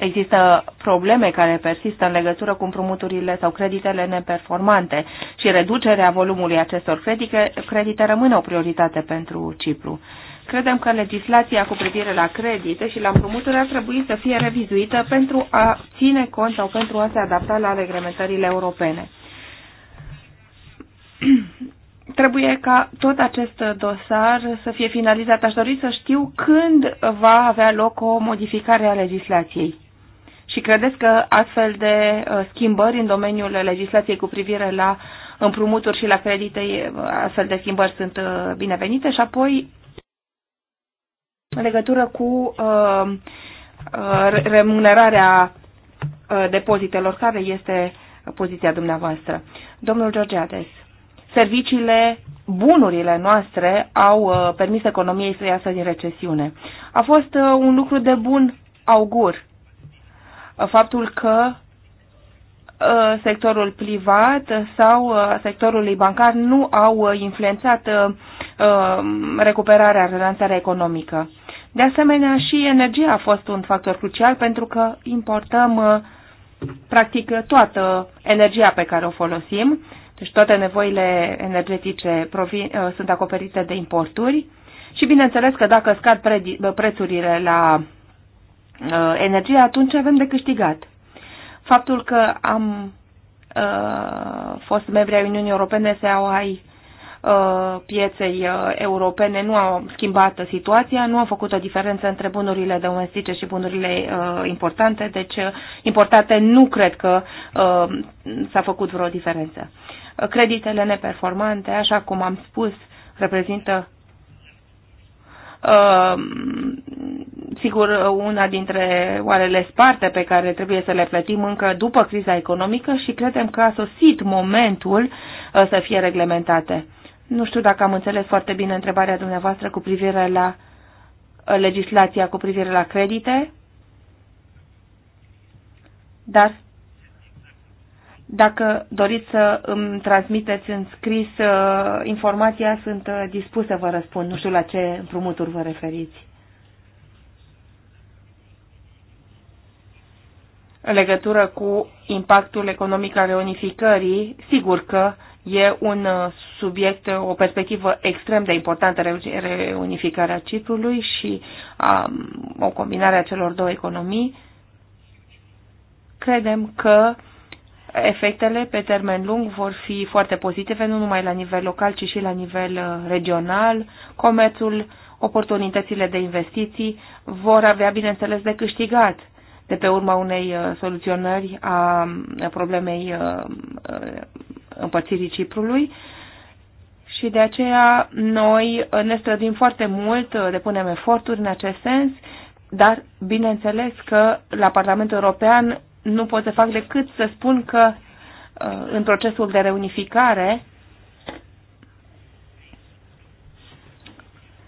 Există probleme care persistă în legătură cu împrumuturile sau creditele neperformante și reducerea volumului acestor credite, credite rămâne o prioritate pentru Cipru. Credem că legislația cu privire la credite și la împrumuturi ar trebui să fie revizuită pentru a ține cont sau pentru a se adapta la reglementările europene. Trebuie ca tot acest dosar să fie finalizat. Aș dori să știu când va avea loc o modificare a legislației. Și credeți că astfel de uh, schimbări în domeniul legislației cu privire la împrumuturi și la credite, uh, astfel de schimbări sunt uh, binevenite? Și apoi, în legătură cu remunerarea depozitelor, care este poziția dumneavoastră? Domnul Georgiades, serviciile bunurile noastre au permis economiei să iasă din recesiune. A fost un lucru de bun augur faptul că uh, sectorul privat sau uh, sectorului bancar nu au uh, influențat recuperarea, relansarea economică. De asemenea, și energia a fost un factor crucial pentru că importăm practic toată energia pe care o folosim, deci toate nevoile energetice provin, sunt acoperite de importuri și bineînțeles că dacă scad prețurile la uh, energie, atunci avem de câștigat. Faptul că am uh, fost membri ai Uniunii Europene sau ai uh, pieței uh, europene nu au schimbat situația, nu au făcut o diferență între bunurile domestice și bunurile uh, importante, deci uh, importate nu cred că uh, s-a făcut vreo diferență. Creditele neperformante, așa cum am spus, reprezintă Uh, sigur, una dintre oarele sparte pe care trebuie să le plătim încă după criza economică și credem că a sosit momentul uh, să fie reglementate. Nu știu dacă am înțeles foarte bine întrebarea dumneavoastră cu privire la uh, legislația cu privire la credite, dar dacă doriți să îmi transmiteți în scris uh, informația, sunt uh, dispus să vă răspund. Nu știu la ce împrumuturi vă referiți. În legătură cu impactul economic al reunificării, sigur că e un uh, subiect, o perspectivă extrem de importantă, reunificarea Ciprului și a, o combinare a celor două economii. Credem că efectele pe termen lung vor fi foarte pozitive, nu numai la nivel local, ci și la nivel uh, regional. Comerțul, oportunitățile de investiții vor avea, bineînțeles, de câștigat de pe urma unei uh, soluționări a problemei uh, împărțirii Ciprului. Și de aceea noi ne străduim foarte mult, depunem eforturi în acest sens, dar bineînțeles că la Parlamentul European nu pot să fac decât să spun că uh, în procesul de reunificare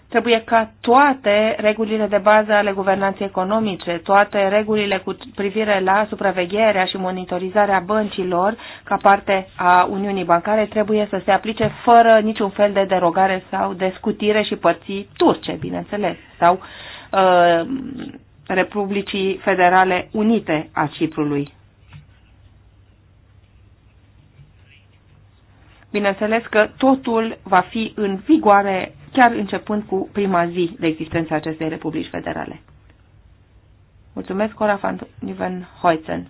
trebuie ca toate regulile de bază ale guvernanței economice, toate regulile cu privire la supravegherea și monitorizarea băncilor ca parte a Uniunii Bancare trebuie să se aplice fără niciun fel de derogare sau de scutire și părții turce, bineînțeles, sau uh, Republicii Federale Unite a Ciprului. Bineînțeles că totul va fi în vigoare chiar începând cu prima zi de existență acestei Republici Federale. Mulțumesc, Cora van Niven Hoitzen.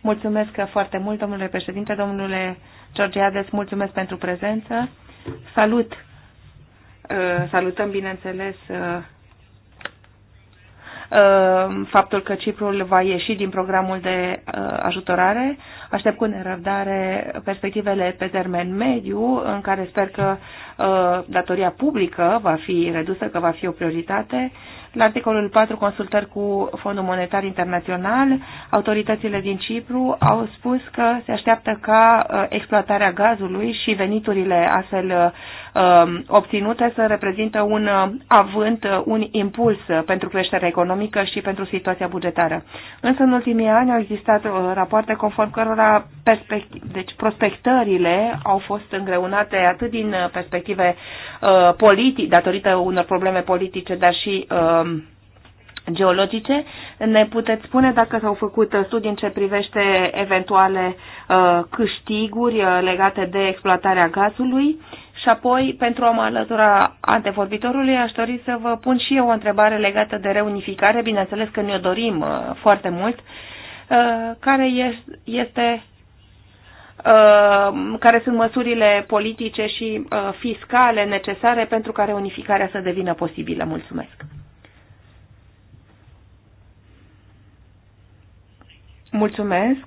Mulțumesc foarte mult, domnule președinte, domnule Georgiades, mulțumesc pentru prezență. Salut! Uh, salutăm, bineînțeles, uh, Uh, faptul că Ciprul va ieși din programul de uh, ajutorare. Aștept cu nerăbdare perspectivele pe termen mediu, în care sper că uh, datoria publică va fi redusă, că va fi o prioritate. La articolul 4, consultări cu Fondul Monetar Internațional, autoritățile din Cipru au spus că se așteaptă ca exploatarea gazului și veniturile astfel Um, obținute să reprezintă un uh, avânt, uh, un impuls uh, pentru creșterea economică și pentru situația bugetară. Însă în ultimii ani au existat rapoarte conform cărora deci prospectările au fost îngreunate atât din perspective politice, datorită unor probleme politice, dar și um, geologice. Ne puteți spune dacă s-au făcut studii în ce privește eventuale câștiguri legate de exploatarea gazului și apoi, pentru a mă alătura antevorbitorului, aș dori să vă pun și eu o întrebare legată de reunificare, bineînțeles că ne-o dorim uh, foarte mult, uh, care este uh, care sunt măsurile politice și fiscale necesare pentru ca reunificarea să devină posibilă. Mulțumesc! Mulțumesc!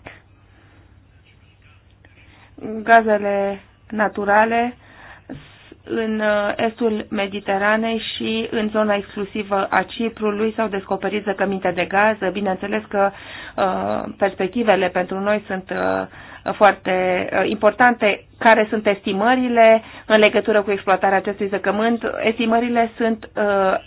Gazele naturale în uh, estul Mediteranei și în zona exclusivă a Ciprului s-au descoperit zăcăminte de gaz. Bineînțeles că uh, perspectivele pentru noi sunt uh, foarte importante. Care sunt estimările în legătură cu exploatarea acestui zăcământ? Estimările sunt,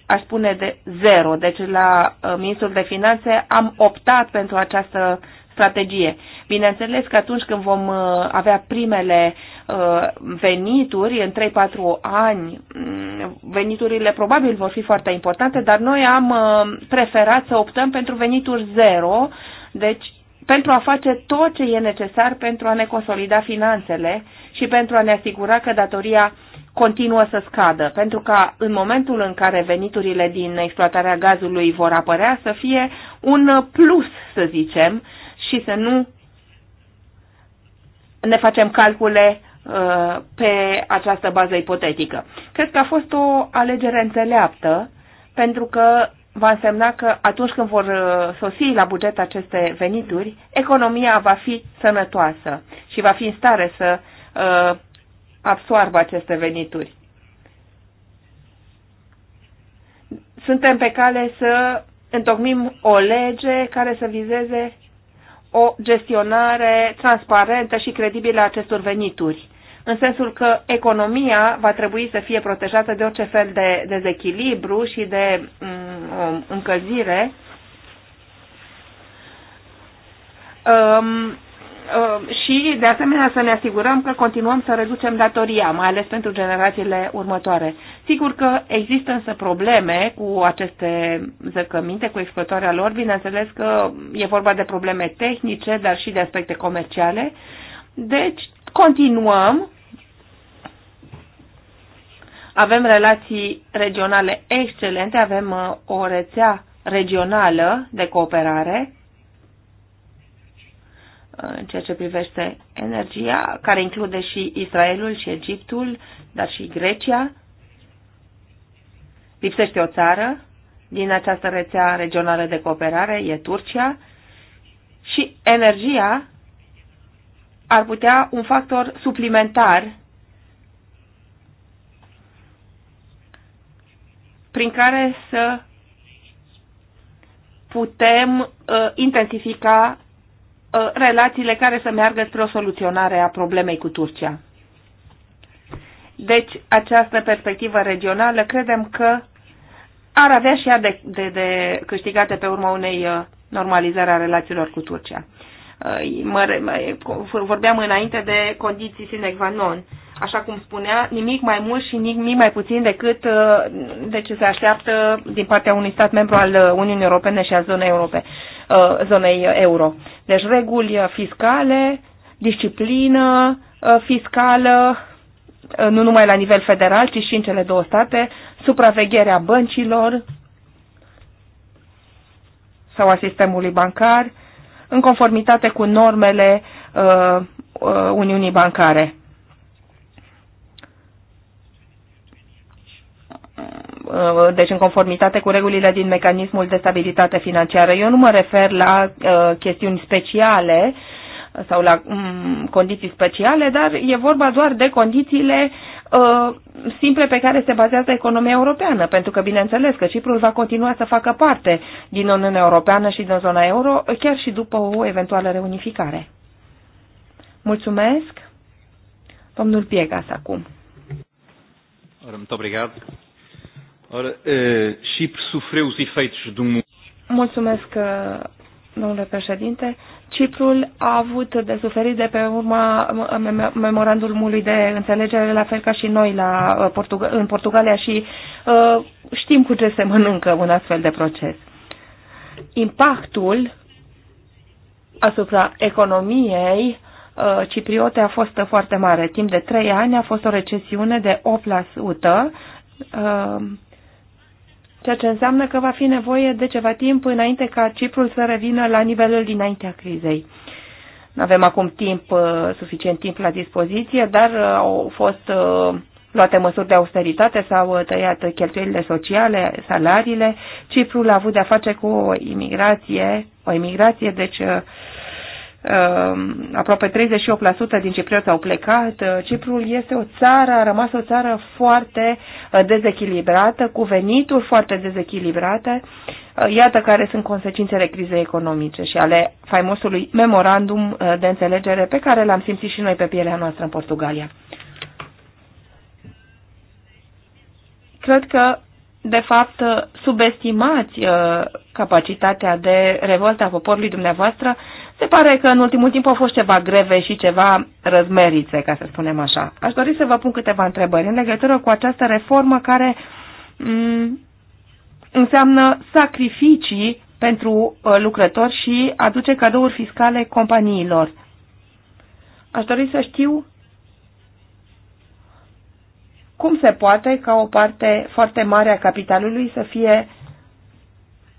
aș spune, de zero. Deci la Ministrul de Finanțe am optat pentru această strategie. Bineînțeles că atunci când vom uh, avea primele uh, venituri în 3-4 ani, mm, veniturile probabil vor fi foarte importante, dar noi am uh, preferat să optăm pentru venituri zero, deci pentru a face tot ce e necesar pentru a ne consolida finanțele și pentru a ne asigura că datoria continuă să scadă, pentru ca în momentul în care veniturile din exploatarea gazului vor apărea să fie un plus, să zicem, și să nu ne facem calcule uh, pe această bază ipotetică. Cred că a fost o alegere înțeleaptă, pentru că va însemna că atunci când vor uh, sosi la buget aceste venituri, economia va fi sănătoasă și va fi în stare să uh, absoarbă aceste venituri. Suntem pe cale să întocmim o lege care să vizeze o gestionare transparentă și credibilă a acestor venituri, în sensul că economia va trebui să fie protejată de orice fel de dezechilibru și de mm, um, încălzire. Um, și, de asemenea, să ne asigurăm că continuăm să reducem datoria, mai ales pentru generațiile următoare. Sigur că există însă probleme cu aceste zăcăminte, cu exploatarea lor. Bineînțeles că e vorba de probleme tehnice, dar și de aspecte comerciale. Deci, continuăm. Avem relații regionale excelente, avem uh, o rețea regională de cooperare uh, în ceea ce privește energia, care include și Israelul și Egiptul, dar și Grecia. Lipsește o țară din această rețea regională de cooperare, e Turcia, și energia ar putea un factor suplimentar prin care să putem uh, intensifica uh, relațiile care să meargă spre o soluționare a problemei cu Turcia. Deci, această perspectivă regională credem că ar avea și ea de, de, de câștigate pe urma unei uh, normalizări a relațiilor cu Turcia. Uh, mă, mă, vorbeam înainte de condiții sine qua non. Așa cum spunea, nimic mai mult și nimic mai puțin decât uh, de ce se așteaptă din partea unui stat membru al Uniunii Europene și a zonei, Europe, zonei euro. Deci reguli fiscale, disciplină fiscală, Uh, nu numai la nivel federal, ci și în cele două state, supravegherea băncilor sau a sistemului bancar, în conformitate cu normele uh, uh Uniunii Bancare. Uh, deci în conformitate cu regulile din mecanismul de stabilitate financiară. Eu nu mă refer la uh, chestiuni speciale sau la um, condiții speciale, dar e vorba doar de condițiile uh, simple pe care se bazează economia europeană, pentru că, bineînțeles, că Ciprul va continua să facă parte din Uniunea Europeană și din zona euro, chiar și după o eventuală reunificare. Mulțumesc. Domnul Piegas acum. Ora, eh, um- Mulțumesc, eh, domnule președinte. Ciprul a avut de suferit de pe urma memorandumului de înțelegere, la fel ca și noi la uh, Portug- în Portugalia și uh, știm cu ce se mănâncă un astfel de proces. Impactul asupra economiei uh, cipriote a fost foarte mare. Timp de trei ani a fost o recesiune de 8%. Uh, ceea ce înseamnă că va fi nevoie de ceva timp înainte ca Ciprul să revină la nivelul dinaintea crizei. Nu avem acum timp, uh, suficient timp la dispoziție, dar uh, au fost uh, luate măsuri de austeritate, s-au tăiat cheltuielile sociale, salariile. Ciprul a avut de-a face cu o imigrație, o imigrație, deci Um, aproape 38% din ciprioți au plecat. Uh, Ciprul este o țară, a rămas o țară foarte uh, dezechilibrată, cu venituri foarte dezechilibrate. Uh, iată care sunt consecințele crizei economice și ale faimosului memorandum de înțelegere pe care l-am simțit și noi pe pielea noastră în Portugalia. Cred că de fapt, subestimați capacitatea de revoltă a poporului dumneavoastră se pare că în ultimul timp au fost ceva greve și ceva răzmerițe, ca să spunem așa. Aș dori să vă pun câteva întrebări în legătură cu această reformă care mm, înseamnă sacrificii pentru uh, lucrători și aduce cadouri fiscale companiilor. Aș dori să știu cum se poate ca o parte foarte mare a capitalului să fie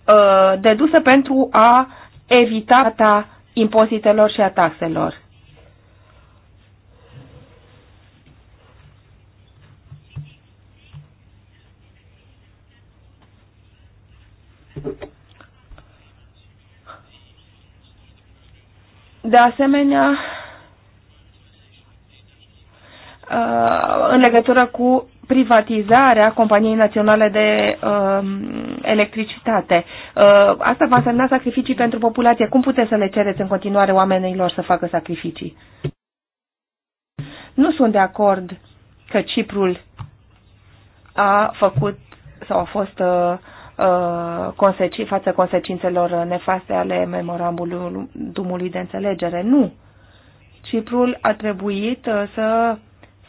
uh, dedusă pentru a evita ta impozitelor și a taxelor. De asemenea, uh, în legătură cu privatizarea Companiei Naționale de uh, Electricitate. Uh, asta va însemna sacrificii pentru populație. Cum puteți să le cereți în continuare oamenilor să facă sacrificii? Nu sunt de acord că Ciprul a făcut sau a fost uh, uh consecin, față consecințelor nefaste ale memorandumului de înțelegere. Nu. Ciprul a trebuit uh, să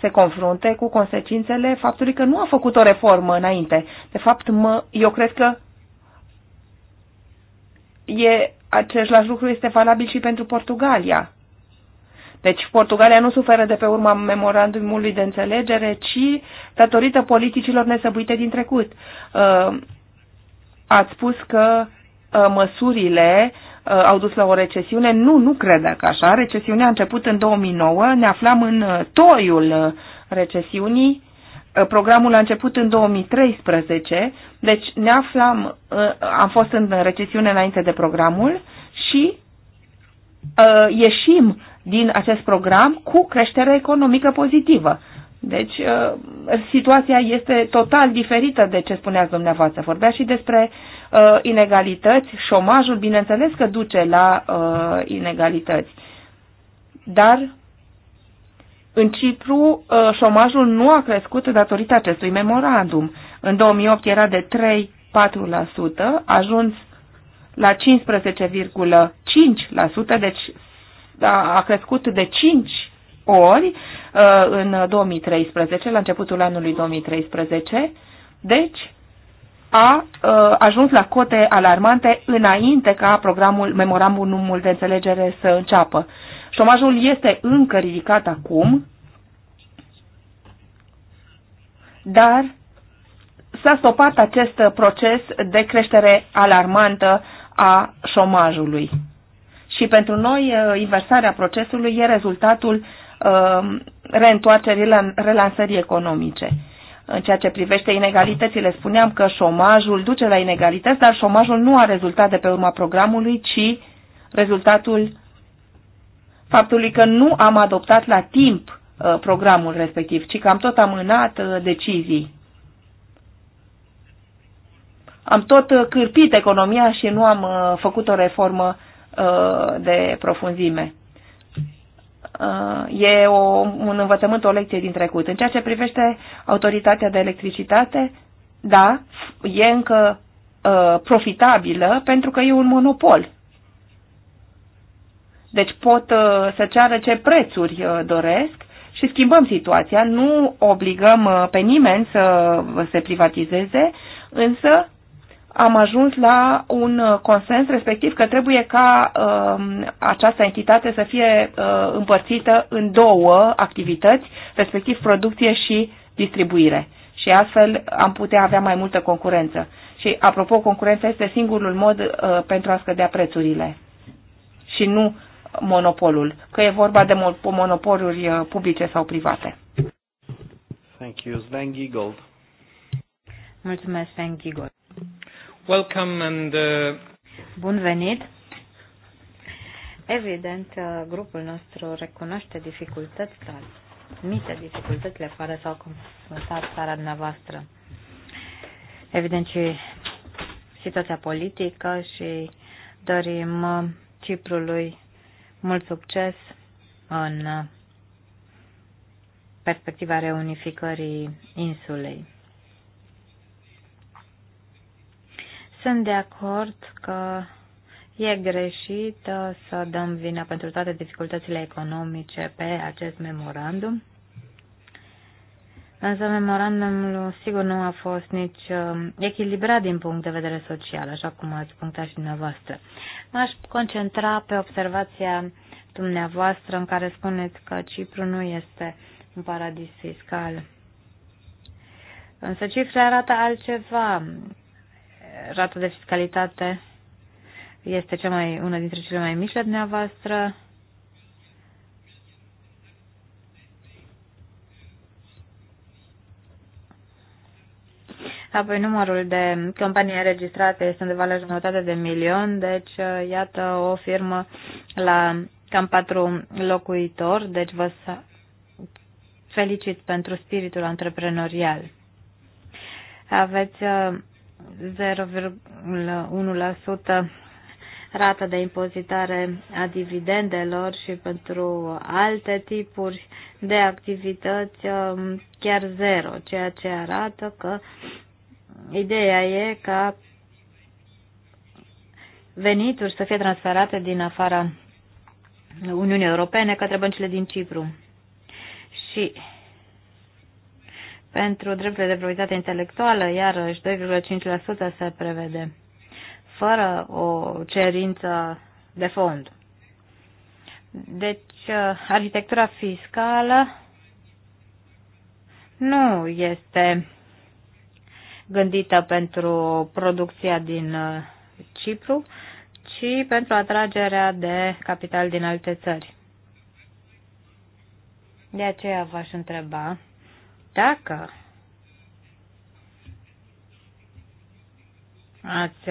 se confrunte cu consecințele faptului că nu a făcut o reformă înainte. De fapt, mă, eu cred că e, același lucru este valabil și pentru Portugalia. Deci Portugalia nu suferă de pe urma memorandumului de înțelegere, ci datorită politicilor nesăbuite din trecut. Uh, ați spus că uh, măsurile Uh, au dus la o recesiune. Nu, nu cred că așa. Recesiunea a început în 2009, ne aflam în uh, toiul uh, recesiunii. Programul a început în 2013, deci ne aflam, am fost în recesiune înainte de programul și ieșim din acest program cu creștere economică pozitivă. Deci, situația este total diferită de ce spuneați dumneavoastră. Vorbea și despre uh, inegalități, șomajul, bineînțeles că duce la uh, inegalități. Dar în Cipru uh, șomajul nu a crescut datorită acestui memorandum. În 2008 era de 3-4%, ajuns la 15,5%, deci a, a crescut de 5 ori uh, în 2013, la începutul anului 2013. Deci, a uh, ajuns la cote alarmante înainte ca programul, memorandumul de înțelegere să înceapă. Șomajul este încă ridicat acum, dar s-a stopat acest proces de creștere alarmantă a șomajului. Și pentru noi, uh, inversarea procesului e rezultatul uh, reîntoarcerii, relansării economice. În ceea ce privește inegalitățile, spuneam că șomajul duce la inegalități, dar șomajul nu a rezultat de pe urma programului, ci rezultatul faptului că nu am adoptat la timp uh, programul respectiv, ci că am tot amânat uh, decizii. Am tot uh, cârpit economia și nu am făcut o reformă de profunzime. Uh, e o, un învățământ, o lecție din trecut. În ceea ce privește autoritatea de electricitate, da, e încă uh, profitabilă pentru că e un monopol. Deci pot uh, să ceară ce prețuri uh, doresc și schimbăm situația. Nu obligăm uh, pe nimeni să se privatizeze, însă am ajuns la un uh, consens, respectiv că trebuie ca uh, această entitate să fie uh, împărțită în două activități, respectiv producție și distribuire. Și astfel am putea avea mai multă concurență. Și, apropo, concurența este singurul mod uh, pentru a scădea prețurile și nu monopolul, că e vorba de monopoluri uh, publice sau private. Thank you, Sven Giegold. Mulțumesc, Sven Giegold. Welcome and... Uh... Bun venit! Evident, uh, grupul nostru recunoaște dificultățile, admite dificultățile care s-au confruntat țara dumneavoastră. Evident și situația politică și dorim uh, Ciprului mult succes în uh, perspectiva reunificării insulei. Sunt de acord că e greșit uh, să dăm vina pentru toate dificultățile economice pe acest memorandum. Însă memorandumul sigur nu a fost nici uh, echilibrat din punct de vedere social, așa cum ați punctat și dumneavoastră. M-aș concentra pe observația dumneavoastră în care spuneți că Cipru nu este un paradis fiscal. Însă cifre arată altceva rata de fiscalitate este cea mai, una dintre cele mai mici la dumneavoastră. Apoi numărul de companii înregistrate este undeva la jumătate de milion, deci uh, iată o firmă la cam patru locuitori, deci vă felicit pentru spiritul antreprenorial. Aveți uh, 0,1% rată de impozitare a dividendelor și pentru alte tipuri de activități um, chiar zero, ceea ce arată că ideea e ca venituri să fie transferate din afara Uniunii Europene către băncile din Cipru. Și pentru drepturile de proprietate intelectuală, iarăși 2,5% se prevede, fără o cerință de fond. Deci, uh, arhitectura fiscală nu este gândită pentru producția din uh, Cipru, ci pentru atragerea de capital din alte țări. De aceea v-aș întreba dacă ați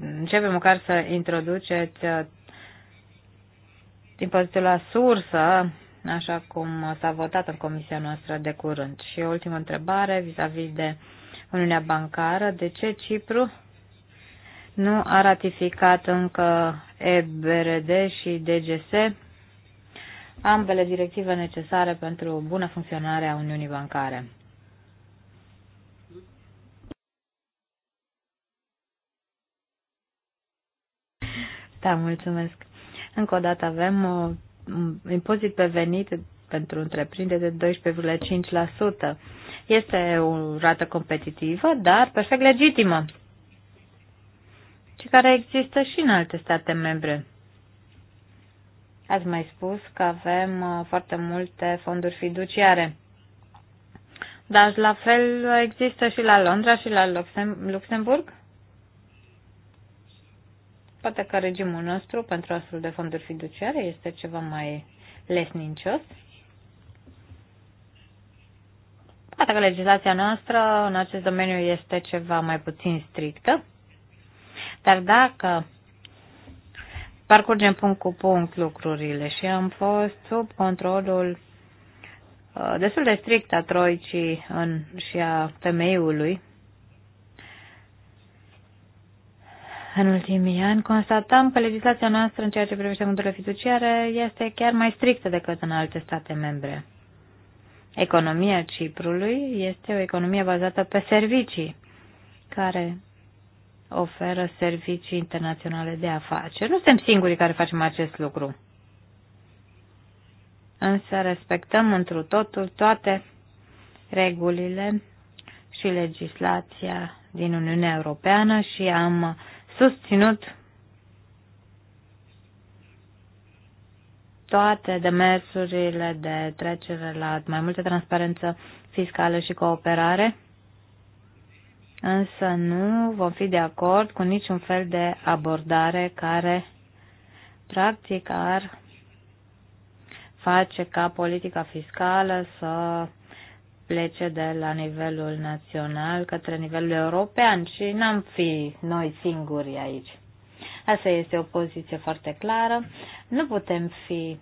începe măcar să introduceți uh, poziția la sursă, așa cum s-a votat în comisia noastră de curând. Și ultima întrebare vis-a-vis -vis de Uniunea Bancară. De ce Cipru nu a ratificat încă EBRD și DGS? ambele directive necesare pentru bună funcționare a Uniunii Bancare. Da, mulțumesc. Încă o dată avem o, uh, un impozit pe venit pentru întreprinderi de 12,5%. Este o rată competitivă, dar perfect legitimă, și care există și în alte state membre. Ați mai spus că avem uh, foarte multe fonduri fiduciare. Dar la fel există și la Londra și la Luxemburg? Poate că regimul nostru pentru astfel de fonduri fiduciare este ceva mai lesnincios. Poate că legislația noastră în acest domeniu este ceva mai puțin strictă. Dar dacă parcurgem punct cu punct lucrurile și am fost sub controlul uh, destul de strict a troicii în, și a temeiului. În ultimii ani constatăm că legislația noastră în ceea ce privește mânturile fiduciare este chiar mai strictă decât în alte state membre. Economia Ciprului este o economie bazată pe servicii, care oferă servicii internaționale de afaceri. Nu suntem singurii care facem acest lucru. Însă respectăm întru totul toate regulile și legislația din Uniunea Europeană și am susținut toate demersurile de trecere la mai multă transparență fiscală și cooperare însă nu vom fi de acord cu niciun fel de abordare care practic ar face ca politica fiscală să plece de la nivelul național către nivelul european și n-am fi noi singuri aici. Asta este o poziție foarte clară. Nu putem fi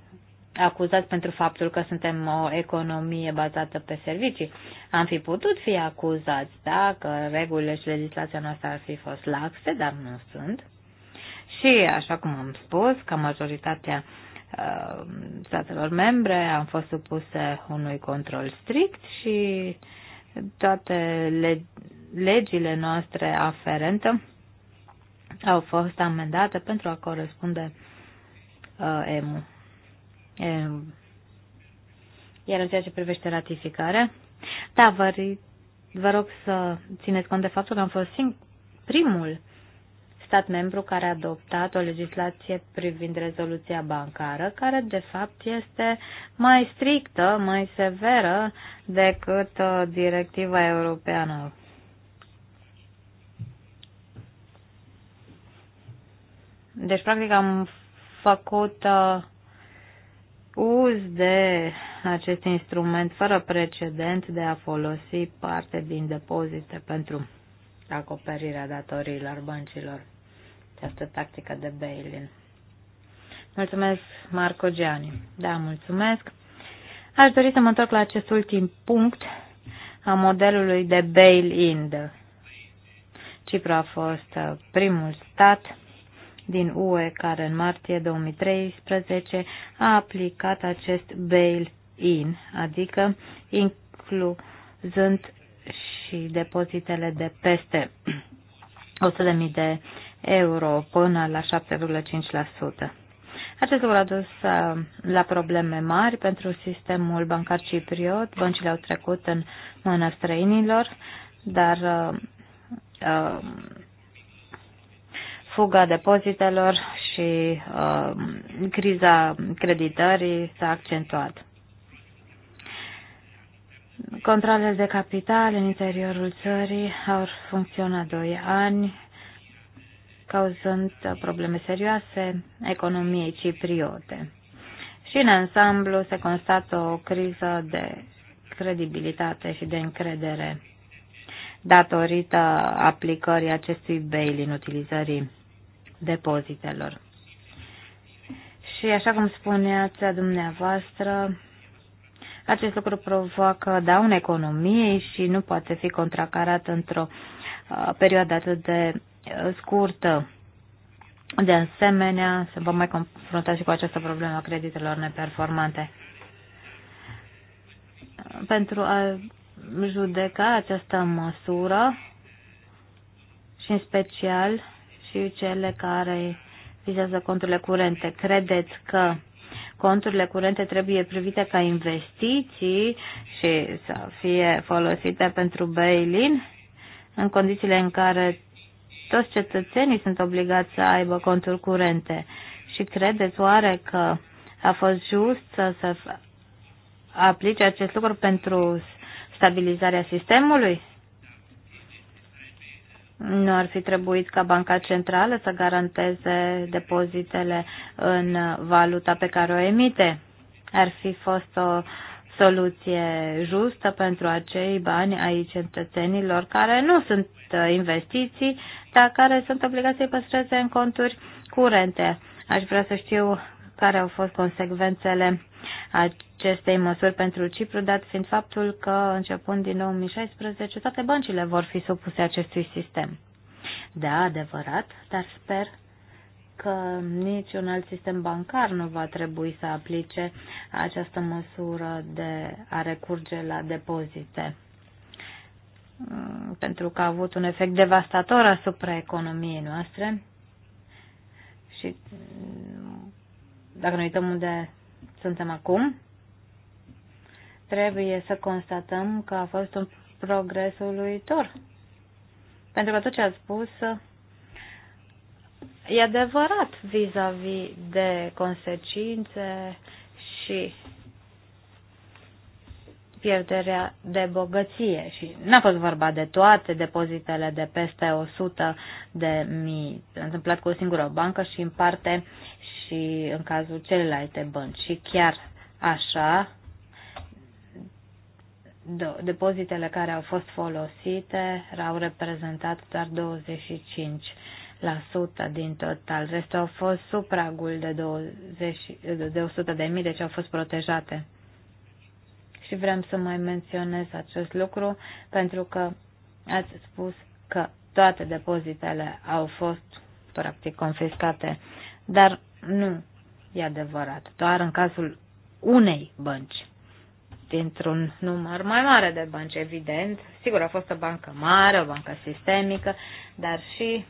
acuzați pentru faptul că suntem o economie bazată pe servicii. Am fi putut fi acuzați dacă regulile și legislația noastră ar fi fost laxe, dar nu sunt. Și, așa cum am spus, că majoritatea uh, statelor membre am fost supuse unui control strict și toate le- legile noastre aferente au fost amendate pentru a corespunde uh, EMU. Iar în ceea ce privește ratificarea, da, vă, vă rog să țineți cont de faptul că am fost sing- primul stat membru care a adoptat o legislație privind rezoluția bancară, care de fapt este mai strictă, mai severă decât uh, directiva europeană. Deci, practic, am făcut uh, uz de acest instrument fără precedent de a folosi parte din depozite pentru acoperirea datoriilor băncilor. Această tactică de bail-in. Mulțumesc, Marco Gianni. Da, mulțumesc. Aș dori să mă întorc la acest ultim punct a modelului de bail-in. Cipru a fost uh, primul stat din UE care în martie 2013 a aplicat acest bail-in, adică incluzând și depozitele de peste 100.000 de euro până la 7,5%. Acest lucru a dus uh, la probleme mari pentru sistemul bancar cipriot. Băncile au trecut în mâna străinilor, dar uh, uh fuga depozitelor și uh, criza creditării s-a accentuat. Controlele de capital în interiorul țării au funcționat doi ani, cauzând probleme serioase economiei cipriote. Și în ansamblu se constată o criză de credibilitate și de încredere datorită aplicării acestui bail-in, utilizării depozitelor. Și așa cum spuneați dumneavoastră, acest lucru provoacă daune economiei și nu poate fi contracarat într-o uh, perioadă atât de uh, scurtă. De asemenea, se va mai confrunta și cu această problemă a creditelor neperformante. Pentru a judeca această măsură și în special și cele care vizează conturile curente. Credeți că conturile curente trebuie privite ca investiții și să fie folosite pentru bail-in în condițiile în care toți cetățenii sunt obligați să aibă conturi curente. Și credeți oare că a fost just să, să aplice acest lucru pentru stabilizarea sistemului? Nu ar fi trebuit ca Banca Centrală să garanteze depozitele în valuta pe care o emite. Ar fi fost o soluție justă pentru acei bani ai cetățenilor care nu sunt investiții, dar care sunt obligați să-i păstreze în conturi curente. Aș vrea să știu care au fost consecvențele acestei măsuri pentru Cipru, dat fiind faptul că, începând din 2016, toate băncile vor fi supuse acestui sistem. Da, adevărat, dar sper că niciun alt sistem bancar nu va trebui să aplice această măsură de a recurge la depozite mm, pentru că a avut un efect devastator asupra economiei noastre și dacă ne uităm unde suntem acum, trebuie să constatăm că a fost un progres uluitor. Pentru că tot ce a spus e adevărat vis-a-vis -vis de consecințe și pierderea de bogăție și n-a fost vorba de toate depozitele de peste 100 de mii. S-a întâmplat cu o singură bancă și în parte și în cazul celelalte bănci. Și chiar așa, depozitele care au fost folosite au reprezentat doar 25% la sută din total. Restul au fost supragul de, 20, de 100 de mii, deci au fost protejate. Și vrem să mai menționez acest lucru pentru că ați spus că toate depozitele au fost practic confiscate, dar nu, e adevărat. Doar în cazul unei bănci. Dintr-un număr mai mare de bănci, evident. Sigur, a fost o bancă mare, o bancă sistemică, dar și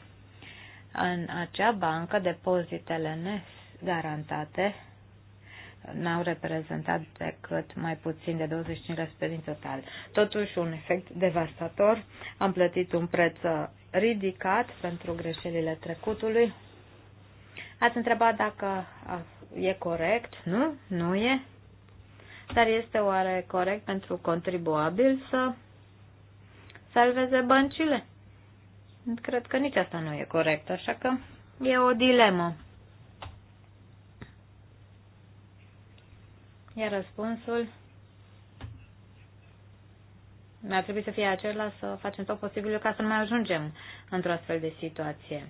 în acea bancă depozitele negarantate n-au reprezentat decât mai puțin de 25% din total. Totuși, un efect devastator. Am plătit un preț ridicat pentru greșelile trecutului Ați întrebat dacă e corect, nu? Nu e? Dar este oare corect pentru contribuabil să salveze băncile? Cred că nici asta nu e corect, așa că e o dilemă. Iar răspunsul ar trebui să fie acela să facem tot posibilul ca să nu mai ajungem într-o astfel de situație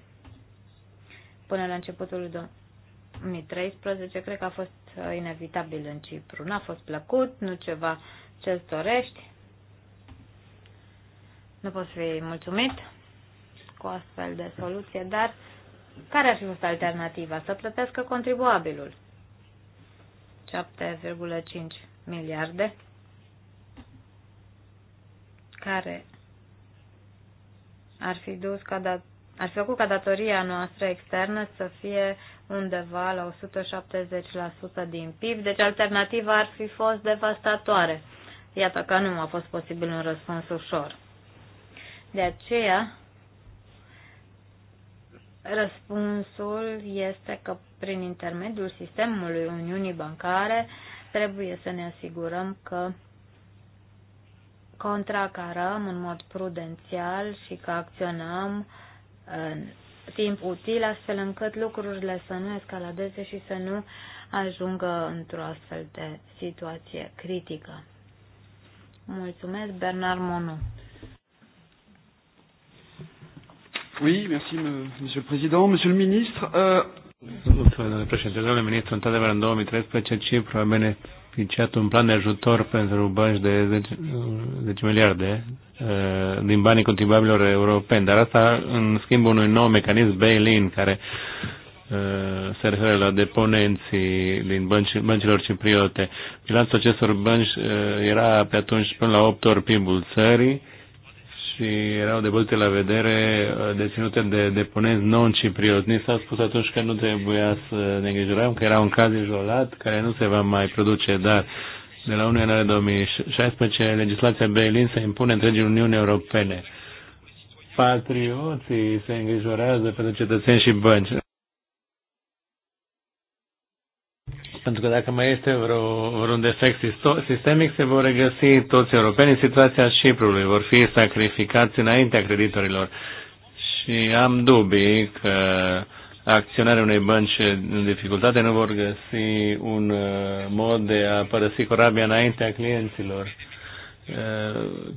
până la începutul 2013, cred că a fost uh, inevitabil în Cipru. N-a fost plăcut, nu ceva ce-ți dorești. Nu poți fi mulțumit cu astfel de soluție, dar care ar fi fost alternativa? Să plătească contribuabilul. 7,5 miliarde care ar fi dus ca dat ar fi făcut ca datoria noastră externă să fie undeva la 170% din PIB, deci alternativa ar fi fost devastatoare. Iată că nu a fost posibil un răspuns ușor. De aceea, răspunsul este că prin intermediul sistemului Uniunii Bancare trebuie să ne asigurăm că contracarăm în mod prudențial și că acționăm uh, în timp util, astfel încât lucrurile să nu escaladeze și să nu ajungă într-o astfel de situație critică. Mulțumesc, Bernard Monu. Oui, merci, Monsieur le Président. Monsieur le Ministre, euh... Mulțumesc, domnule președinte. Domnule ministru, într-adevăr, în 2013 Cipru a inițiat un plan de ajutor pentru bănci de 10, 10 miliarde uh, din banii contribuabililor europeni, dar asta în schimbul unui nou mecanism bail-in care uh, se referă la deponenții din bănci, băncilor cipriote. Bilanțul acestor bănci uh, era pe atunci până la 8 ori PIB-ul țării, și erau de debătute la vedere uh, deținute de deponenți non ciprioti Ni s-a spus atunci că nu trebuia să ne îngrijorăm, că era un caz izolat care nu se va mai produce, dar de la 1 ianuarie 2016 legislația Berlin se impune întregii Uniuni Europene. Patrioții se îngrijorează pentru cetățeni și bănci. Pentru că dacă mai este vreo, vreun defect sistemic, se vor regăsi toți europenii în situația Ciprului. Vor fi sacrificați înaintea creditorilor. Și am dubii că acționarii unei bănci în dificultate nu vor găsi un uh, mod de a părăsi corabia înaintea clienților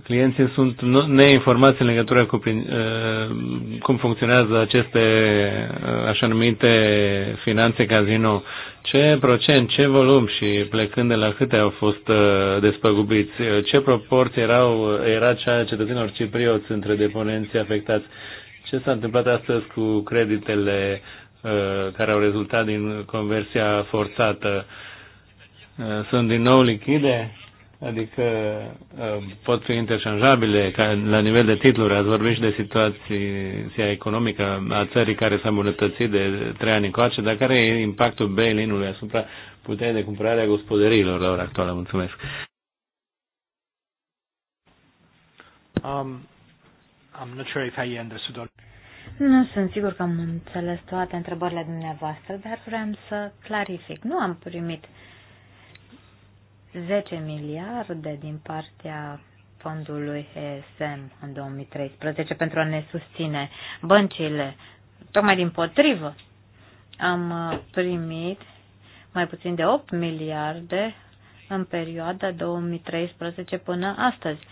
clienții sunt neinformați în legătură cu prin, ă, cum funcționează aceste ă, așa numite finanțe casino. Ce procent, ce volum și plecând de la câte au fost ă, despăgubiți, ce proporție erau, era cea cetățenilor ciprioți între deponenții afectați? Ce s-a întâmplat astăzi cu creditele care au rezultat din conversia forțată? Sunt din nou lichide? adică um, pot fi interșanjabile ca la nivel de titluri. Ați vorbit și de situația economică a țării care s-a îmbunătățit de trei ani încoace, dar care e impactul bail-in-ului asupra puterii de cumpărare a gospodăriilor la ora actuală? Mulțumesc! Um, I'm not sure if I understood all. Nu sunt sigur că am înțeles toate întrebările dumneavoastră, dar vreau să clarific. Nu am primit uh, 10 miliarde din partea fondului ESM în 2013 pentru a ne susține băncile. Tocmai din potrivă am uh, primit mai puțin de 8 miliarde în perioada 2013 până astăzi.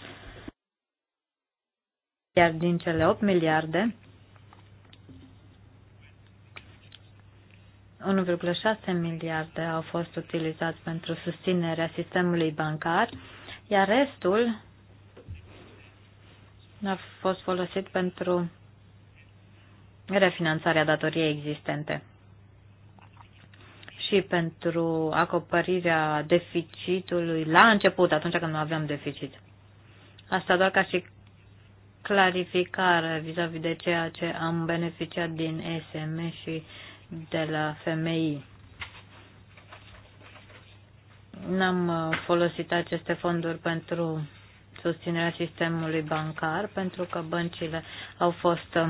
Iar din cele 8 miliarde, 1,6 miliarde au fost utilizați pentru susținerea sistemului bancar, iar restul a fost folosit pentru refinanțarea datoriei existente și pentru acoperirea deficitului la început, atunci când nu aveam deficit. Asta doar ca și clarificare vis-a-vis -vis de ceea ce am beneficiat din SM și uh, de la FMI. N-am uh, folosit aceste fonduri pentru susținerea sistemului bancar, pentru că băncile au fost uh,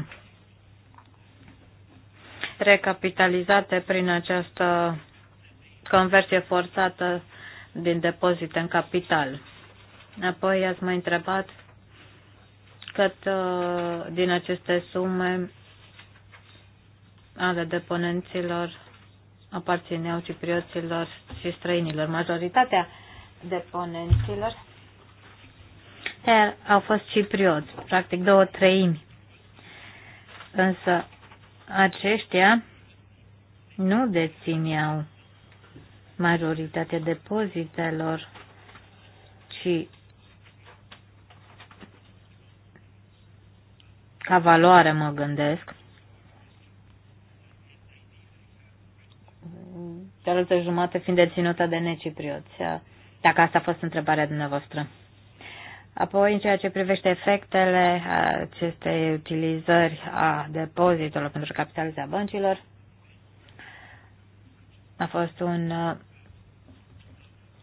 recapitalizate prin această conversie forțată din depozite în capital. Apoi ați mai întrebat cât uh, din aceste sume ale deponenților aparțineau ciprioților și străinilor. Majoritatea deponenților au fost ciprioți, practic două treimi. Însă aceștia nu dețineau majoritatea depozitelor, ci ca valoare mă gândesc, cealaltă jumătate fiind deținută de necipriuți, dacă asta a fost întrebarea dumneavoastră. Apoi, în ceea ce privește efectele acestei utilizări a depozitelor pentru capitalizarea băncilor, a fost un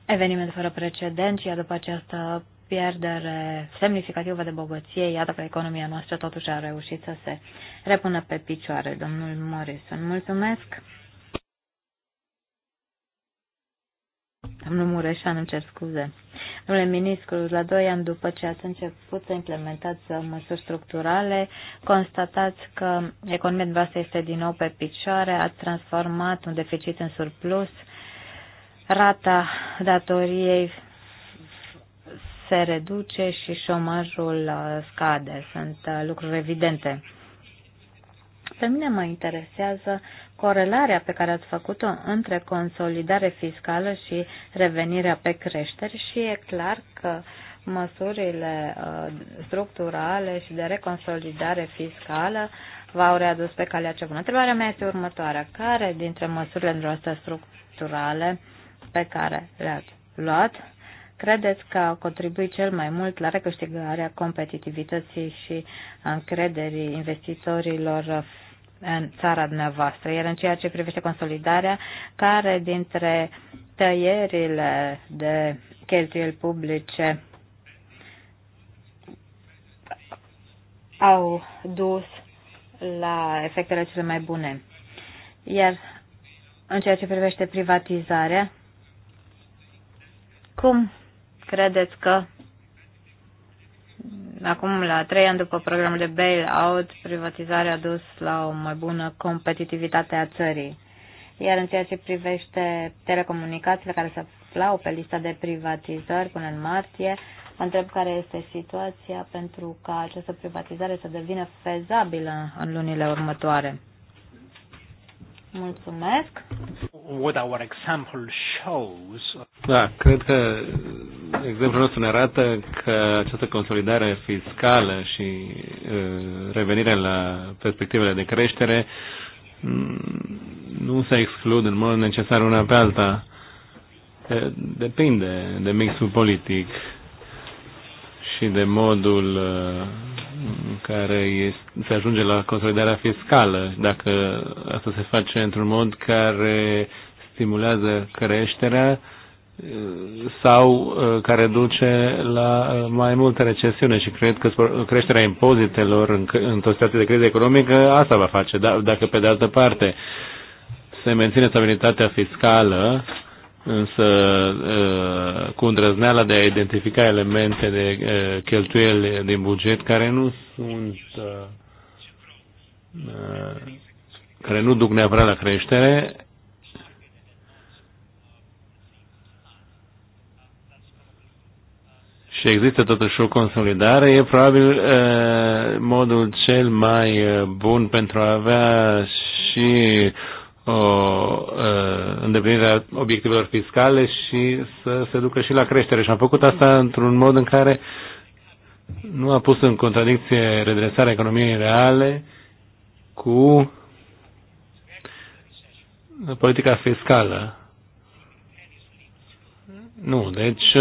eveniment fără precedent și după această pierdere semnificativă de bogăție, iată că economia noastră totuși a reușit să se repună pe picioare. Domnul Morrison, mulțumesc! Domnul Mureșan, îmi cer scuze. Domnule ministru, la doi ani după ce ați început să implementați măsuri structurale, constatați că economia dumneavoastră este din nou pe picioare, ați transformat un deficit în surplus, rata datoriei se reduce și șomajul scade. Sunt uh, lucruri evidente. Pe mine mă interesează corelarea pe care ați făcut-o între consolidare fiscală și revenirea pe creșteri și e clar că măsurile uh, structurale și de reconsolidare fiscală v-au readus pe calea cea bună. Întrebarea mea este următoarea. Care dintre măsurile noastre structurale pe care le-ați luat credeți că au contribuit cel mai mult la recâștigarea competitivității și încrederii investitorilor în țara dumneavoastră. Iar în ceea ce privește consolidarea, care dintre tăierile de cheltuieli publice au dus la efectele cele mai bune. Iar în ceea ce privește privatizarea, cum credeți că acum la trei ani după programul de bail-out, privatizarea a dus la o mai bună competitivitate a țării. Iar în ceea ce privește telecomunicațiile care se aflau pe lista de privatizări până în martie, mă întreb care este situația pentru ca această privatizare să devină fezabilă în lunile următoare. Mulțumesc. What our example shows. Da, cred că exemplul nostru ne arată că această consolidare fiscală și uh, revenirea la perspectivele de creștere mm, nu se exclud în mod necesar una pe alta. Depinde de mixul politic și de modul uh, în care se ajunge la consolidarea fiscală, dacă asta se face într-un mod care stimulează creșterea sau uh, care duce la uh, mai multă recesiune și cred că creșterea impozitelor într-o situație de criză economică asta va face. Da, dacă pe de altă parte se menține stabilitatea fiscală, însă uh, cu îndrăzneala de a identifica elemente de cheltuieli din buget care nu sunt care nu duc neapărat la creștere, și există totuși o consolidare, e probabil uh, modul cel mai bun pentru a avea și o uh, îndeplinire a obiectivelor fiscale și să se ducă și la creștere. Și am făcut asta într-un mod în care nu a pus în contradicție redresarea economiei reale cu politica fiscală. Nu, deci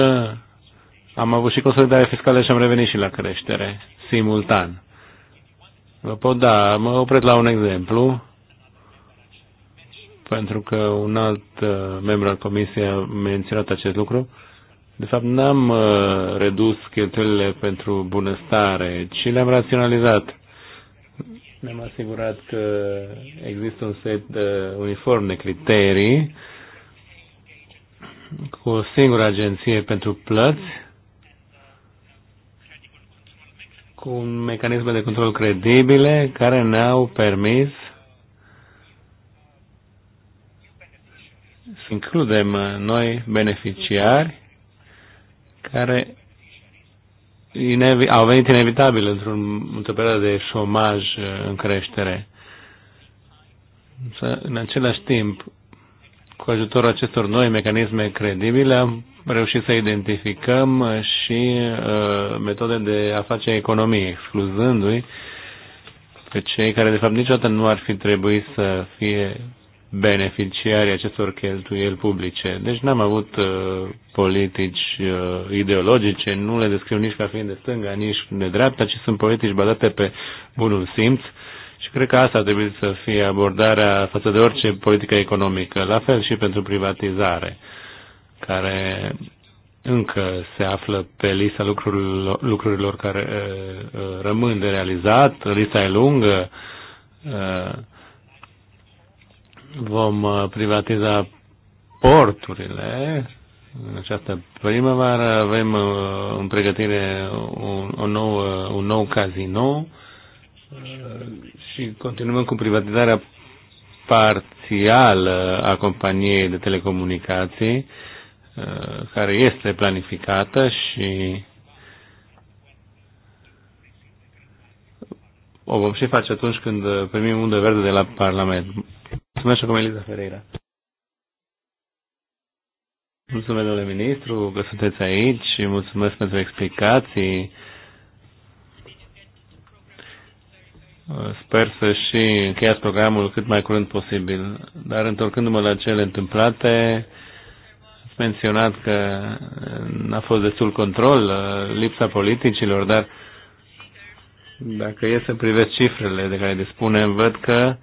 am avut și consolidare fiscală și am revenit și la creștere, simultan. Vă pot da, mă opresc la un exemplu, pentru că un alt uh, membru al comisiei a menționat acest lucru. De fapt, n-am uh, redus cheltuielile pentru bunăstare, ci le-am raționalizat. Ne-am asigurat că există un set uh, uniform de criterii cu o singură agenție pentru plăți cu mecanisme de control credibile care ne-au permis să includem noi beneficiari care au venit inevitabil într-un, într-o perioadă de șomaj uh, în creștere. Însă, în același timp, cu ajutorul acestor noi mecanisme credibile am reușit să identificăm și uh, metode de a face economie, excluzându-i pe cei care de fapt niciodată nu ar fi trebuit să fie beneficiarii acestor cheltuieli publice. Deci n-am avut uh, politici uh, ideologice, nu le descriu nici ca fiind de stânga, nici de dreapta, ci sunt politici bazate pe bunul simț, și deci, cred că asta trebuie să fie abordarea față de orice politică economică, la fel și pentru privatizare, care încă se află pe lista lucrurilor, lucrurilor care uh, rămân de realizat, lista e lungă, uh, vom privatiza porturile. În această primăvară avem uh, în pregătire un, un, nou, un nou casino și continuăm cu privatizarea parțială a companiei de telecomunicații, uh, care este planificată și o vom și face atunci când primim undă verde de la Parlament. Mulțumesc cum Eliza Ferreira. Mulțumesc, domnule ministru, că sunteți aici și mulțumesc pentru explicații Sper să și încheiați programul cât mai curând posibil. Dar întorcându-mă la cele întâmplate, ați menționat că n-a fost destul control, uh, lipsa politicilor, dar dacă e să privesc cifrele de care dispunem, văd că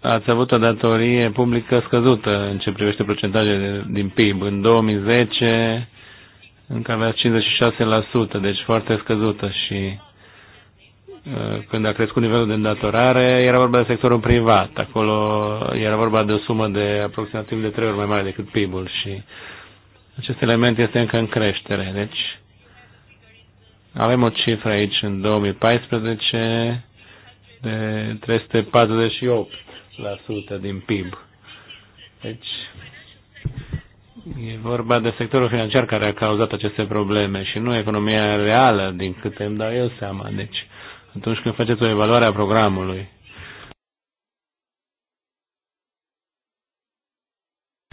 ați avut o datorie publică scăzută în ce privește procentajele din PIB. În 2010 încă avea 56%, deci foarte scăzută și Eh, când a crescut nivelul de îndatorare, era vorba de sectorul privat. Acolo era vorba de o sumă de aproximativ de trei ori mai mare decât PIB-ul și acest element este încă în creștere. Deci avem o cifră aici în 2014 de 348% din PIB. Deci E vorba de sectorul financiar care a cauzat aceste probleme și nu economia reală, din câte îmi dau eu seama. Deci, atunci când faceți o evaluare a programului.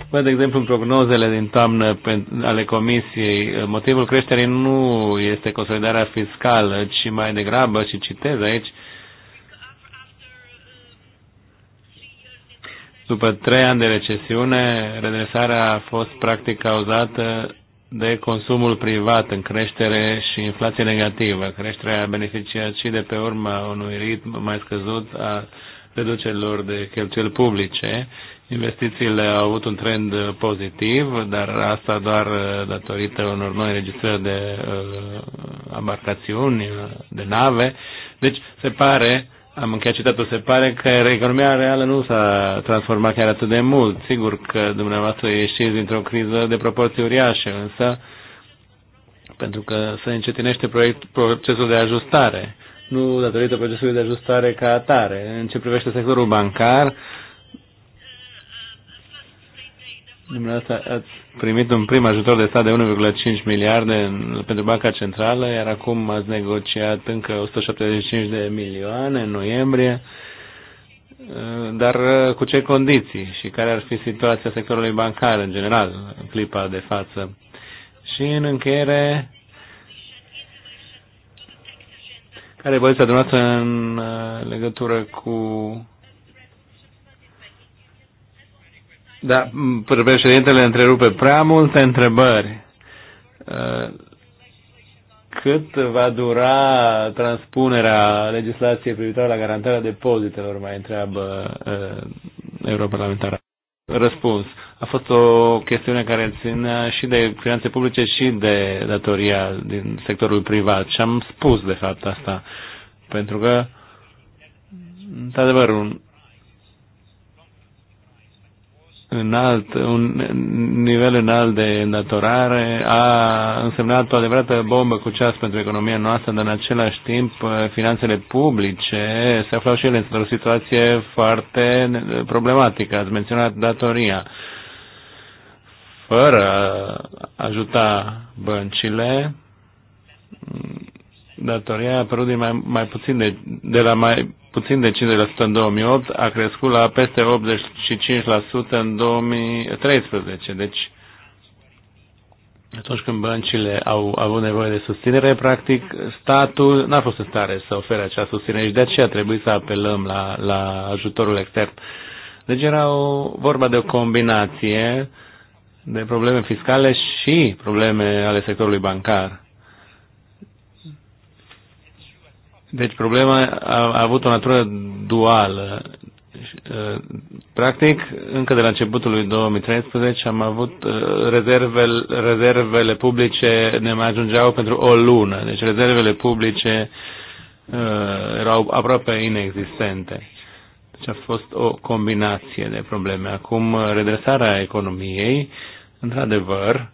Văd, de exemplu, în prognozele din toamnă ale Comisiei, motivul creșterii nu este consolidarea fiscală, ci mai degrabă, și citez aici, după trei ani de recesiune, redresarea a fost practic cauzată de consumul privat în creștere și inflație negativă. Creșterea a beneficiat și de pe urma unui ritm mai scăzut a reducerilor de cheltuieli publice. Investițiile au avut un trend pozitiv, dar asta doar uh, datorită unor noi registrări de uh, abarcațiuni, uh, de nave. Deci se pare am încheiat citatul, se pare că economia reală nu s-a transformat chiar atât de mult. Sigur că dumneavoastră ieșiți dintr-o criză de proporții uriașe, însă pentru că se încetinește proiect, procesul de ajustare, nu datorită procesului de ajustare ca atare. În ce privește sectorul bancar, Dumneavoastră ați primit un prim ajutor de stat de 1,5 miliarde în, pentru Banca Centrală, iar acum ați negociat încă 175 de milioane în noiembrie, dar uh, cu ce condiții și care ar fi situația sectorului bancar în general în clipa de față? Și în încheiere, care e voința dumneavoastră în uh, legătură cu Da, președintele întrerupe prea multe întrebări. Uh, cât va dura transpunerea legislației privitoare la garantarea depozitelor, mai întreabă uh, europarlamentară. Răspuns. A fost o chestiune care ține și de finanțe publice și de datoria din sectorul privat și am spus de fapt asta, pentru că, într-adevăr, un înalt, un nivel înalt de îndatorare a însemnat o adevărată bombă cu ceas pentru economia noastră, dar în același timp finanțele publice se aflau și ele într-o situație foarte problematică. Ați menționat datoria. Fără a ajuta băncile, datoria a apărut din mai, mai puțin de, de la mai puțin de 50% în 2008, a crescut la peste 85% în 2013. Deci, atunci când băncile au avut nevoie de susținere, practic, statul n-a fost în stare să ofere acea susținere și de aceea trebuie să apelăm la, la ajutorul extern. Deci era o, vorba de o combinație de probleme fiscale și probleme ale sectorului bancar. Deci problema a, a avut o natură duală. Uh, practic, încă de la începutul lui 2013 am avut uh, rezervele, rezervele publice ne mai ajungeau pentru o lună. Deci rezervele publice uh, erau aproape inexistente. Deci a fost o combinație de probleme. Acum, redresarea economiei, într-adevăr,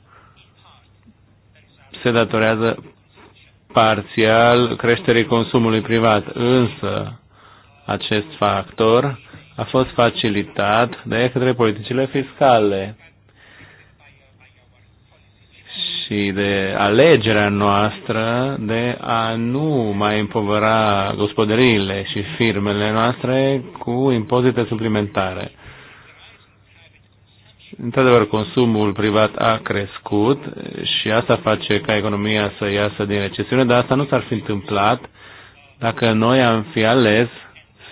se datorează parțial creșterii consumului privat, însă acest factor a fost facilitat de către politicile fiscale și de alegerea noastră de a nu mai împovăra gospodăriile și firmele noastre cu impozite suplimentare. Într-adevăr, consumul privat a crescut și asta face ca economia să iasă din recesiune, dar asta nu s-ar fi întâmplat dacă noi am fi ales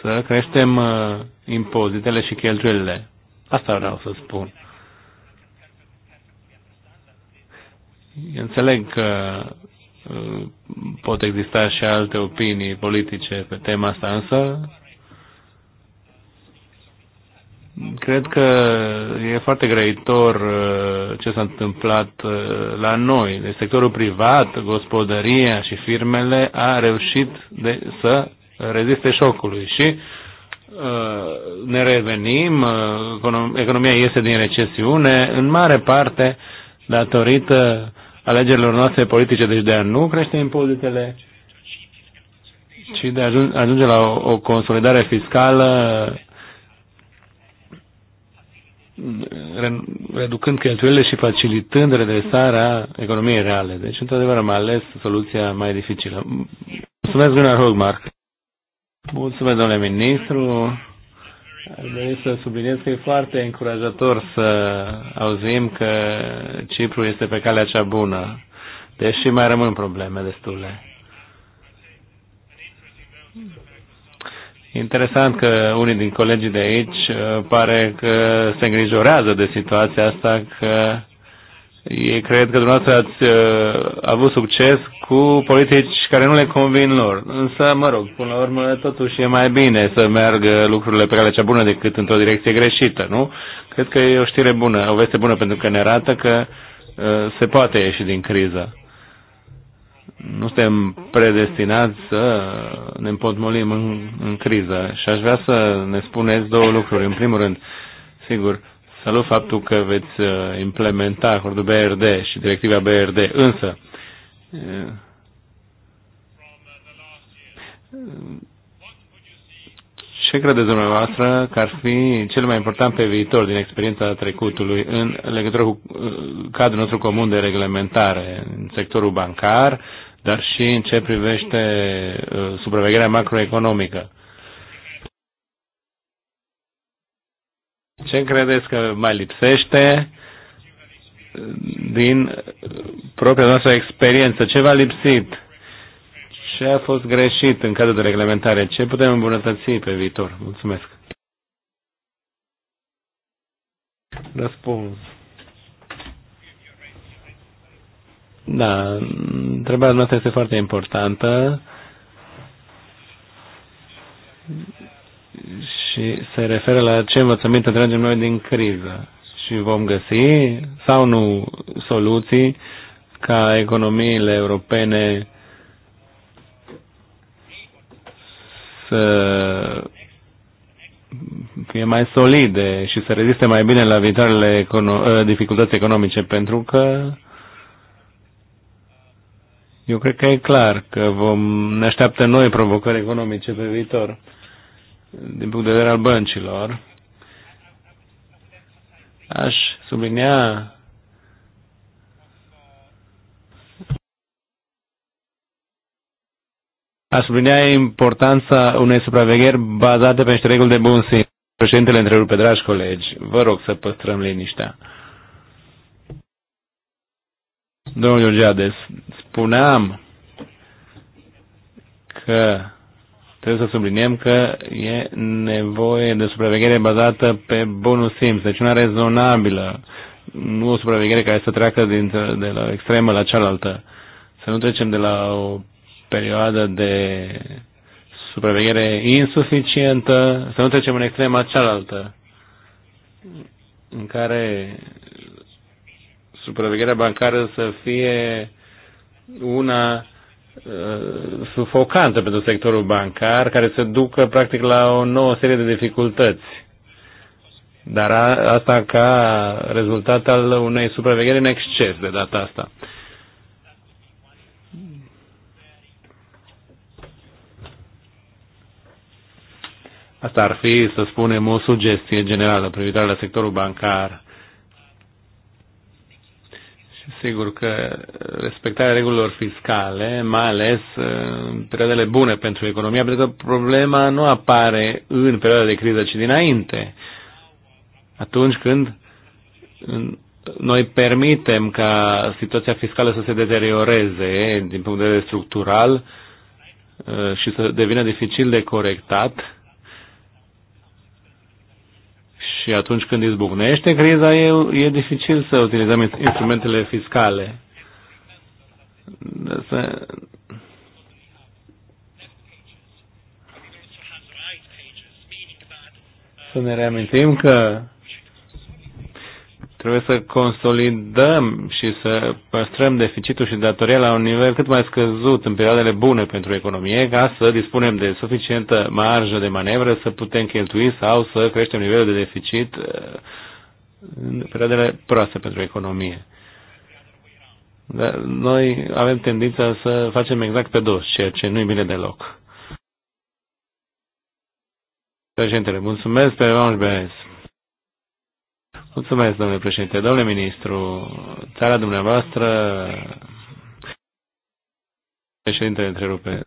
să creștem uh, impozitele și cheltuielile. Asta vreau să spun. Eu înțeleg că uh, pot exista și alte opinii politice pe tema asta, însă Cred că e foarte grăitor uh, ce s-a întâmplat uh, la noi. De deci sectorul privat, gospodăria și firmele a reușit de, să reziste șocului și uh, ne revenim, economia iese din recesiune, în mare parte datorită alegerilor noastre politice, deci de a nu crește impozitele, ci de a ajunge la o consolidare fiscală reducând cheltuielile și facilitând redresarea economiei reale. Deci, într-adevăr, am ales soluția mai dificilă. Mulțumesc, Gunnar Hogmark. Mulțumesc, domnule ministru. Aș dori să subliniez că e foarte încurajator să auzim că Cipru este pe calea cea bună, deși mai rămân probleme destule. Interesant că unii din colegii de aici uh, pare că se îngrijorează de situația asta, că ei cred că dumneavoastră ați uh, avut succes cu politici care nu le convin lor. Însă, mă rog, până la urmă, totuși e mai bine să meargă lucrurile pe calea cea bună decât într-o direcție greșită, nu? Cred că e o știre bună, o veste bună, pentru că ne arată că uh, se poate ieși din criză nu suntem predestinați să ne împotmolim în, în criză și aș vrea să ne spuneți două lucruri. În primul rând, sigur, salut faptul că veți uh, implementa acordul BRD și directiva BRD, însă uh, ce credeți dumneavoastră că ar fi cel mai important pe viitor din experiența trecutului în legătură cu uh, cadrul nostru comun de reglementare în sectorul bancar, dar și în ce privește uh, supravegherea macroeconomică. Ce credeți că mai lipsește din propria noastră experiență? Ce v-a lipsit? Ce a fost greșit în cadrul de reglementare? Ce putem îmbunătăți pe viitor? Mulțumesc. Răspuns. Da, întrebarea noastră este foarte importantă și se referă la ce învățăminte tragem noi din criză și vom găsi sau nu soluții ca economiile europene să fie mai solide și să reziste mai bine la viitoarele econo- dificultăți economice, pentru că eu cred că e clar că vom, ne așteaptă noi provocări economice pe viitor, din punct de vedere al băncilor. Aș sublinia Aș sublinea importanța unei supravegheri bazate pe niște reguli de bun simț. Președintele întrerupe, dragi colegi, vă rog să păstrăm liniștea. Domnul Georgiades, spuneam că trebuie să subliniem că e nevoie de supraveghere bazată pe bunul simț, deci una rezonabilă, nu o supraveghere care să treacă de la extremă la cealaltă. Să nu trecem de la o perioadă de supraveghere insuficientă, să nu trecem în extrema cealaltă, în care supravegherea bancară să fie una uh, sufocantă pentru sectorul bancar, care se ducă practic la o nouă serie de dificultăți. Dar a, asta ca rezultat al unei supravegheri în exces de data asta. Asta ar fi, să spunem, o sugestie generală privitoare la sectorul bancar Sigur că respectarea regulilor fiscale, mai ales uh, în perioadele bune pentru economia, pentru că problema nu apare în perioada de criză, ci dinainte. Atunci când noi permitem ca situația fiscală să se deterioreze din punct de vedere structural uh, și să devină dificil de corectat, și atunci când izbucnește criza, e, e dificil să utilizăm instrumentele fiscale. Să... Să ne reamintim că Trebuie să consolidăm și să păstrăm deficitul și datoria la un nivel cât mai scăzut în perioadele bune pentru economie, ca să dispunem de suficientă marjă de manevră să putem cheltui sau să creștem nivelul de deficit uh, în perioadele proaste pentru economie. Dar noi avem tendința să facem exact pe dos, ceea ce nu i bine deloc. Președintele, mulțumesc pe Evangelie. Mulțumesc, domnule președinte. Domnule ministru, țara dumneavoastră... Președinte, întrerupe.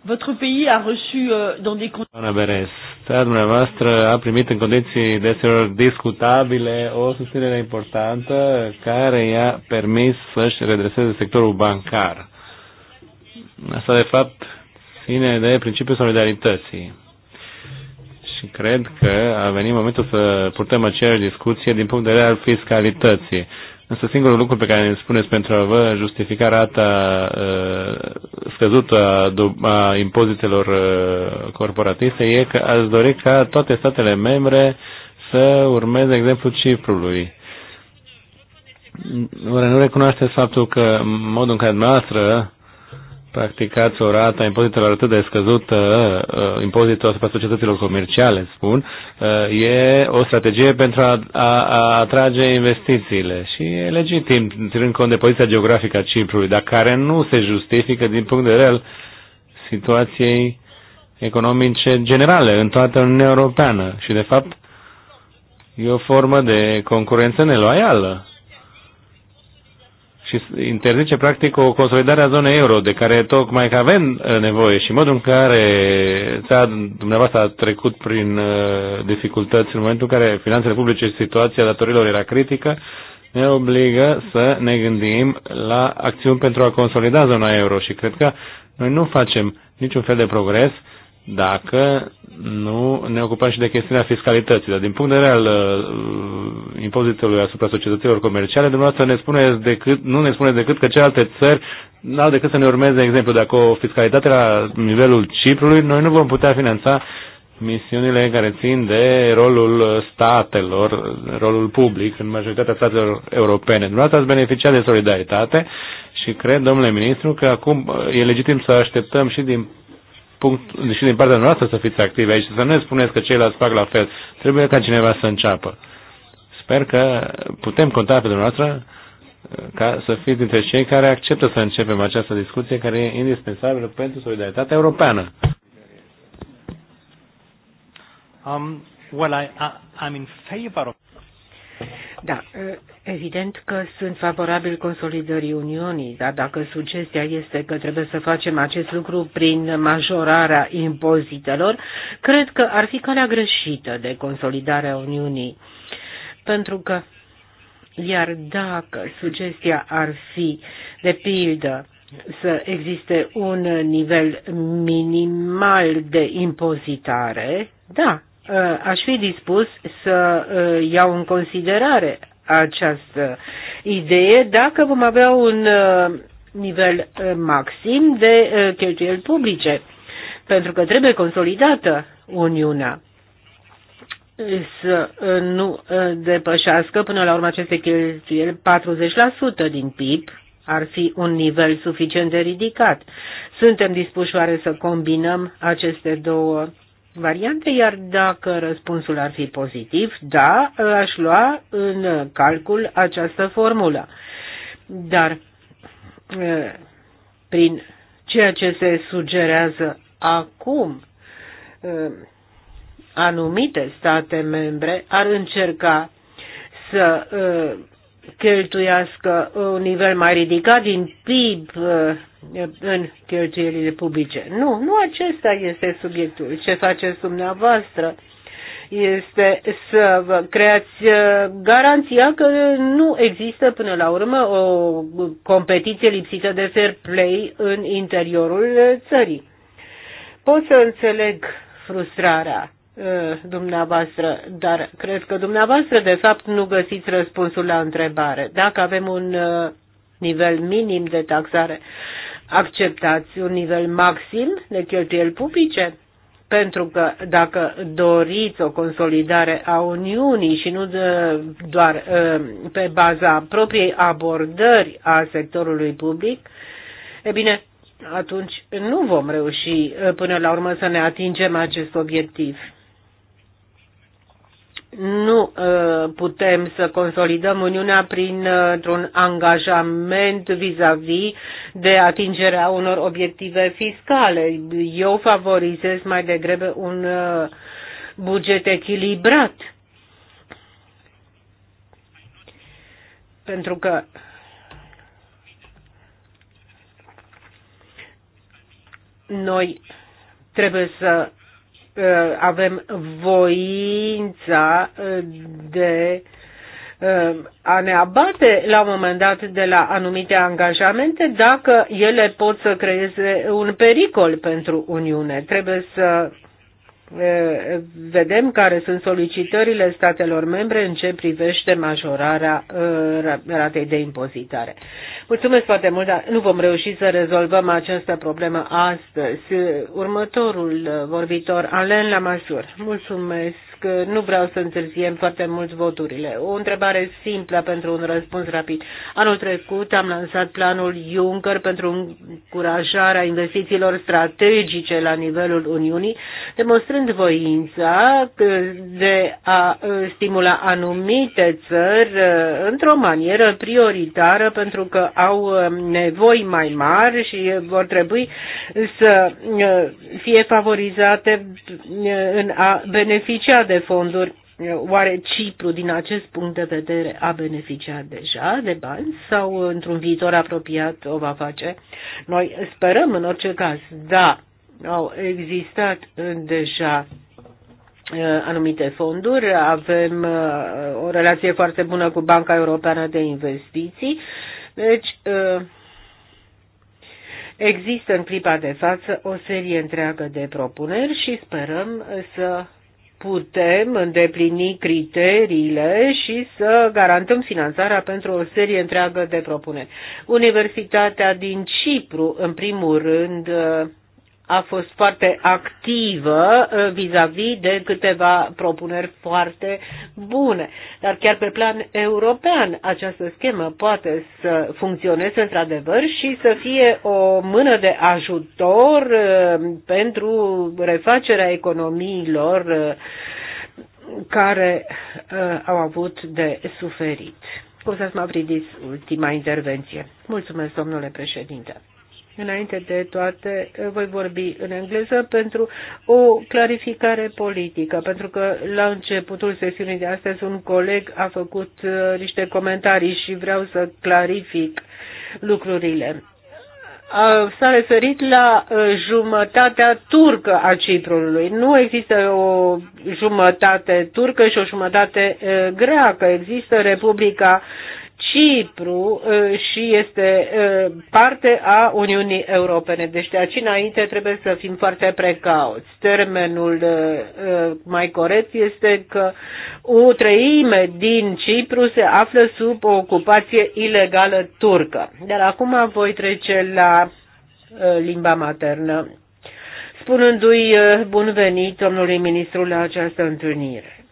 Votre pays a reçu euh, dans des conditions... țara dumneavoastră a primit în condiții deseori discutabile o susținere importantă care i-a permis să-și redreseze sectorul bancar. Asta, de fapt, ține de principiul solidarității cred că a venit momentul să purtăm aceeași discuție din punct de vedere al fiscalității. Însă singurul lucru pe care îl spuneți pentru a vă justifica rata uh, scăzută a, a impozitelor uh, corporatiste e că ați dori ca toate statele membre să urmeze exemplul Ciprului. Oare nu recunoașteți faptul că modul în care noastră practicați o rată a impozitelor atât de scăzută, uh, uh, impozitul asupra societăților comerciale, spun, uh, e o strategie pentru a, a, a atrage investițiile și e legitim, ținând cont de poziția geografică a Ciprului, dar care nu se justifică din punct de vedere al situației economice generale în toată Uniunea Europeană și, de fapt, e o formă de concurență neloială și interzice practic o consolidare a zonei euro, de care tocmai că avem uh, nevoie și modul în care țara dumneavoastră a trecut prin uh, dificultăți în momentul în care finanțele publice și situația datorilor era critică, ne obligă să ne gândim la acțiuni pentru a consolida zona euro și cred că noi nu facem niciun fel de progres uh, dacă nu ne ocupăm și de chestiunea fiscalității. Dar din punct de vedere al uh, impozitelor asupra societăților comerciale, dumneavoastră ne spune decât, nu ne spune decât că celelalte țări n-au decât să ne urmeze exemplu. Dacă o fiscalitate la nivelul Ciprului, noi nu vom putea finanța misiunile care țin de rolul statelor, rolul public în majoritatea statelor europene. Dumneavoastră ați beneficiat de solidaritate și cred, domnule ministru, că acum uh, e legitim să așteptăm și din punct, și din partea noastră să fiți activi aici, să nu spuneți că ceilalți fac la fel. Trebuie ca cineva să înceapă. Sper că putem conta pe dumneavoastră uh, ca să fiți dintre cei care acceptă să începem această discuție care e indispensabilă pentru solidaritatea europeană. Um, well, I, I, I'm in favor of... Da, ă, evident că sunt favorabil consolidării Uniunii, dar dacă sugestia este că trebuie să facem acest lucru prin majorarea impozitelor, cred că ar fi calea greșită de consolidarea Uniunii. Pentru că, iar dacă sugestia ar fi, de pildă, să existe un nivel minimal de impozitare, da, Uh, aș fi dispus să uh, iau în considerare această idee dacă vom avea un uh, nivel maxim de cheltuieli publice, pentru că trebuie consolidată Uniunea să nu depășească până la urmă aceste cheltuieli 40% din PIB, ar fi un nivel suficient de ridicat. Suntem dispuși oare să combinăm aceste două variante, iar dacă răspunsul ar fi pozitiv, da, aș lua în calcul această formulă. Dar prin ceea ce se sugerează acum, anumite state membre ar încerca să cheltuiască un nivel mai ridicat din PIB uh, în cheltuielile publice. Nu, nu acesta este subiectul. Ce faceți dumneavoastră este să vă creați uh, garanția că nu există până la urmă o competiție lipsită de fair play în interiorul țării. Pot să înțeleg frustrarea Eh, dumneavoastră, dar cred că dumneavoastră de fapt nu găsiți răspunsul la întrebare. Dacă avem un eh, nivel minim de taxare, acceptați un nivel maxim de cheltuieli publice? Pentru că dacă doriți o consolidare a Uniunii și nu de, doar eh, pe baza propriei abordări a sectorului public, e bine, atunci nu vom reuși până la urmă să ne atingem acest obiectiv nu uh, putem să consolidăm Uniunea printr-un uh, angajament vis-a-vis -vis de atingerea unor obiective fiscale. Eu favorizez mai degrabă un uh, buget echilibrat. Pentru că noi trebuie să Ă, avem voința ă, de ă, a ne abate la un moment dat de la anumite angajamente dacă ele pot să creeze un pericol pentru Uniune. Trebuie să Eh, vedem care sunt solicitările statelor membre în ce privește majorarea eh, ratei de impozitare. Mulțumesc foarte mult, dar nu vom reuși să rezolvăm această problemă astăzi. Următorul eh, vorbitor, Alain Lamasur. Mulțumesc nu vreau să întârziem foarte mult voturile. O întrebare simplă pentru un răspuns rapid. Anul trecut am lansat planul Juncker pentru încurajarea investițiilor strategice la nivelul Uniunii, demonstrând voința de a stimula anumite țări uh, într-o manieră prioritară pentru că au uh, nevoi mai mari și vor trebui să uh, fie favorizate în a beneficia de fonduri, oare Cipru din acest punct de vedere a beneficiat deja de bani sau într-un viitor apropiat o va face? Noi sperăm în orice caz, da, au existat deja uh, anumite fonduri, avem uh, o relație foarte bună cu Banca Europeană de Investiții, deci uh, există în clipa de față o serie întreagă de propuneri și sperăm să putem îndeplini criteriile și să garantăm finanțarea pentru o serie întreagă de propuneri. Universitatea din Cipru, în primul rând, a fost foarte activă uh, vis-a-vis -vis de câteva propuneri foarte bune. Dar chiar pe plan european această schemă poate să funcționeze într-adevăr și să fie o mână de ajutor uh, pentru refacerea economiilor uh, care au avut de suferit. Cum să mă ultima intervenție. Mulțumesc, domnule președinte. Înainte de toate, eh, voi vorbi în engleză pentru o clarificare politică, pentru că la începutul sesiunii de astăzi un coleg a făcut eh, niște comentarii și vreau să clarific lucrurile s-a referit la eh, jumătatea turcă a Ciprului. Nu există o jumătate turcă și o jumătate greacă. Există Republica Cipru ă, și este ă, parte a Uniunii Europene. Deci de aici înainte trebuie să fim foarte precauți. Termenul ă, mai corect este că o treime din Cipru se află sub o ocupație ilegală turcă. Dar acum voi trece la limba maternă, spunându-i bun venit domnului ministru la această întâlnire.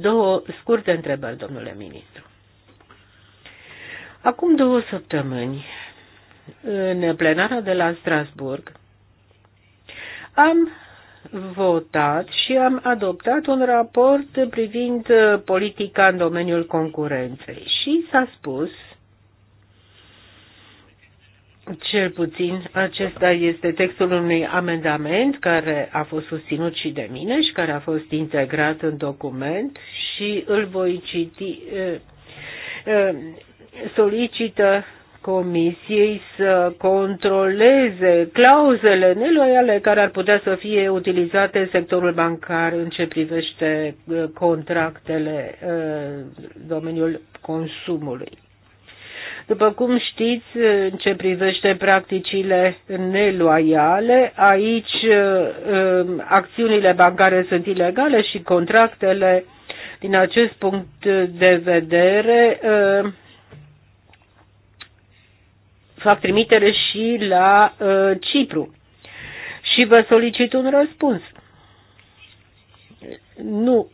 Două scurte întrebări, domnule ministru. Acum două săptămâni, în plenara de la Strasburg, am votat și am adoptat un raport privind uh, politica în domeniul concurenței și s-a spus cel puțin acesta este textul unui amendament care a fost susținut și de mine și care a fost integrat în document și îl voi citi uh, uh, solicită Comisiei să controleze clauzele neloiale care ar putea să fie utilizate în sectorul bancar în ce privește uh, contractele în uh, domeniul consumului. După cum știți, în ce privește practicile neloiale, aici uh, um, acțiunile bancare sunt ilegale și contractele, din acest punct de vedere, fac trimitere și la uh, Cipru. Și vă solicit un răspuns. Nu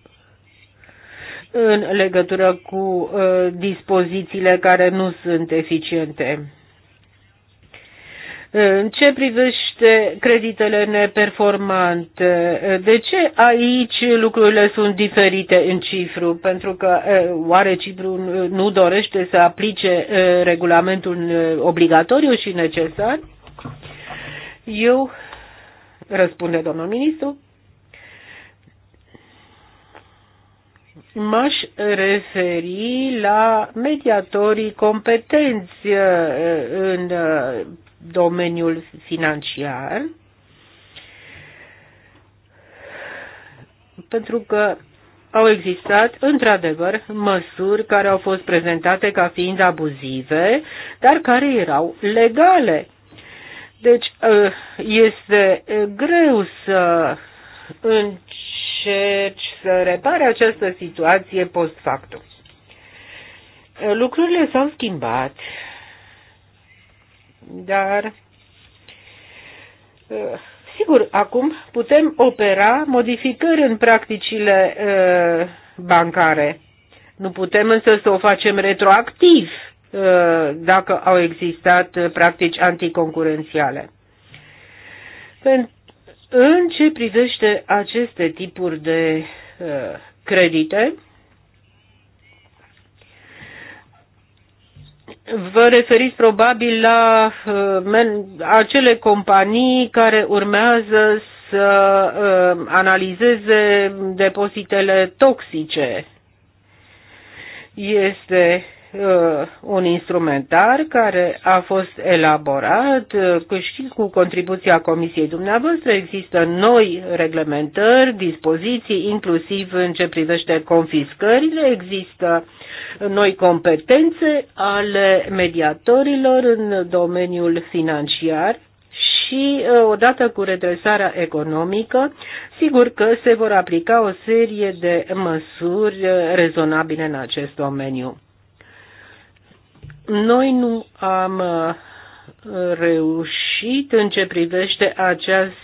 în legătură cu uh, dispozițiile care nu sunt eficiente. În ce privește creditele neperformante, de ce aici lucrurile sunt diferite în cifru? Pentru că oare Cipru nu dorește să aplice regulamentul obligatoriu și necesar? Eu, răspunde domnul ministru, m-aș referi la mediatorii competenți în domeniul financiar, pentru că au existat, într-adevăr, măsuri care au fost prezentate ca fiind abuzive, dar care erau legale. Deci eh, este greu să încerci să repare această situație post factum. Lucrurile s-au schimbat dar uh, Sigur, acum putem opera modificări în practicile uh, bancare. Nu putem însă să o facem retroactiv uh, dacă au existat practici anticoncurențiale. În ce privește aceste tipuri de credite, Vă referiți probabil la uh, acele companii care urmează să uh, analizeze depozitele toxice. Este uh, un instrumentar care a fost elaborat și cu contribuția Comisiei dumneavoastră. Există noi reglementări, dispoziții, inclusiv în ce privește confiscările. Există noi competențe ale mediatorilor în domeniul financiar și uh, odată cu redresarea economică, sigur că se vor aplica o serie de măsuri uh, rezonabile în acest domeniu. Noi nu am uh, reușit în ce privește această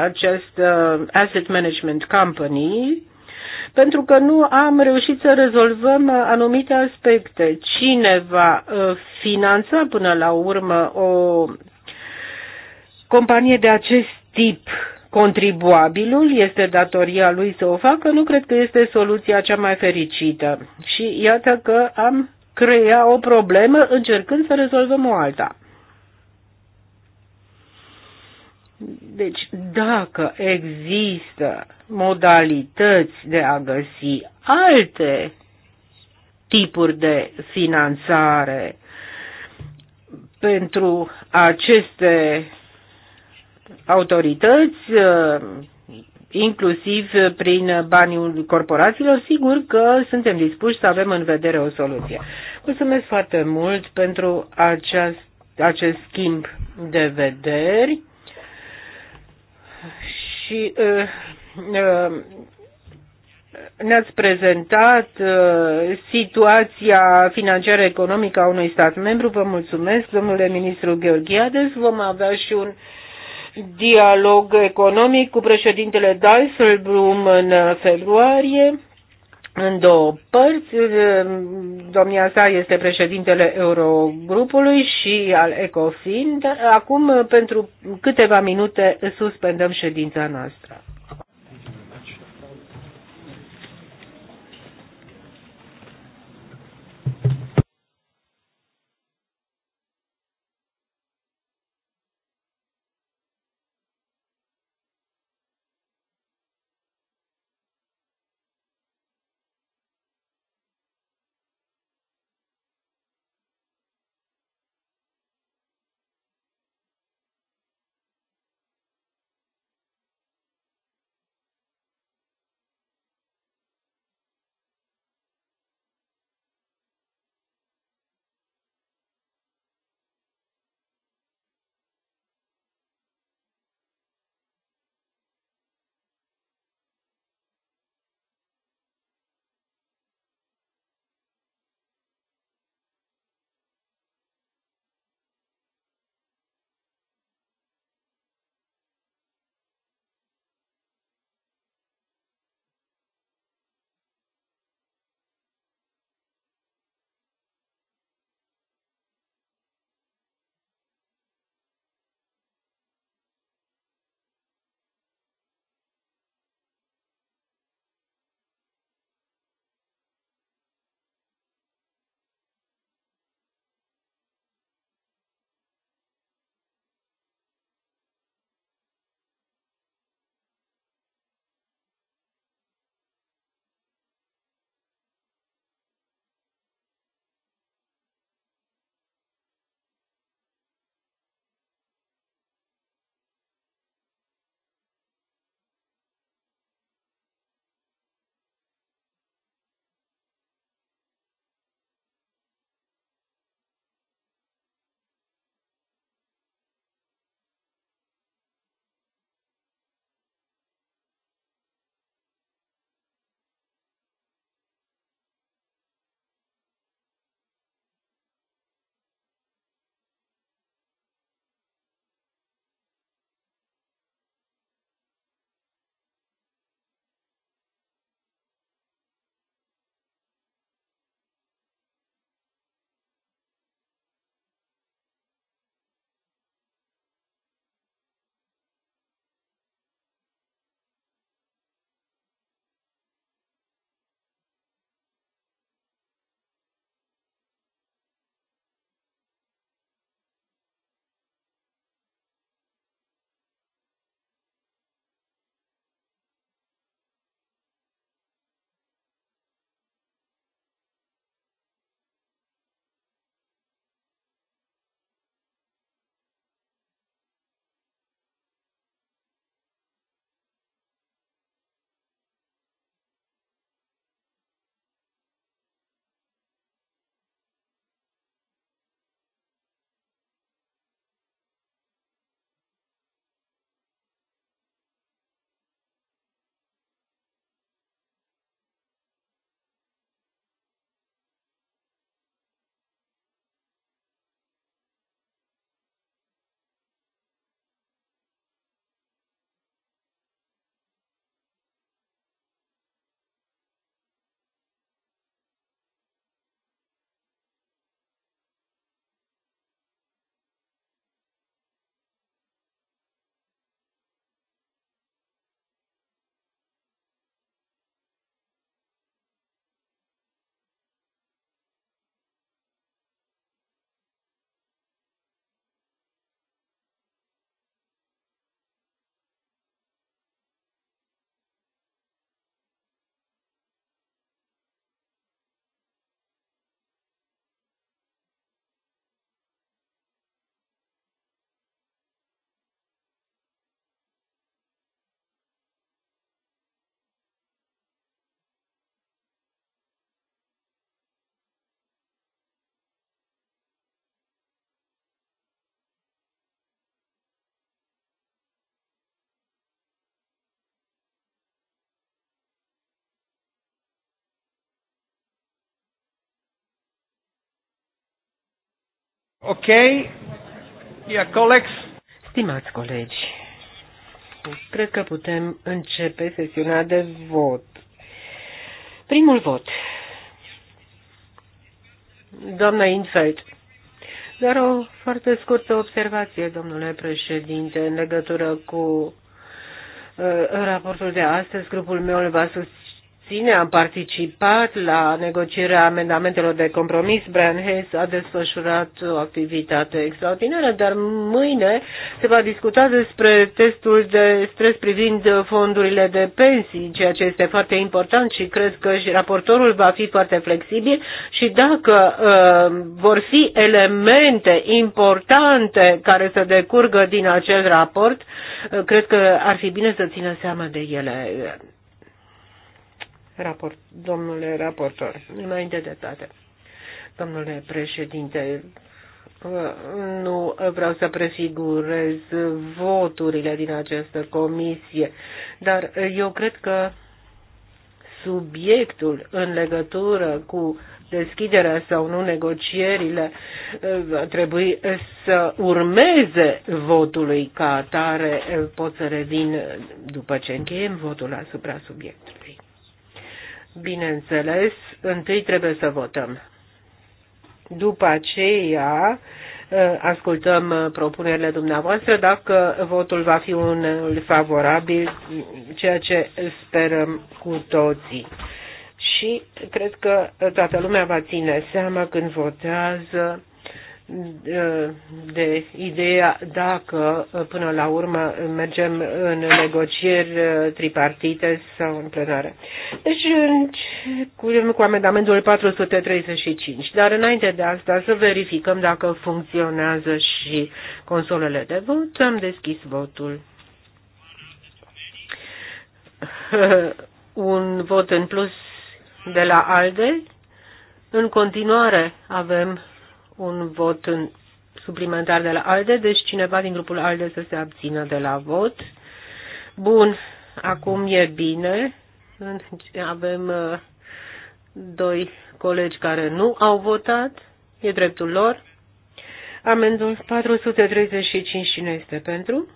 acest, uh, asset management company pentru că nu am reușit să rezolvăm anumite aspecte. Cine va uh, finanța până la urmă o companie de acest tip? Contribuabilul este datoria lui să o facă, nu cred că este soluția cea mai fericită. Și iată că am crea o problemă încercând să rezolvăm o alta. Deci, dacă există modalități de a găsi alte tipuri de finanțare pentru aceste autorități, inclusiv prin banii corporațiilor, sigur că suntem dispuși să avem în vedere o soluție. Mulțumesc foarte mult pentru aceast, acest schimb de vederi și uh, uh, ne-ați prezentat uh, situația financiară economică a unui stat membru. Vă mulțumesc, domnule ministru Gheorghiades. Vom avea și un dialog economic cu președintele Dijsselbloem în februarie în două părți. Domnia sa este președintele Eurogrupului și al ECOFIN. Acum, pentru câteva minute, suspendăm ședința noastră. Ok. Yeah, colegi. Stimați colegi, cred că putem începe sesiunea de vot. Primul vot. Doamna Insight, Dar o foarte scurtă observație, domnule președinte, în legătură cu uh, raportul de astăzi, grupul meu îl va susține abține. Am participat la negocierea amendamentelor de compromis. Brian Hayes a desfășurat o activitate extraordinară, dar mâine se va discuta despre testul de stres privind fondurile de pensii, ceea ce este foarte important și cred că și raportorul va fi foarte flexibil și dacă uh, vor fi elemente importante care să decurgă din acel raport, uh, cred că ar fi bine să țină seama de ele raport, domnule raportor, înainte de toate. Domnule președinte, nu vreau să prefigurez voturile din această comisie, dar eu cred că subiectul în legătură cu deschiderea sau nu negocierile trebuie să urmeze votului ca atare. Pot să revin după ce încheiem votul asupra subiectului. Bineînțeles, întâi trebuie să votăm. După aceea, ă, ascultăm propunerile dumneavoastră, dacă votul va fi unul favorabil, ceea ce sperăm cu toții. Și cred că toată lumea va ține seama când votează de ideea dacă până la urmă mergem în negocieri uh, tripartite sau în plenare. Deci cu, cu amendamentul 435, dar înainte de asta să verificăm dacă funcționează și consolele de vot. Am deschis votul. Un vot în plus de la ALDE. În continuare avem un vot în suplimentar de la ALDE, deci cineva din grupul ALDE să se abțină de la vot. Bun, acum e bine. Avem uh, doi colegi care nu au votat, e dreptul lor. Amendul 435 cine este pentru?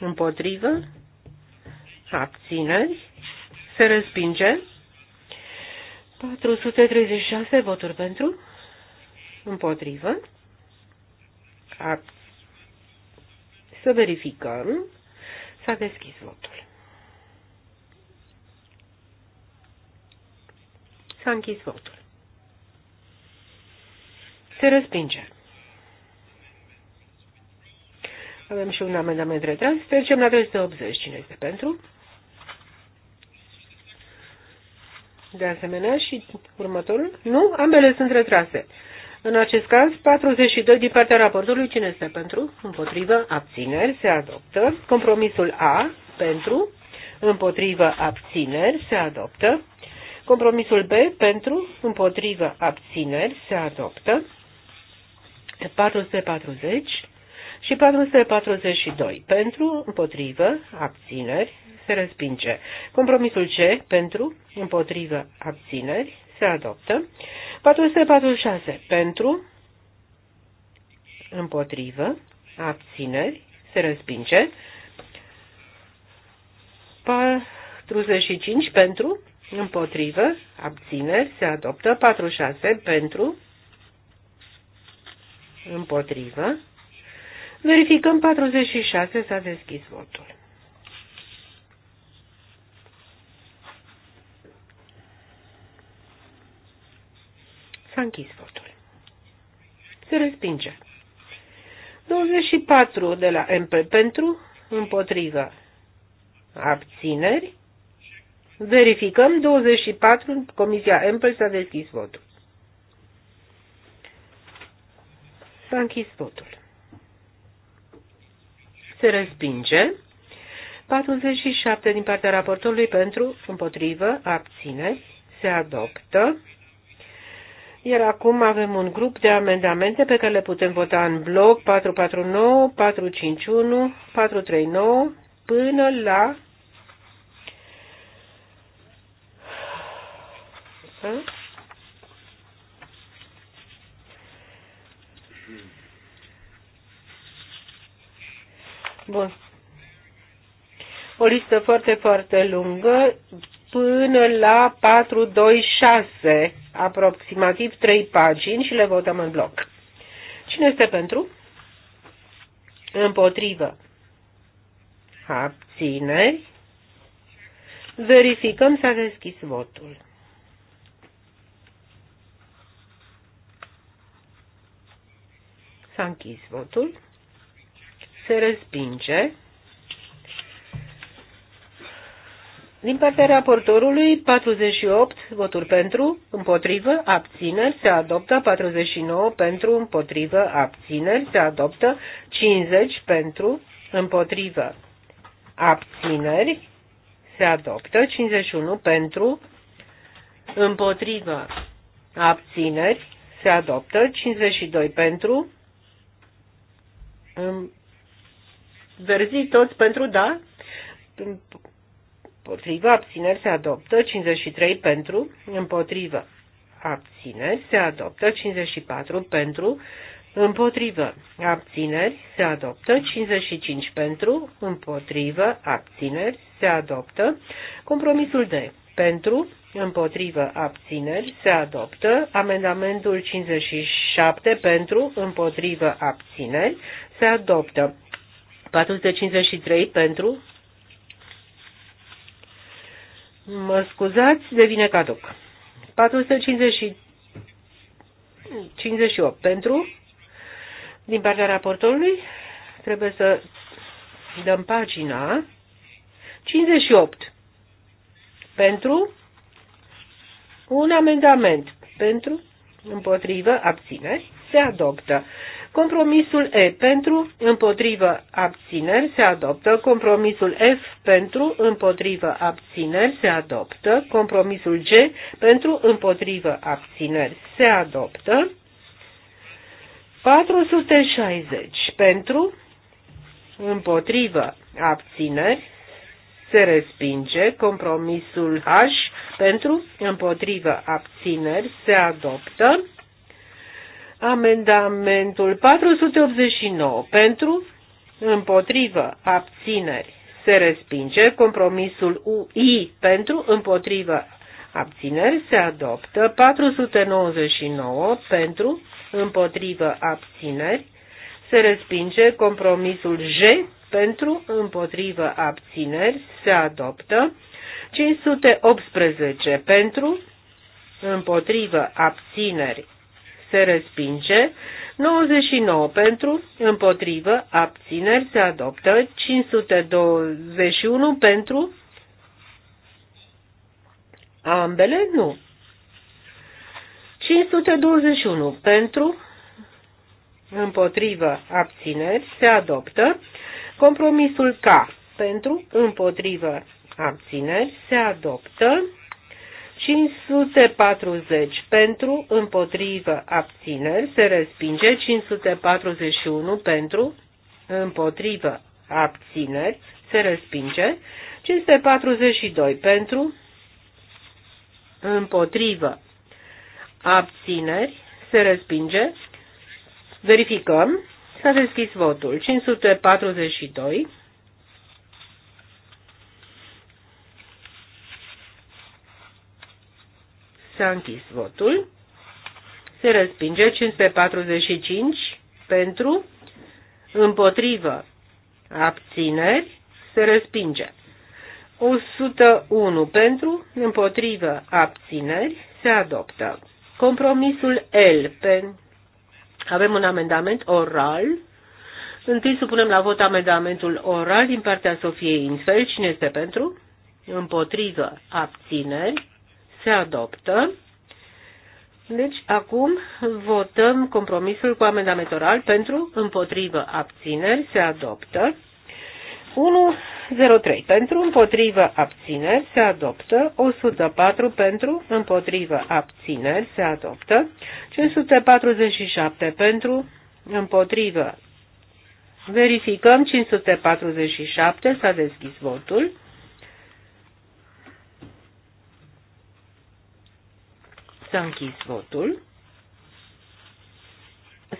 Împotrivă? Abțineri? Se respinge? 436 voturi pentru? Împotrivă. A... Să verificăm. S-a deschis votul. S-a închis votul. Se respinge. Avem și un amendament retras. Trecem la 380. Cine este pentru? De asemenea și următorul? Nu? Ambele sunt retrase. În acest caz, 42 din partea raportului, cine este pentru? Împotrivă, abțineri, se adoptă. Compromisul A, pentru, împotrivă, abțineri, se adoptă. Compromisul B, pentru, împotrivă, abțineri, se adoptă. 440 și 442. Pentru, împotrivă, abțineri, se respinge. Compromisul C, pentru, împotrivă, abțineri, se adoptă. 446 pentru, împotrivă, abțineri, se respinge. 45 pentru, împotrivă, abțineri, se adoptă. 46 pentru, împotrivă. Verificăm 46, s-a deschis votul. S-a închis votul. Se respinge. 24 de la MP pentru, împotrivă, abțineri. Verificăm 24 Comisia MP s-a deschis votul. S-a închis votul. Se respinge. 47 din partea raportorului pentru, împotrivă, abțineri. Se adoptă. Iar acum avem un grup de amendamente pe care le putem vota în bloc 449, 451, 439 până la Bun. O listă foarte, foarte lungă până la 426, aproximativ 3 pagini și le votăm în bloc. Cine este pentru? Împotrivă. Abțineri. Verificăm s-a deschis votul. S-a închis votul. Se respinge. Din partea raportorului, 48 voturi pentru, împotrivă, abțineri, se adoptă 49 pentru, împotrivă, abțineri, se adoptă 50 pentru, împotrivă, abțineri, se adoptă 51 pentru, împotrivă, abțineri, se adoptă 52 pentru, verzi toți pentru da, împotriva, abțineri se adoptă, 53 pentru, împotrivă, abțineri se adoptă, 54 pentru, împotrivă, abțineri se adoptă, 55 pentru, împotrivă, abțineri se adoptă, compromisul de pentru, împotrivă, abțineri se adoptă, amendamentul 57 pentru, împotrivă, abțineri se adoptă. 453 pentru, Mă scuzați, devine caduc. 458 pentru, din partea raportorului, trebuie să dăm pagina. 58 pentru un amendament pentru, împotrivă, abțineri, se adoptă. Compromisul E pentru, împotrivă, abțineri se adoptă. Compromisul F pentru, împotrivă, abțineri se adoptă. Compromisul G pentru, împotrivă, abțineri se adoptă. 460 pentru, împotrivă, abțineri se respinge. Compromisul H pentru, împotrivă, abțineri se adoptă. Amendamentul 489 pentru, împotrivă, abțineri, se respinge. Compromisul UI pentru, împotrivă, abțineri, se adoptă. 499 pentru, împotrivă, abțineri, se respinge. Compromisul J pentru, împotrivă, abțineri, se adoptă. 518 pentru, împotrivă, abțineri, se respinge. 99 pentru, împotrivă, abțineri se adoptă. 521 pentru, ambele nu. 521 pentru, împotrivă, abțineri se adoptă. Compromisul K pentru, împotrivă, abțineri se adoptă. 540 pentru, împotrivă, abțineri, se respinge. 541 pentru, împotrivă, abțineri, se respinge. 542 pentru, împotrivă, abțineri, se respinge. Verificăm. S-a deschis votul. 542. S-a închis votul. Se respinge 545 pentru, împotrivă, abțineri, se respinge. 101 pentru, împotrivă, abțineri, se adoptă. Compromisul L. Pe... Avem un amendament oral. Întâi supunem la vot amendamentul oral din partea Sofiei Infel. Cine este pentru? Împotrivă, abțineri, se adoptă. Deci acum votăm compromisul cu amendament oral pentru, împotrivă, abțineri, se adoptă. 103 pentru, împotrivă, abțineri, se adoptă. 104 pentru, împotrivă, abțineri, se adoptă. 547 pentru, împotrivă. Verificăm 547, s-a deschis votul. S-a închis votul.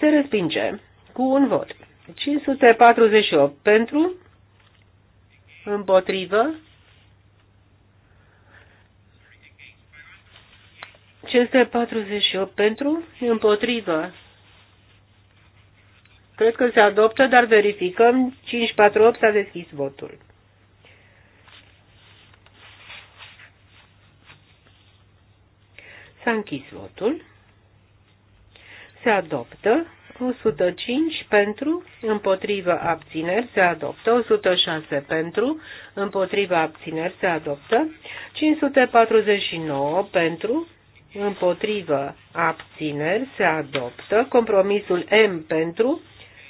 Se respinge cu un vot. 548 pentru, împotrivă, 548 pentru, împotrivă. Cred că se adoptă, dar verificăm. 548 s-a deschis votul. S-a închis votul. Se adoptă 105 pentru, împotrivă abțineri se adoptă, 106 pentru, împotrivă abțineri se adoptă, 549 pentru, împotrivă abțineri se adoptă, compromisul M pentru,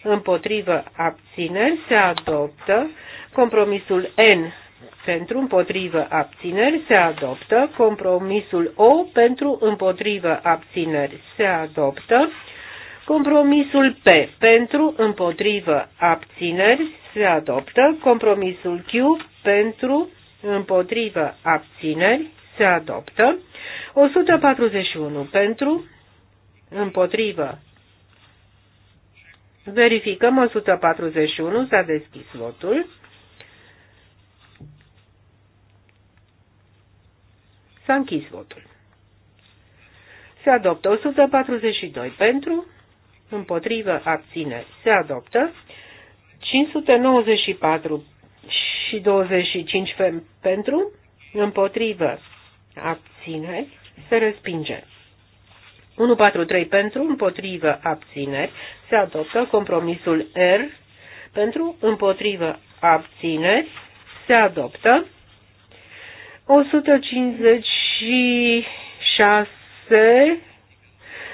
împotrivă abțineri se adoptă, compromisul N pentru împotrivă abțineri se adoptă. Compromisul O pentru împotrivă abțineri se adoptă. Compromisul P pentru împotrivă abțineri se adoptă. Compromisul Q pentru împotrivă abțineri se adoptă. 141 pentru împotrivă. Verificăm 141, s-a deschis votul. S-a închis votul. Se adoptă 142 pentru, împotrivă, abține, Se adoptă 594 și 25 pentru, împotrivă, abține, Se respinge. 143 pentru, împotrivă, abține, Se adoptă compromisul R pentru, împotrivă, abține, Se adoptă 150 6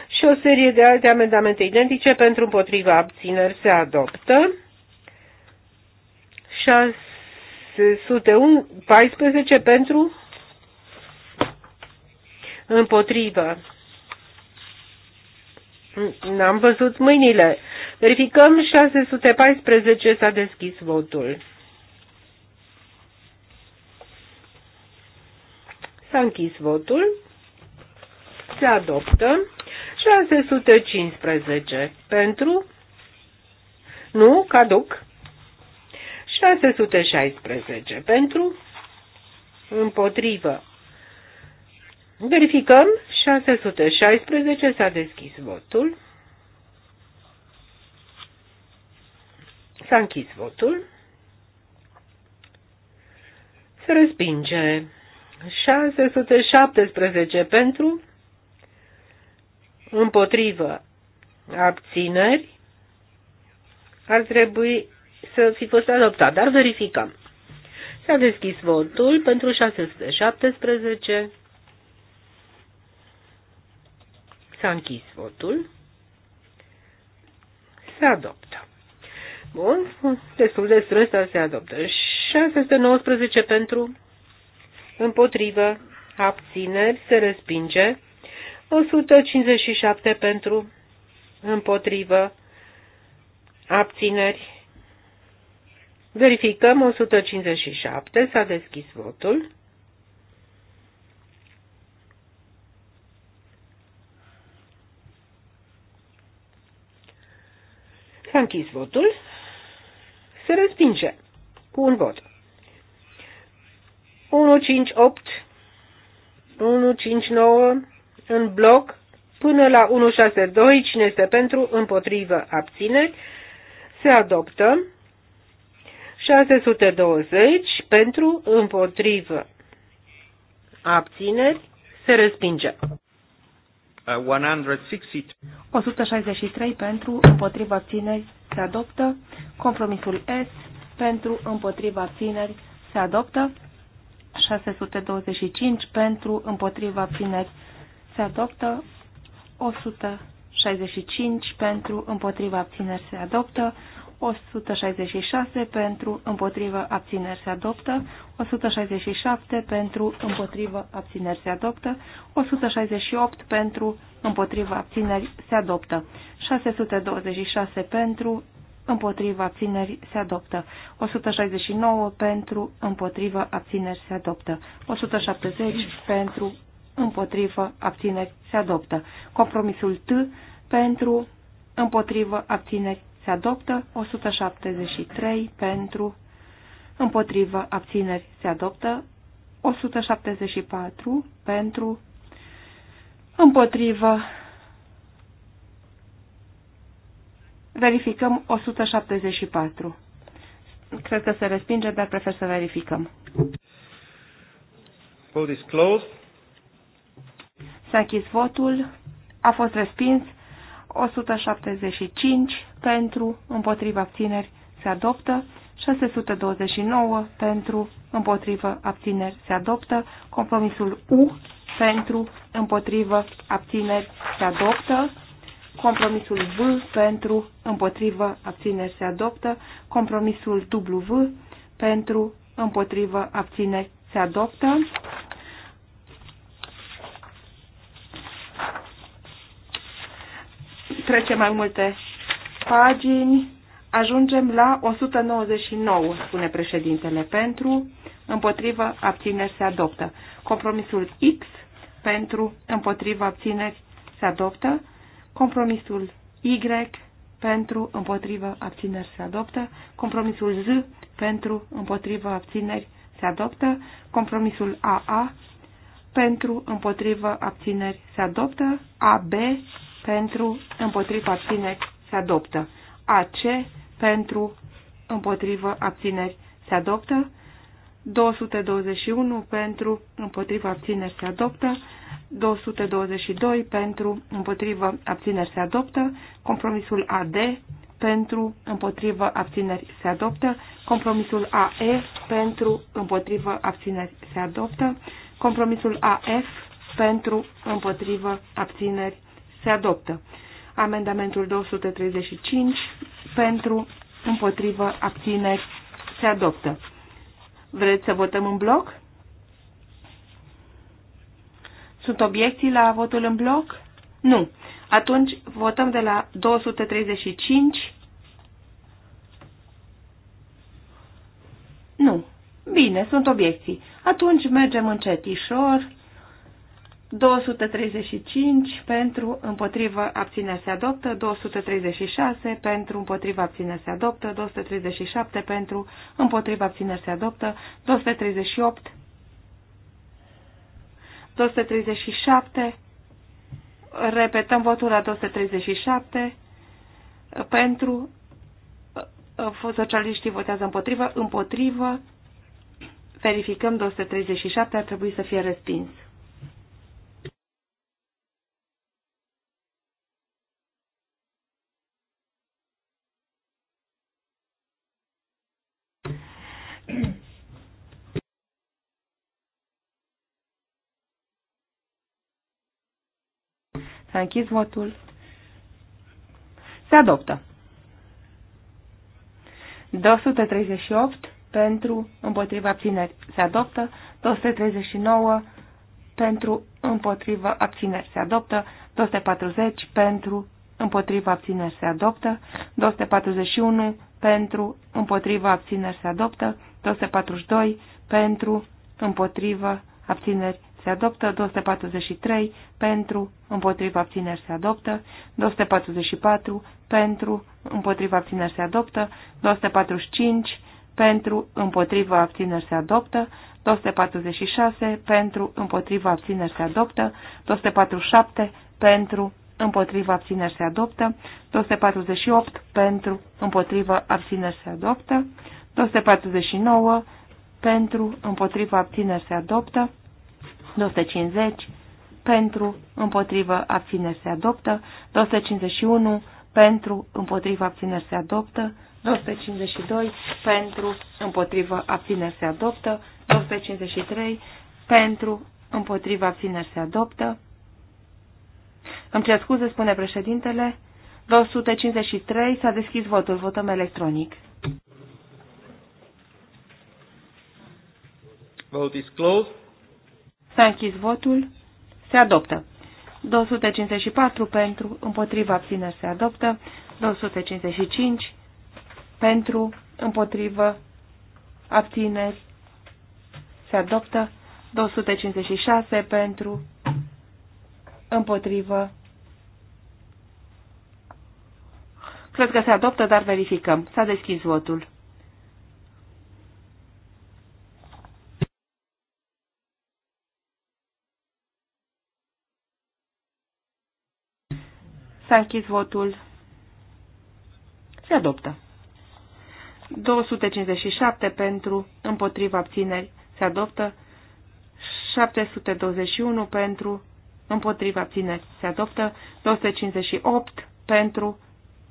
și o serie de alte amendamente identice pentru împotriva abțineri se adoptă. 614 pentru împotrivă. N-am văzut mâinile. Verificăm 614 s-a deschis votul. S-a închis votul. Se adoptă. 615 pentru. Nu, caduc. 616 pentru. Împotrivă. Verificăm. 616 s-a deschis votul. S-a închis votul. Se respinge. 617 pentru, împotrivă, abțineri, ar trebui să fi fost adoptat, dar verificăm. S-a deschis votul pentru 617. S-a închis votul. Se adoptă. Bun, destul de strâns, dar se adoptă. 619 pentru împotrivă, abțineri, se respinge. 157 pentru, împotrivă, abțineri. Verificăm 157, s-a deschis votul. S-a închis votul. Se respinge cu un vot. 158, 159 în bloc până la 162, cine este pentru, împotrivă, abțineri, se adoptă. 620 pentru, împotrivă, abțineri, se respinge. 163 uh, pentru, împotriva abțineri, se adoptă. Compromisul S pentru, împotriva abțineri, se adoptă. 625 pentru, împotriva abțineri se adoptă, 165 pentru, împotriva abțineri se adoptă, 166 pentru, împotriva abțineri se adoptă, 167 pentru, împotriva abțineri se adoptă, 168 pentru, împotriva abțineri se adoptă, 626 pentru, împotriva abțineri se adoptă. 169 pentru, împotriva abțineri se adoptă. 170 pentru, împotriva abțineri se adoptă. Compromisul T pentru, împotriva abțineri se adoptă. 173 pentru, împotriva abțineri se adoptă. 174 pentru, împotriva Verificăm 174. Cred că se respinge, dar prefer să verificăm. Vote is closed. S-a închis votul. A fost respins. 175 pentru, împotriva abțineri, se adoptă. 629 pentru, împotrivă, abțineri, se adoptă. Compromisul U pentru, împotrivă, abțineri, se adoptă. Compromisul V pentru împotrivă abțineri se adoptă. Compromisul W pentru împotrivă abțineri se adoptă. Trecem mai multe pagini. Ajungem la 199, spune președintele, pentru, împotrivă, abțineri se adoptă. Compromisul X pentru, împotrivă, abțineri se adoptă. Compromisul Y pentru, împotrivă, abțineri se adoptă. Compromisul Z pentru, împotrivă, abțineri se adoptă. Compromisul AA pentru, împotrivă, abțineri se adoptă. AB pentru, împotrivă, abțineri se adoptă. AC pentru, împotrivă, abțineri se adoptă. 221 pentru, împotrivă, abțineri se adoptă. 222 pentru, împotrivă, abțineri se adoptă. Compromisul AD pentru, împotrivă, abțineri se adoptă. Compromisul AE pentru, împotrivă, abțineri se adoptă. Compromisul AF pentru, împotrivă, abțineri se adoptă. Amendamentul 235 pentru, împotrivă, abțineri se adoptă. Vreți să votăm în bloc? Sunt obiecții la votul în bloc? Nu. Atunci votăm de la 235. Nu. Bine, sunt obiecții. Atunci mergem încet ișor. 235 pentru împotrivă abținerea se adoptă, 236 pentru împotrivă abținerea se adoptă, 237 pentru împotrivă abținerea se adoptă, 238 237. Repetăm votul la 237. Pentru. Uh, socialiștii votează împotrivă. Împotrivă. Verificăm 237. Ar trebui să fie respins. S-a închis votul. Se adoptă. 238 pentru, împotriva abțineri se adoptă, 239 pentru, împotriva abțineri se adoptă, 240 pentru, împotriva abțineri se adoptă, 241 pentru, împotriva abțineri se adoptă, 242 pentru, împotriva abțineri se adoptă, 243 pentru, împotriva abțineri se adoptă, 244 pentru, împotriva abțineri se adoptă, 245 pentru, împotriva abțineri se adoptă, 246 pentru, împotriva abțineri se adoptă, 247 pentru, împotriva abțineri se adoptă, 248 pentru, împotriva abțineri se adoptă, 249 pentru, împotriva abțineri se adoptă, 250 pentru, împotrivă, abțineri se adoptă, 251 pentru, împotrivă, abțineri se adoptă, 252 pentru, împotrivă, abțineri se adoptă, 253 pentru, împotrivă, abțineri se adoptă. Îmi cer scuze, spune președintele, 253 s-a deschis votul, votăm electronic. Vote is closed. S-a închis votul. Se adoptă. 254 pentru, împotriva abțineri se adoptă. 255 pentru, împotrivă, abțineri se adoptă. 256 pentru, împotrivă. Cred că se adoptă, dar verificăm. S-a deschis votul. S-a închis votul. Se adoptă. 257 pentru, împotriva abțineri. Se adoptă. 721 pentru, împotriva abțineri. Se adoptă. 258 pentru,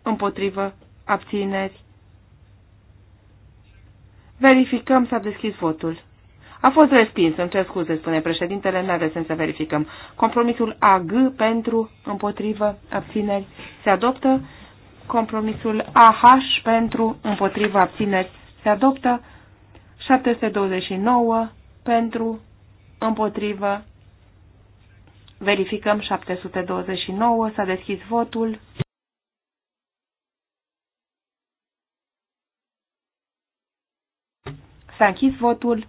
împotriva abțineri. Verificăm s-a deschis votul. A fost respins, îmi cer scuze, spune președintele, n-are sens să verificăm. Compromisul AG pentru, împotrivă, abțineri se adoptă. Compromisul AH pentru, împotrivă, abțineri se adoptă. 729 pentru, împotrivă, verificăm 729, s-a deschis votul. S-a închis votul.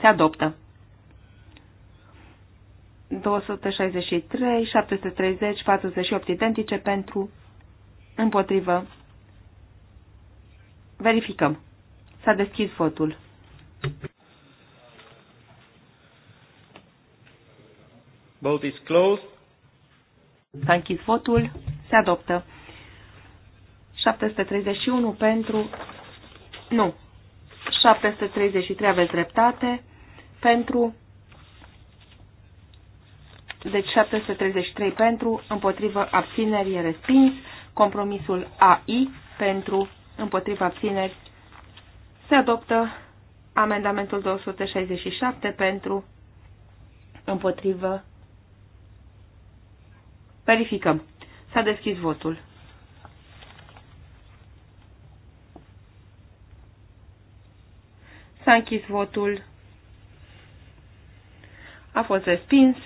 Se adoptă. 263, 730, 48 identice pentru, împotrivă. Verificăm. S-a deschis votul. Vote is closed. S-a închis votul. Se adoptă. 731 pentru... Nu. 733 aveți dreptate pentru, deci 733 pentru, împotrivă abțineri e respins, compromisul AI pentru, împotrivă abțineri se adoptă amendamentul 267 pentru, împotrivă, verificăm. S-a deschis votul. S-a închis votul a fost respins.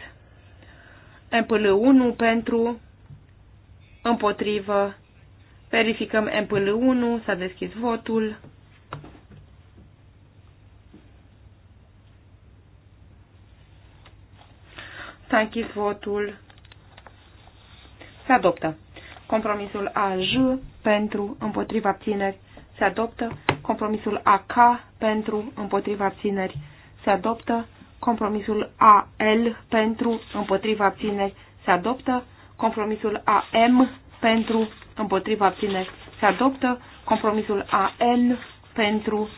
MPL1 pentru, împotrivă, verificăm MPL1, s-a deschis votul. S-a închis votul. Se adoptă. Compromisul AJ pentru împotriva abțineri se adoptă. Compromisul AK pentru împotriva abțineri se adoptă. Compromisul AL pentru împotriva abțineri se adoptă. Compromisul AM pentru împotriva abțineri se adoptă. Compromisul AN pentru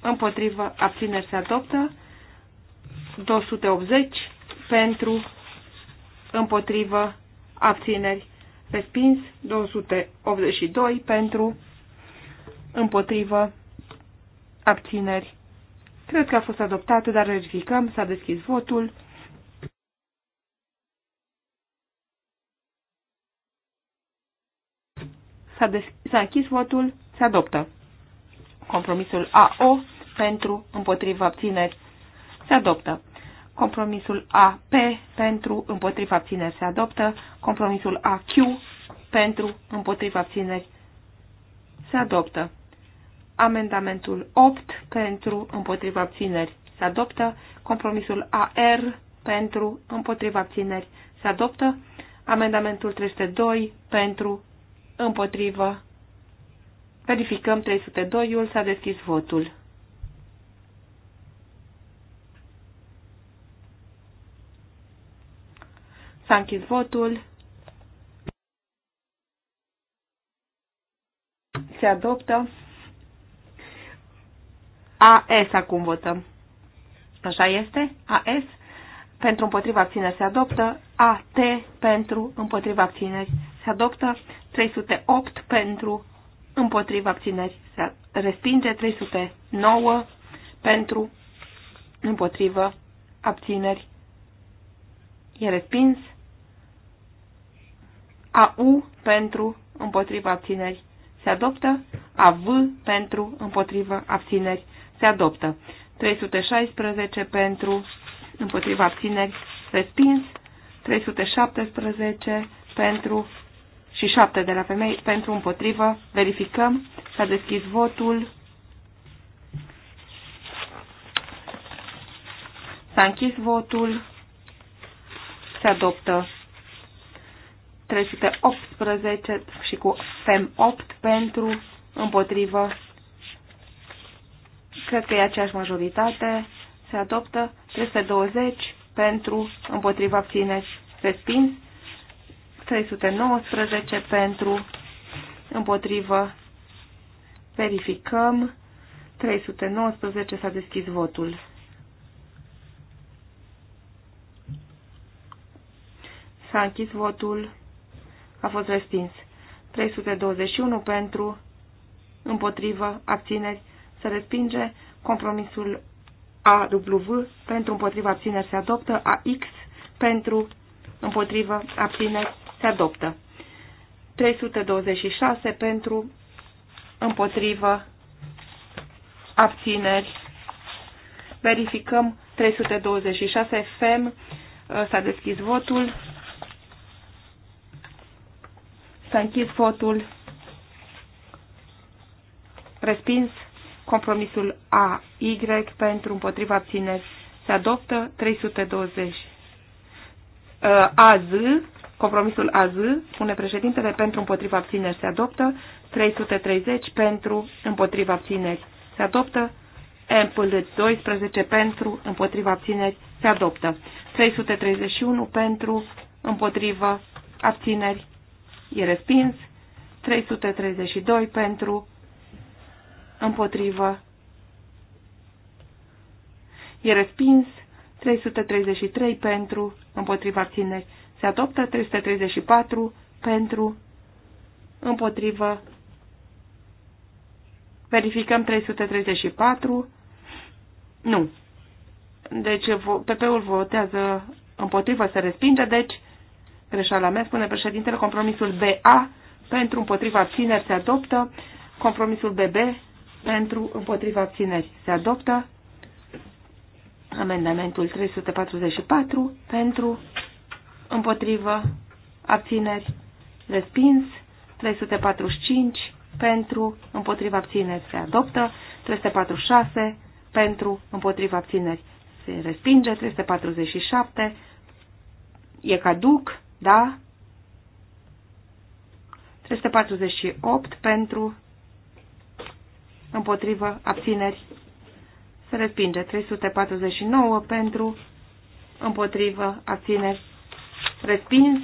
împotriva abțineri se adoptă. 280 pentru împotriva abțineri respins 282 pentru împotriva abțineri Cred că a fost adoptat, dar verificăm. S-a deschis votul. S-a închis votul. Se adoptă. Compromisul AO pentru împotriva abțineri se adoptă. Compromisul AP pentru împotriva abțineri se adoptă. Compromisul AQ pentru împotriva abțineri se adoptă. Amendamentul 8 pentru împotriva abțineri se adoptă. Compromisul AR pentru împotriva abțineri se adoptă. Amendamentul 302 pentru împotrivă. Verificăm 302-ul, s-a deschis votul. S-a închis votul. Se adoptă AS acum votăm. Așa este? AS pentru împotriva abțineri se adoptă, AT pentru împotriva abțineri se adoptă, 308 pentru împotriva abțineri se respinge, 309 pentru împotriva abțineri e respins, AU pentru împotriva abțineri se adoptă, AV pentru, împotrivă, abțineri, se adoptă. 316 pentru, împotriva abțineri, respins, 317 pentru și 7 de la femei pentru împotrivă, verificăm, s-a deschis votul, s-a închis votul, se adoptă 318 și cu FEM 8 pentru, împotrivă, cred că e aceeași majoritate, se adoptă 320 pentru, împotrivă abțineți respins, 319 pentru, împotrivă, verificăm, 319 s-a deschis votul. S-a închis votul. A fost respins. 321 pentru, împotrivă, abțineri, se respinge. Compromisul AW pentru împotrivă abțineri se adoptă, AX pentru împotrivă abțineri se adoptă. 326 pentru împotrivă abțineri. Verificăm 326 FM, S-a deschis votul. S-a închis votul. Respins. Compromisul AY pentru împotriva abțineri. Se adoptă 320. Uh, AZ, compromisul AZ, spune președintele, pentru împotriva abțineri se adoptă, 330 pentru împotriva abțineri se adoptă, m 12 pentru împotriva abțineri se adoptă, 331 pentru împotriva abțineri e respins. 332 pentru, împotrivă, e respins. 333 pentru, împotriva abțineri. Se adoptă 334 pentru, împotrivă. Verificăm 334. Nu. Deci PP-ul votează împotrivă să respingă, deci greșeala mea, spune președintele, compromisul BA pentru împotriva abțineri se adoptă, compromisul BB pentru împotriva abțineri se adoptă, amendamentul 344 pentru împotriva abțineri respins, 345 pentru împotriva abțineri se adoptă, 346 pentru împotriva abțineri se respinge, 347 e caduc, da? 348 pentru, împotrivă, abțineri, se respinge. 349 pentru, împotrivă, abțineri, respins.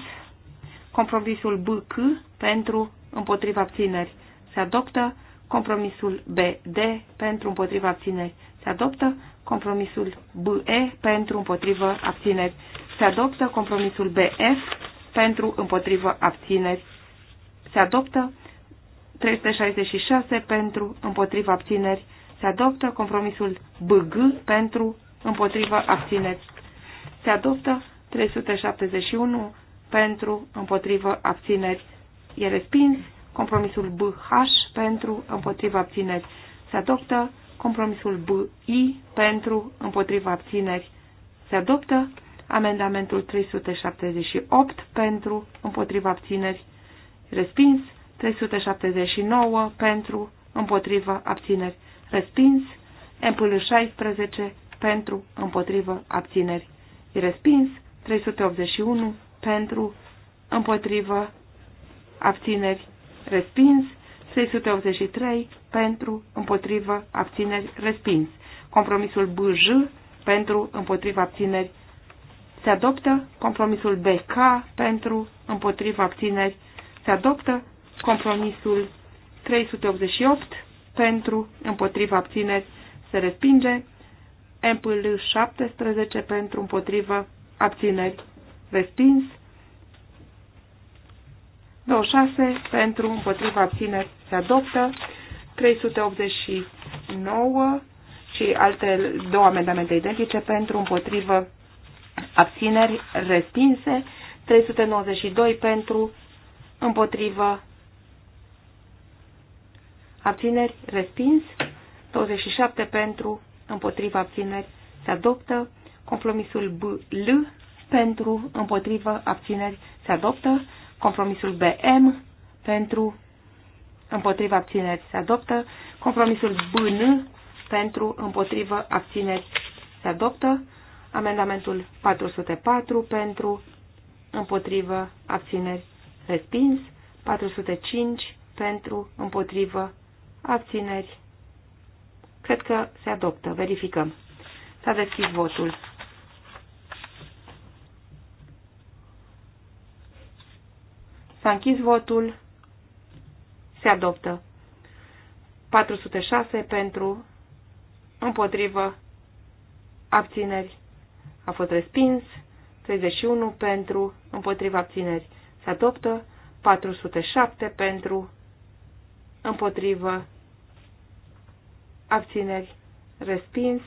Compromisul BC pentru, împotriva abțineri, se adoptă. Compromisul BD pentru, împotriva abțineri, se adoptă. Compromisul BE pentru, împotriva abțineri, se adoptă. Compromisul BF pentru, împotrivă, abțineri, se adoptă. 366 pentru, împotrivă, abțineri, se adoptă. Compromisul BG pentru, împotrivă, abțineri, se adoptă. 371 pentru, împotrivă, abțineri, e respins. Compromisul BH pentru, împotrivă, abțineri, se adoptă. Compromisul BI pentru, împotriva abțineri, se adoptă. Amendamentul 378 pentru, împotriva abțineri, respins. 379 pentru, împotriva abțineri, respins. MPL 16 pentru, împotriva abțineri, respins. 381 pentru, împotriva abțineri, respins. 383 pentru, împotriva abțineri, respins. Compromisul BJ pentru, împotriva abțineri, se adoptă compromisul BK pentru, împotriva abțineri, se adoptă compromisul 388 pentru, împotriva abțineri, se respinge, MPL 17 pentru, împotriva abțineri, respins, 26 pentru, împotriva abțineri, se adoptă, 389 și alte două amendamente identice pentru, împotrivă, abțineri respinse, 392 pentru, împotrivă, abțineri respins, 27 pentru, împotrivă, abțineri se adoptă, compromisul BL pentru, împotrivă, abțineri se adoptă, compromisul BM pentru, împotriva abțineri se adoptă, compromisul BN pentru, împotrivă, abțineri se adoptă, Amendamentul 404 pentru, împotrivă, abțineri, respins. 405 pentru, împotrivă, abțineri. Cred că se adoptă. Verificăm. S-a deschis votul. S-a închis votul. Se adoptă. 406 pentru, împotrivă, abțineri a fost respins, 31 pentru, împotriva abțineri se adoptă, 407 pentru, împotrivă, abțineri, respins,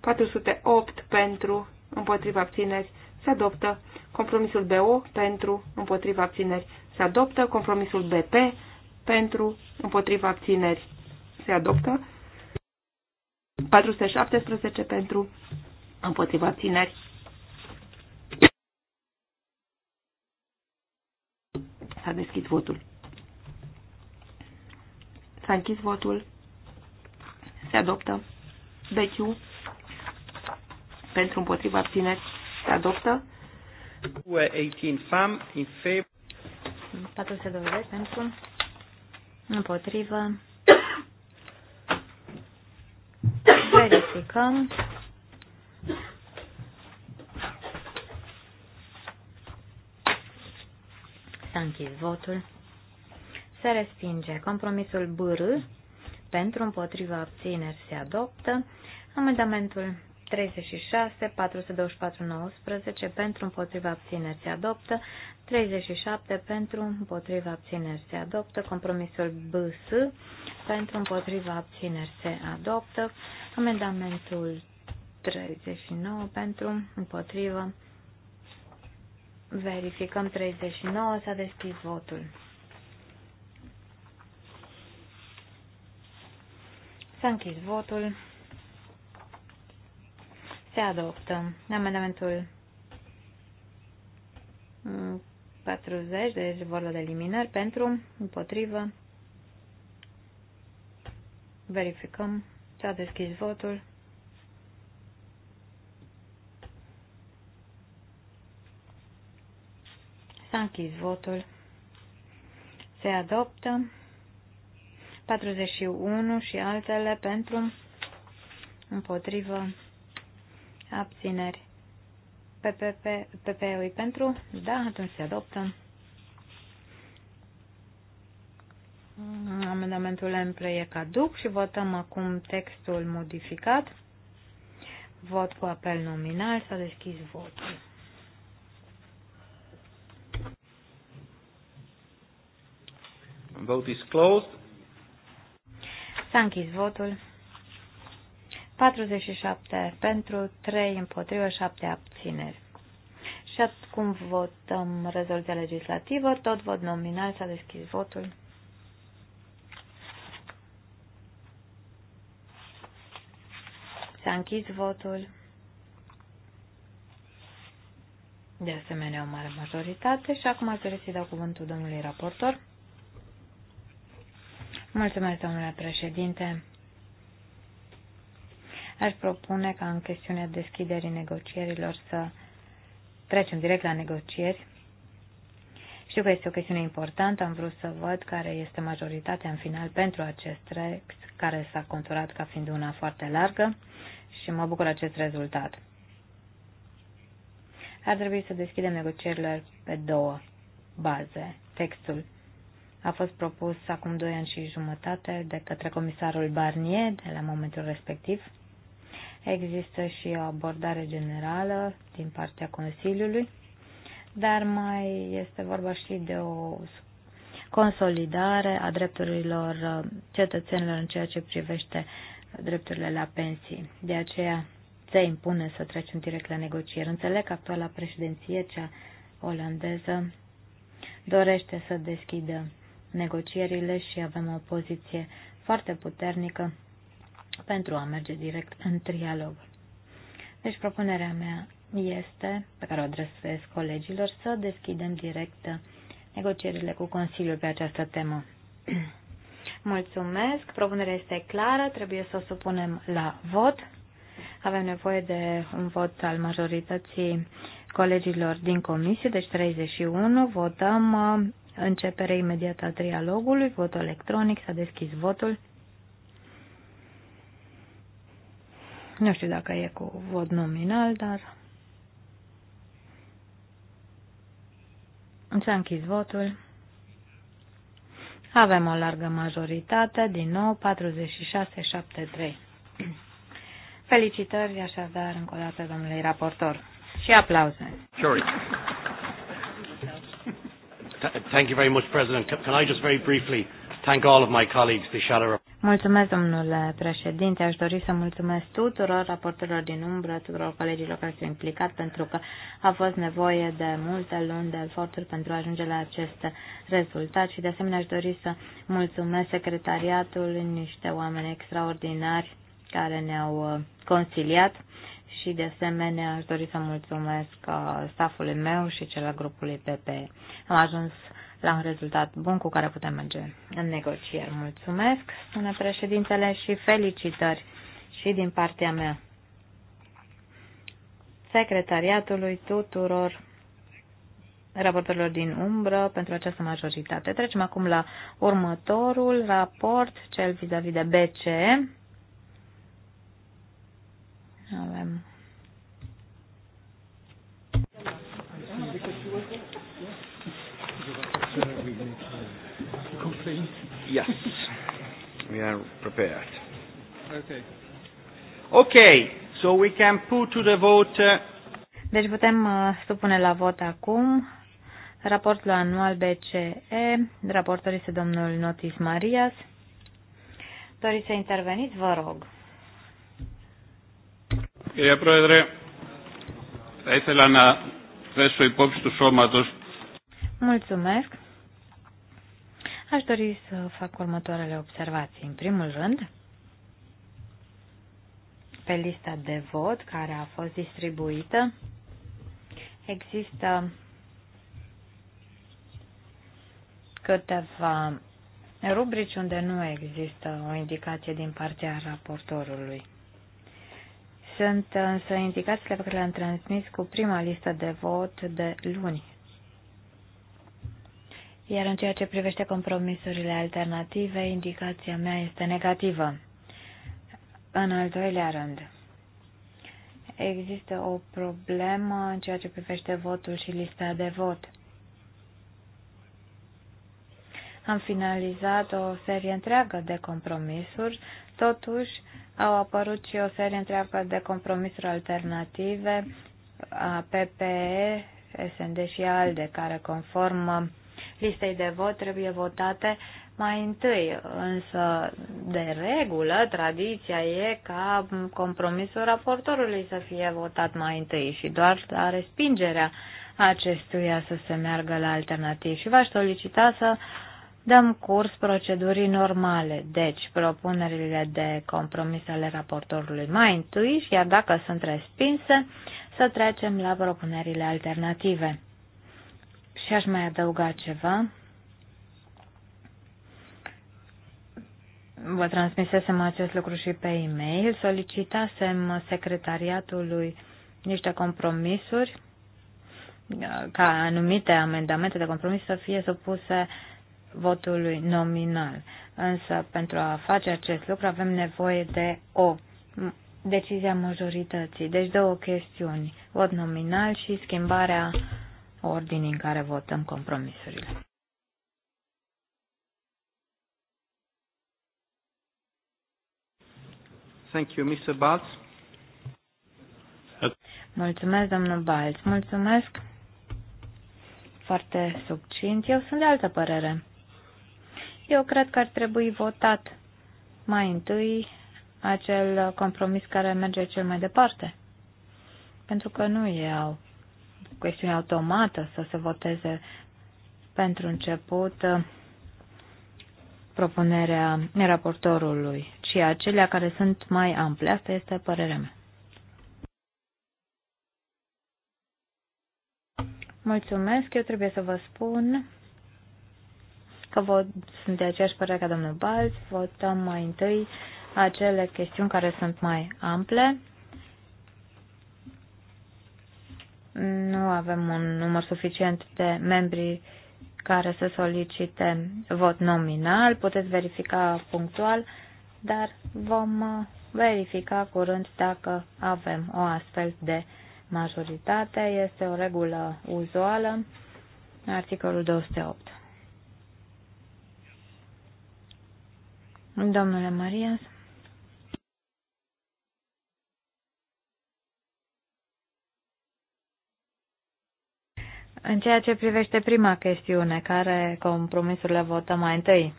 408 pentru, împotriva abțineri, se adoptă, compromisul BO pentru, împotriva abțineri, se adoptă, compromisul BP pentru, împotriva abțineri, se adoptă, 417 pentru, împotriva abțineri. S-a deschis votul. S-a închis votul. Se adoptă. Beciu. pentru împotriva abțineri se adoptă. 18 FAM in favor. 420 pentru împotrivă. Verificăm. S-a închis votul. Se respinge. Compromisul BR pentru împotriva abțineri se adoptă. Amendamentul 36, 424, 19 pentru împotriva abțineri se adoptă. 37 pentru împotriva abțineri se adoptă. Compromisul BS pentru împotriva abțineri se adoptă. Amendamentul 39 pentru, împotrivă. Verificăm 39, s-a deschis votul. S-a închis votul. Se adoptă amendamentul 40, deci vorba de eliminări, pentru, împotrivă. Verificăm, s-a deschis votul. S-a închis votul. Se adoptă. 41 și altele pentru împotrivă abțineri. PPP, ul e pentru? Da, atunci se adoptă. Amendamentul Emple e caduc și votăm acum textul modificat. Vot cu apel nominal. S-a deschis votul. Vote is closed. S-a închis votul. 47 pentru, 3 împotrivă, 7 abțineri. Și acum votăm rezoluția legislativă, tot vot nominal, s-a deschis votul. S-a închis votul. De asemenea, o mare majoritate și acum ați să dau cuvântul domnului raportor. Mulțumesc, domnule președinte. Aș propune ca în chestiunea deschiderii negocierilor să trecem direct la negocieri. Știu că este o chestiune importantă, am vrut să văd care este majoritatea în final pentru acest text, care s-a conturat ca fiind una foarte largă și mă bucur acest rezultat. Ar trebui să deschidem negocierile pe două baze. Textul a fost propus acum doi ani și jumătate de către comisarul Barnier de la momentul respectiv. Există și o abordare generală din partea Consiliului, dar mai este vorba și de o consolidare a drepturilor cetățenilor în ceea ce privește drepturile la pensii. De aceea se impune să trecem direct la negocieri. Înțeleg că actuala președinție, cea olandeză, dorește să deschidă negocierile și avem o poziție foarte puternică pentru a merge direct în trialog. Deci propunerea mea este, pe care o adresez colegilor, să deschidem direct negocierile cu Consiliul pe această temă. Mulțumesc, propunerea este clară, trebuie să o supunem la vot. Avem nevoie de un vot al majorității colegilor din comisie, deci 31, votăm uh, începere imediată a trialogului, vot electronic, s-a deschis votul. Nu știu dacă e cu vot nominal, dar s-a închis votul. Avem o largă majoritate, din nou 46-73. Felicitări așadar încă o dată domnului raportor și aplauze. Sure. Thank you very much, President. Can I just very briefly thank all of my colleagues, the shadow Mulțumesc, domnule președinte. Aș dori să mulțumesc tuturor raportorilor din umbră, tuturor colegilor care s-au implicat, pentru că a fost nevoie de multe luni de eforturi pentru a ajunge la acest rezultat și, de asemenea, aș dori să mulțumesc secretariatul, niște oameni extraordinari care ne-au uh, consiliat și de asemenea aș dori să mulțumesc uh, staffului meu și celălalt grupului PP. Am ajuns la un rezultat bun cu care putem merge în negocieri. Mulțumesc, spune președintele, și felicitări și din partea mea secretariatului tuturor raportorilor din umbră pentru această majoritate. Trecem acum la următorul raport, cel vis-a-vis -vis de BCE avem. Yes, we are prepared. Okay. Okay, so we can put to the vote. Uh, deci putem uh, supune la vot acum raportul anual BCE, raportor este domnul Notis Marias. Doriți să interveniți? Vă rog. Κυρία Πρόεδρε, θα ήθελα να θέσω υπόψη του σώματος. Mulțumesc. Aș dori să fac următoarele observații. În primul rând, pe lista de vot care a fost distribuită, există câteva rubrici unde nu există o indicație din partea raportorului. Sunt însă indicațiile pe care le-am transmis cu prima listă de vot de luni. Iar în ceea ce privește compromisurile alternative, indicația mea este negativă. În al doilea rând, există o problemă în ceea ce privește votul și lista de vot. Am finalizat o serie întreagă de compromisuri Totuși, au apărut și o serie întreagă de compromisuri alternative a PPE, SND și ALDE, care conform uh, listei de vot trebuie votate mai întâi, însă de regulă tradiția e ca compromisul raportorului să fie votat mai întâi și doar la respingerea acestuia să se meargă la alternativ și v-aș solicita să dăm curs procedurii normale, deci propunerile de compromis ale raportorului mai întâi iar dacă sunt respinse, să trecem la propunerile alternative. Și aș mai adăuga ceva. Vă transmisesem acest lucru și pe e-mail. Solicitasem secretariatului niște compromisuri ca anumite amendamente de compromis să fie supuse uh, votului nominal. Însă, pentru a face acest lucru, avem nevoie de o decizie majorității. Deci, două chestiuni. Vot nominal și schimbarea ordinii în care votăm compromisurile. Thank you, Mr. Balz. Mulțumesc, domnul Balz. Mulțumesc. Foarte succint. Eu sunt de altă părere. Eu cred că ar trebui votat mai întâi acel compromis care merge cel mai departe. Pentru că nu e o chestiune automată să se voteze pentru început uh, propunerea raportorului, ci acelea care sunt mai ample. Asta este părerea mea. Mulțumesc, eu trebuie să vă spun că vot, sunt de aceeași părere ca domnul Balz, votăm mai întâi acele chestiuni care sunt mai ample. Nu avem un număr suficient de membri care să solicite vot nominal, puteți verifica punctual, dar vom uh, verifica curând dacă avem o astfel de majoritate. Este o regulă uzuală, articolul 208. Domnule Maria, În ceea ce privește prima chestiune, care compromisurile votăm mai întâi?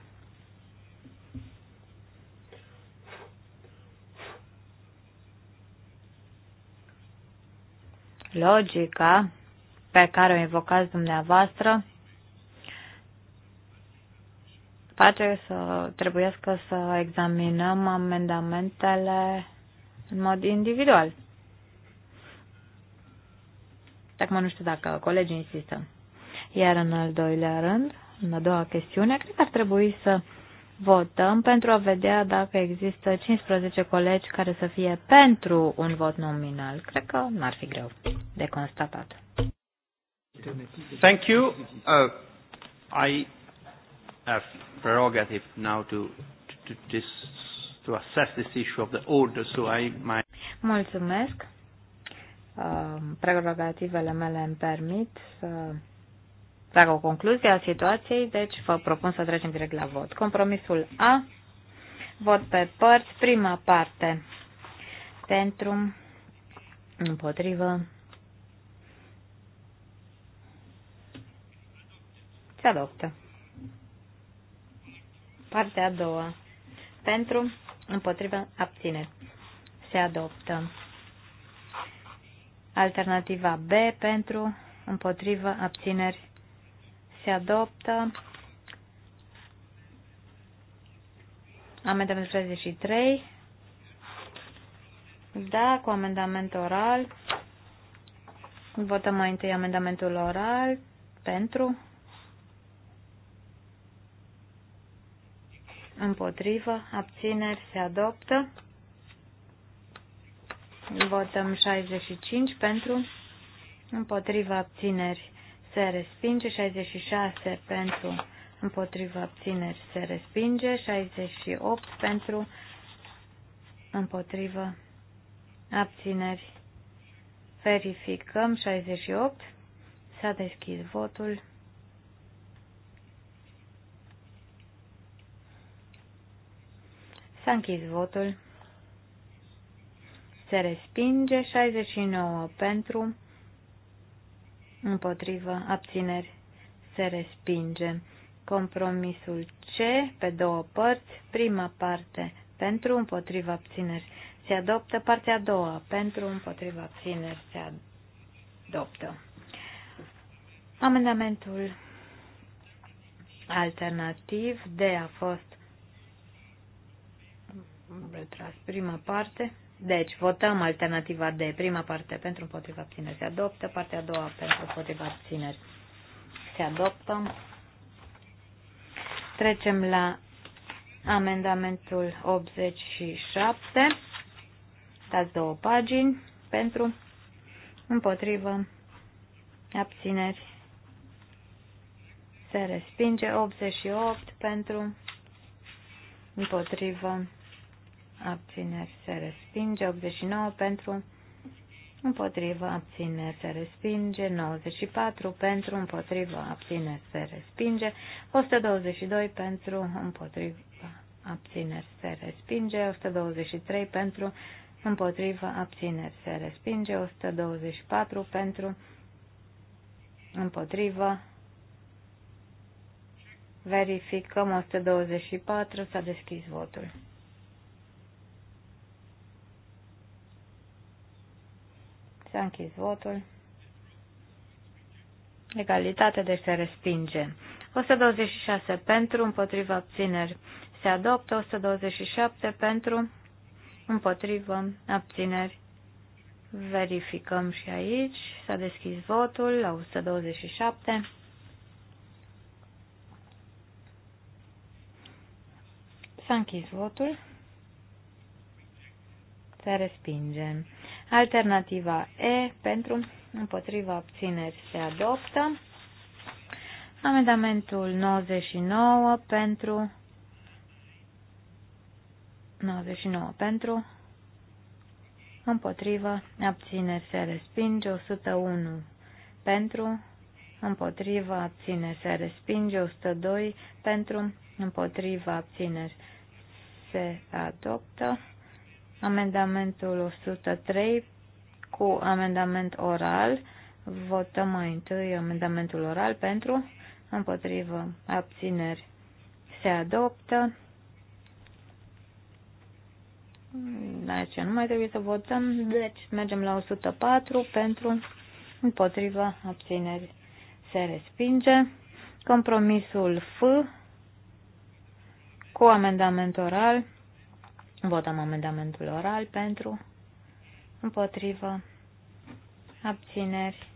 Logica pe care o invocați dumneavoastră face să trebuiască să examinăm amendamentele în mod individual. mă nu știu dacă colegii insistă. Iar în al doilea rând, în a doua chestiune, cred că ar trebui să votăm pentru a vedea dacă există 15 colegi care să fie pentru un vot nominal. Cred că n-ar fi greu de constatat. Thank you. Uh, I our prerogative now to, to, this, to assess this issue of the order, so I might... Mulțumesc. Um, prerogativele mele îmi permit să trag o concluzie a situației, deci vă propun să trecem direct la vot. Compromisul A, vot pe părți, prima parte, pentru, împotrivă, se adoptă. Partea a doua. Pentru, împotriva, abține. Se adoptă. Alternativa B pentru, împotriva, abțineri. Se adoptă. Amendamentul 33. Da, cu amendament oral. Votăm mai întâi amendamentul oral pentru, împotrivă, abțineri se adoptă. Votăm 65 pentru, împotrivă, abțineri se respinge, 66 pentru, împotrivă, abțineri se respinge, 68 pentru, împotrivă, abțineri. Verificăm 68. S-a deschis votul. S-a închis votul. Se respinge 69 pentru, împotrivă, abțineri. Se respinge. Compromisul C pe două părți, prima parte pentru, împotrivă, abțineri. Se adoptă partea a doua pentru, împotrivă, abțineri. Se adoptă. Amendamentul alternativ D a fost retras prima parte. Deci, votăm alternativa D, prima parte pentru împotriva abțineri se adoptă, partea a doua pentru împotriva abțineri se adoptă. Trecem la amendamentul 87, dați două pagini, pentru împotrivă abțineri se respinge, 88 pentru împotrivă abțineri se respinge, 89 pentru, împotrivă, abțineri se respinge, 94 pentru, împotrivă, abțineri se respinge, 122 pentru, împotrivă, abțineri se respinge, 123 pentru, împotrivă, abțineri se respinge, 124 pentru, împotrivă, verificăm 124, s-a deschis votul. S-a închis votul. Egalitate, deci se respinge. 126 pentru, împotriva abțineri se adoptă. 127 pentru, împotriva abțineri. Verificăm și aici. S-a deschis votul la 127. S-a închis votul. Se respinge. Alternativa E pentru împotriva abțineri se adoptă. Amendamentul 99 pentru 99 pentru împotriva abțineri se respinge 101 pentru împotriva abțineri se respinge 102 pentru împotriva abțineri se adoptă Amendamentul 103 cu amendament oral. Votăm mai întâi amendamentul oral pentru, împotrivă, abțineri. Se adoptă. Aici nu mai trebuie să votăm, deci mergem la 104 pentru, împotrivă, abțineri. Se respinge. Compromisul F cu amendament oral Votăm amendamentul oral pentru, împotrivă, abțineri,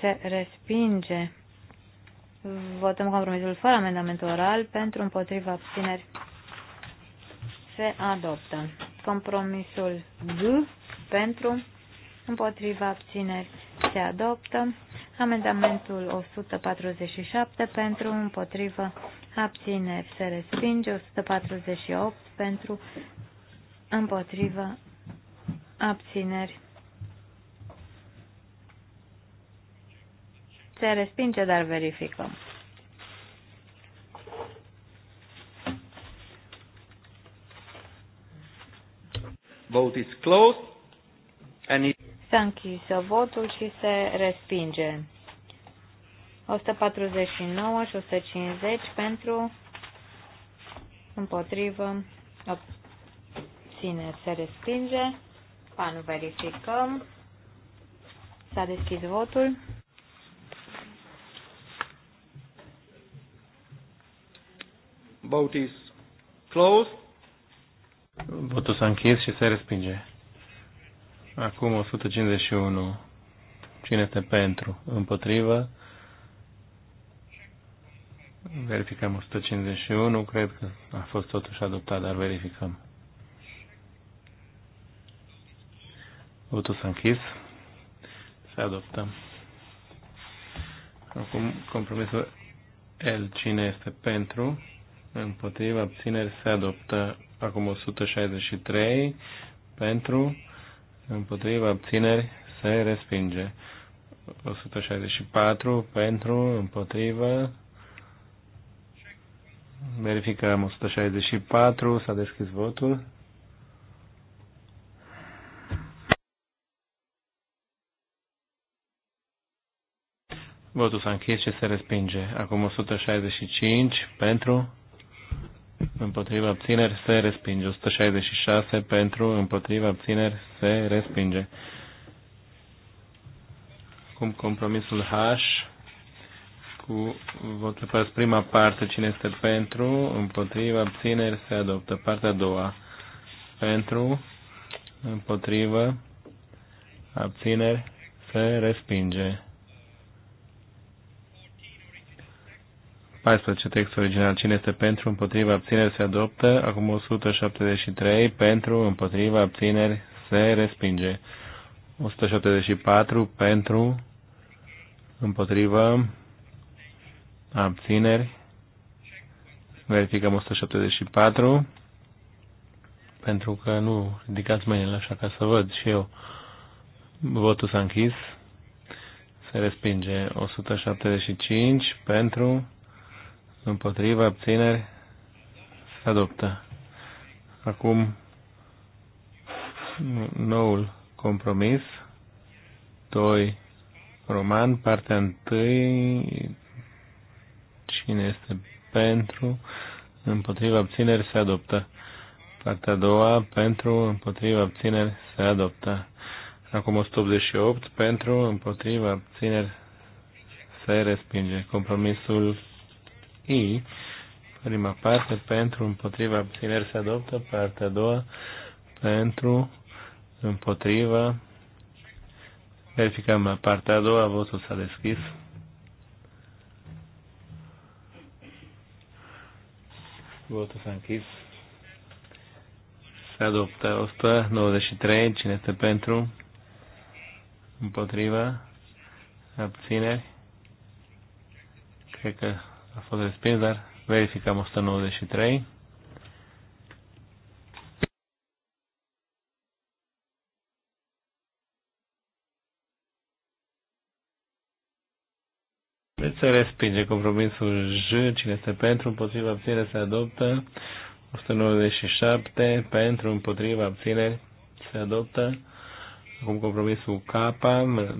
se respinge. Votăm compromisul fără amendament oral pentru împotriva abțineri. Se adoptă. Compromisul G pentru împotriva abțineri se adoptă. Amendamentul 147 pentru împotriva abțineri se respinge. 148 pentru împotrivă, abțineri. Se respinge, dar verificăm. Vote is closed S-a închis votul și se respinge. 149 și 150 pentru împotrivă, abțineri se respinge. Ba nu verificăm. S-a deschis votul. Vote is closed. Votul s-a închis și se respinge. Acum 151. Cine este pentru? Împotrivă? Verificăm 151. Cred că a fost totuși adoptat, dar verificăm. Votul s-a închis. Se adoptă. Acum compromisul L. Cine este pentru? Împotriva abțineri se adoptă. Acum 163. Pentru? Împotriva abțineri se respinge. 164 pentru, Împotriva. Verificăm 164, s-a deschis votul. Votul s-a închis și se respinge. Acum 165 pentru, împotriva abțineri se respinge. 166 pentru, împotriva abțineri se respinge. Acum compromisul H cu votul pe prima parte, cine este pentru, împotriva abțineri se adoptă. Partea a doua, pentru, împotriva abțineri se respinge. 14, textul original. Cine este pentru, împotriva, abțineri, se adoptă. Acum 173, pentru, împotriva, abțineri, se respinge. 174, pentru, împotriva, abțineri. Verificăm 174, pentru că nu ridicați mâinile așa ca să văd și eu. Votul s-a închis. Se respinge 175 pentru împotriva, abțineri, se adoptă. Acum, noul compromis, 2 roman, partea 1, cine este pentru, împotriva, abțineri, se adoptă. Partea a doua, pentru, împotriva, abțineri, se adoptă. Acum 188, pentru, împotriva, abțineri, se respinge. Compromisul I, prima parte pentru, împotriva, abțineri se adoptă, partea a doua pentru, împotriva, verificăm la partea a doua, votul s-a deschis. Votul s-a închis. Se adoptă 193. Cine este pentru? Împotriva? Abțineri? Cred că a fost respins, dar verificăm 193. Deci se respinge compromisul J, cine este pentru, împotriva abține, se adoptă. 197 pentru, împotriva abține, se adoptă. Acum compromisul K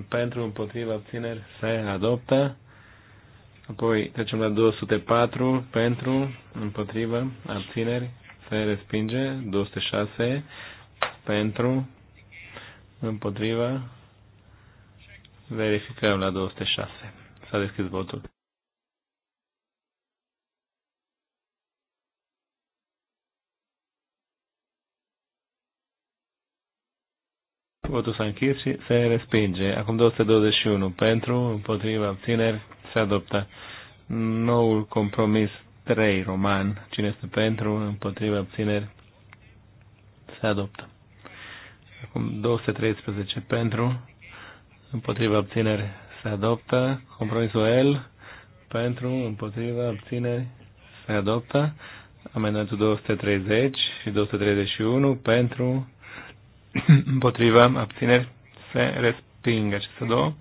pentru, împotriva abține, se adoptă. Apoi trecem la 204 pentru, împotrivă, abțineri, se respinge. 206 pentru, împotrivă, verificăm la 206. S-a deschis votul. Votul s-a închis și se respinge. Acum 221 pentru, împotriva, abțineri, se adoptă. Noul compromis 3 roman, cine este pentru, împotriva abțineri, se adoptă. Acum 213 pentru, împotriva abțineri, se adoptă. Compromisul L, pentru, împotriva abțineri, se adoptă. Amendamentul 230 și 231 pentru, împotriva abțineri, se respingă aceste două.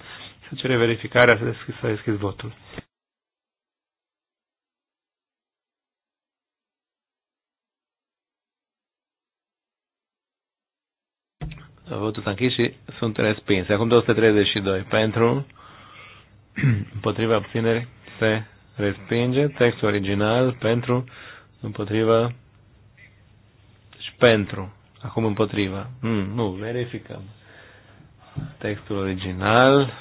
Să cere verificarea, să a să deschis votul. Votul s-a închis și sunt respinse. Acum 232. Pentru, împotriva abțineri, se respinge. Textul original, pentru, împotriva și deci pentru. Acum împotriva. Mm, nu, verificăm. Textul original,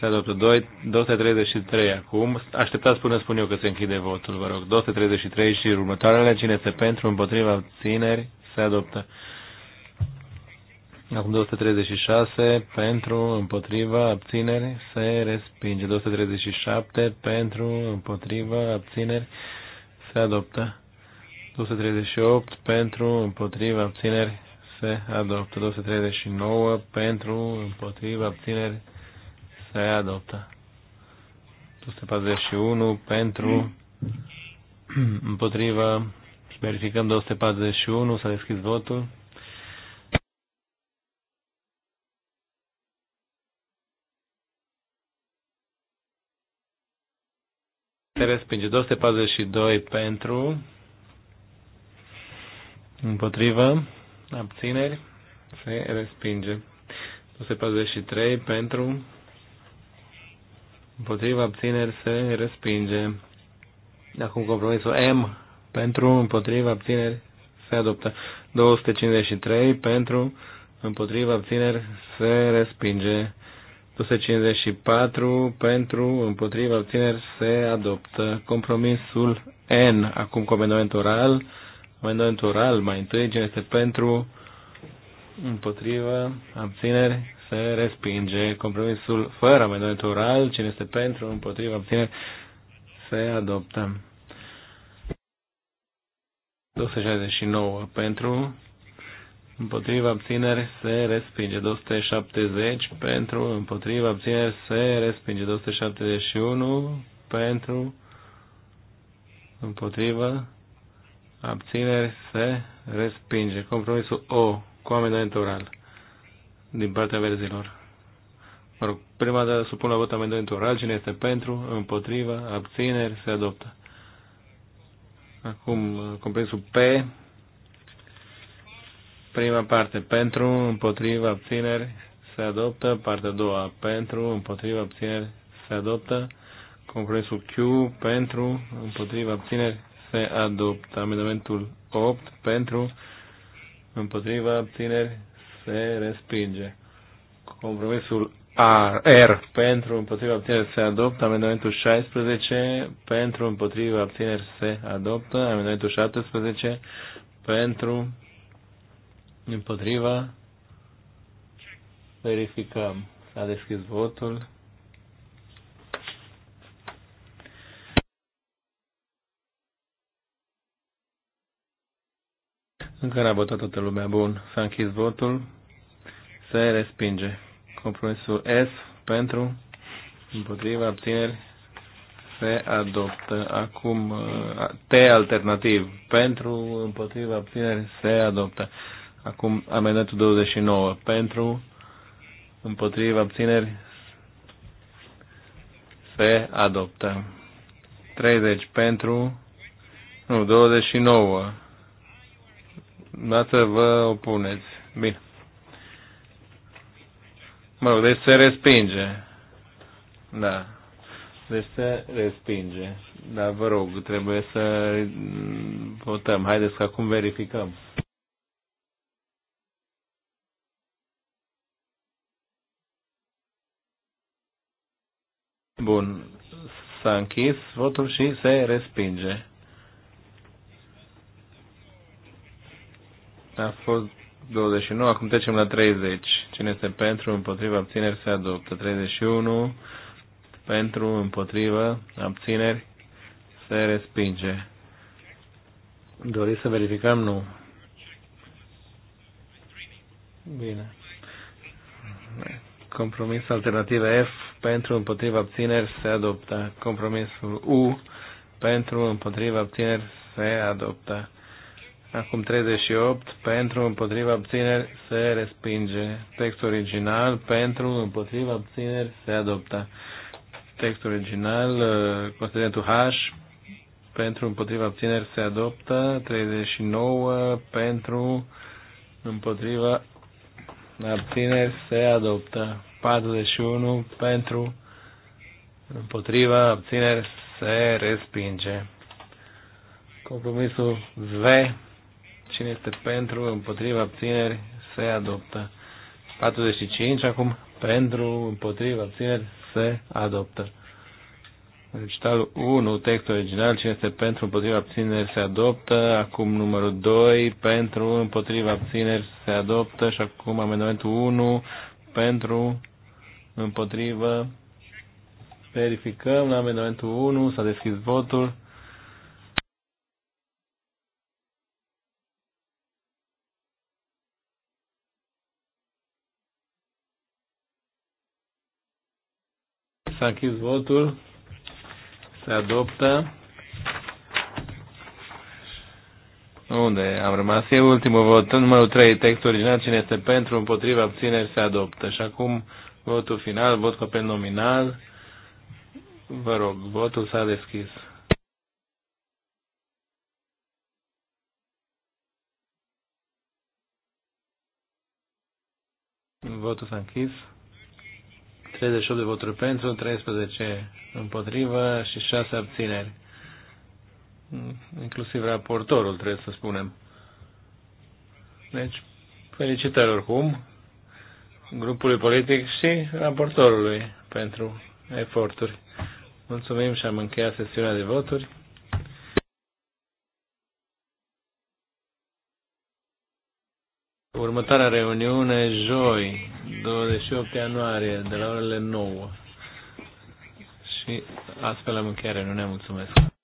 se adoptă 233 acum. Așteptați până spun eu că se închide votul, vă rog. 233 și următoarele. Cine este pentru, împotriva, abțineri, se adoptă. Acum 236 pentru, împotriva, abțineri, se respinge. 237 pentru, împotriva, abțineri, se adoptă. 238 pentru, împotriva, abțineri, se adoptă. 239 pentru, împotriva, abțineri, se adoptă. 241 pentru, împotriva, verificăm 241, s-a deschis votul. Se respinge 242 pentru, împotriva, abțineri, se respinge. 243 pentru, împotriva abțineri se respinge. Acum compromisul M pentru împotriva abțineri se adoptă. 253 pentru împotriva abțineri se respinge. 254 pentru împotriva abțineri se adoptă. Compromisul N, acum cu amendamentul oral. Amendamentul oral mai întâi, este pentru împotriva abțineri se respinge. Compromisul fără amendament oral, cine este pentru, împotriva, abține, se adoptă. 269 pentru, împotriva abțineri se respinge 270 pentru, împotriva abțineri se respinge 271 pentru, împotriva abțineri se respinge. Compromisul O cu amendament oral din partea verzilor. Mă rog, prima dată supun la vot amendamentul oral. Cine este pentru, împotriva, abțineri, se adoptă. Acum, compresul P. Prima parte, pentru, împotriva, abțineri, se adoptă. Partea a doua, pentru, împotriva, abțineri, se adoptă. Compromisul Q, pentru, împotriva, abțineri, se adoptă. Amendamentul 8, pentru, împotriva, abțineri, se respinge. Compromisul R, R pentru împotriva abțineri se adoptă, amendamentul 16 pentru împotriva abțineri se adoptă, amendamentul 17 pentru împotriva verificăm. S-a deschis votul. Încă n-a votat toată lumea. Bun. S-a închis votul. Se respinge. Compromisul S pentru, împotriva, abțineri, se adoptă. Acum, uh, T alternativ. Pentru, împotriva, abțineri, se adoptă. Acum, amendatul 29. Pentru, împotriva, abțineri, se adoptă. 30 pentru, nu, 29 Dumneavoastră vă opuneți. Bine. Mă rog, deci se respinge. Da. Deci se respinge. Dar vă rog, trebuie să votăm. Haideți că acum verificăm. Bun. S-a închis votul și se respinge. a fost 29, acum trecem la 30. Cine este pentru, împotriva, abțineri, se adoptă. 31, pentru, împotriva, abțineri, se respinge. Doriți să verificăm? Nu. Bine. Compromis alternativă F pentru împotriva abțineri se adoptă. Compromisul U pentru împotriva abțineri se adoptă. Acum 38 pentru împotriva abțineri se respinge. Textul original pentru împotriva abțineri se adoptă. Textul original, uh, considerentul H pentru împotriva abțineri se adoptă. 39 pentru împotriva abțineri se adoptă. 41 pentru împotriva abțineri se respinge. Compromisul V Cine este pentru, împotriva, abțineri, se adoptă. 45 acum, pentru, împotriva, abțineri, se adoptă. Recitalul 1, textul original, cine este pentru, împotriva, abțineri, se adoptă. Acum numărul 2, pentru, împotriva, abțineri, se adoptă. Și acum amendamentul 1, pentru, împotriva, verificăm la amendamentul 1, s-a deschis votul. S-a închis votul. Se adoptă. Unde am rămas? E ultimul vot. Numărul 3, textul original. Cine este pentru, împotriva, abțineri, se adoptă. Și acum votul final, vot cu apel nominal. Vă rog, votul s-a deschis. Votul s-a închis. 38 de voturi pentru, 13 împotrivă și 6 abțineri. Inclusiv raportorul, trebuie să spunem. Deci, felicitări oricum grupului politic și raportorului pentru eforturi. Mulțumim și am încheiat sesiunea de voturi. Următoarea reuniune, joi, 28 ianuarie, de la orele 9. Și astfel am încheiat reuniunea. Mulțumesc!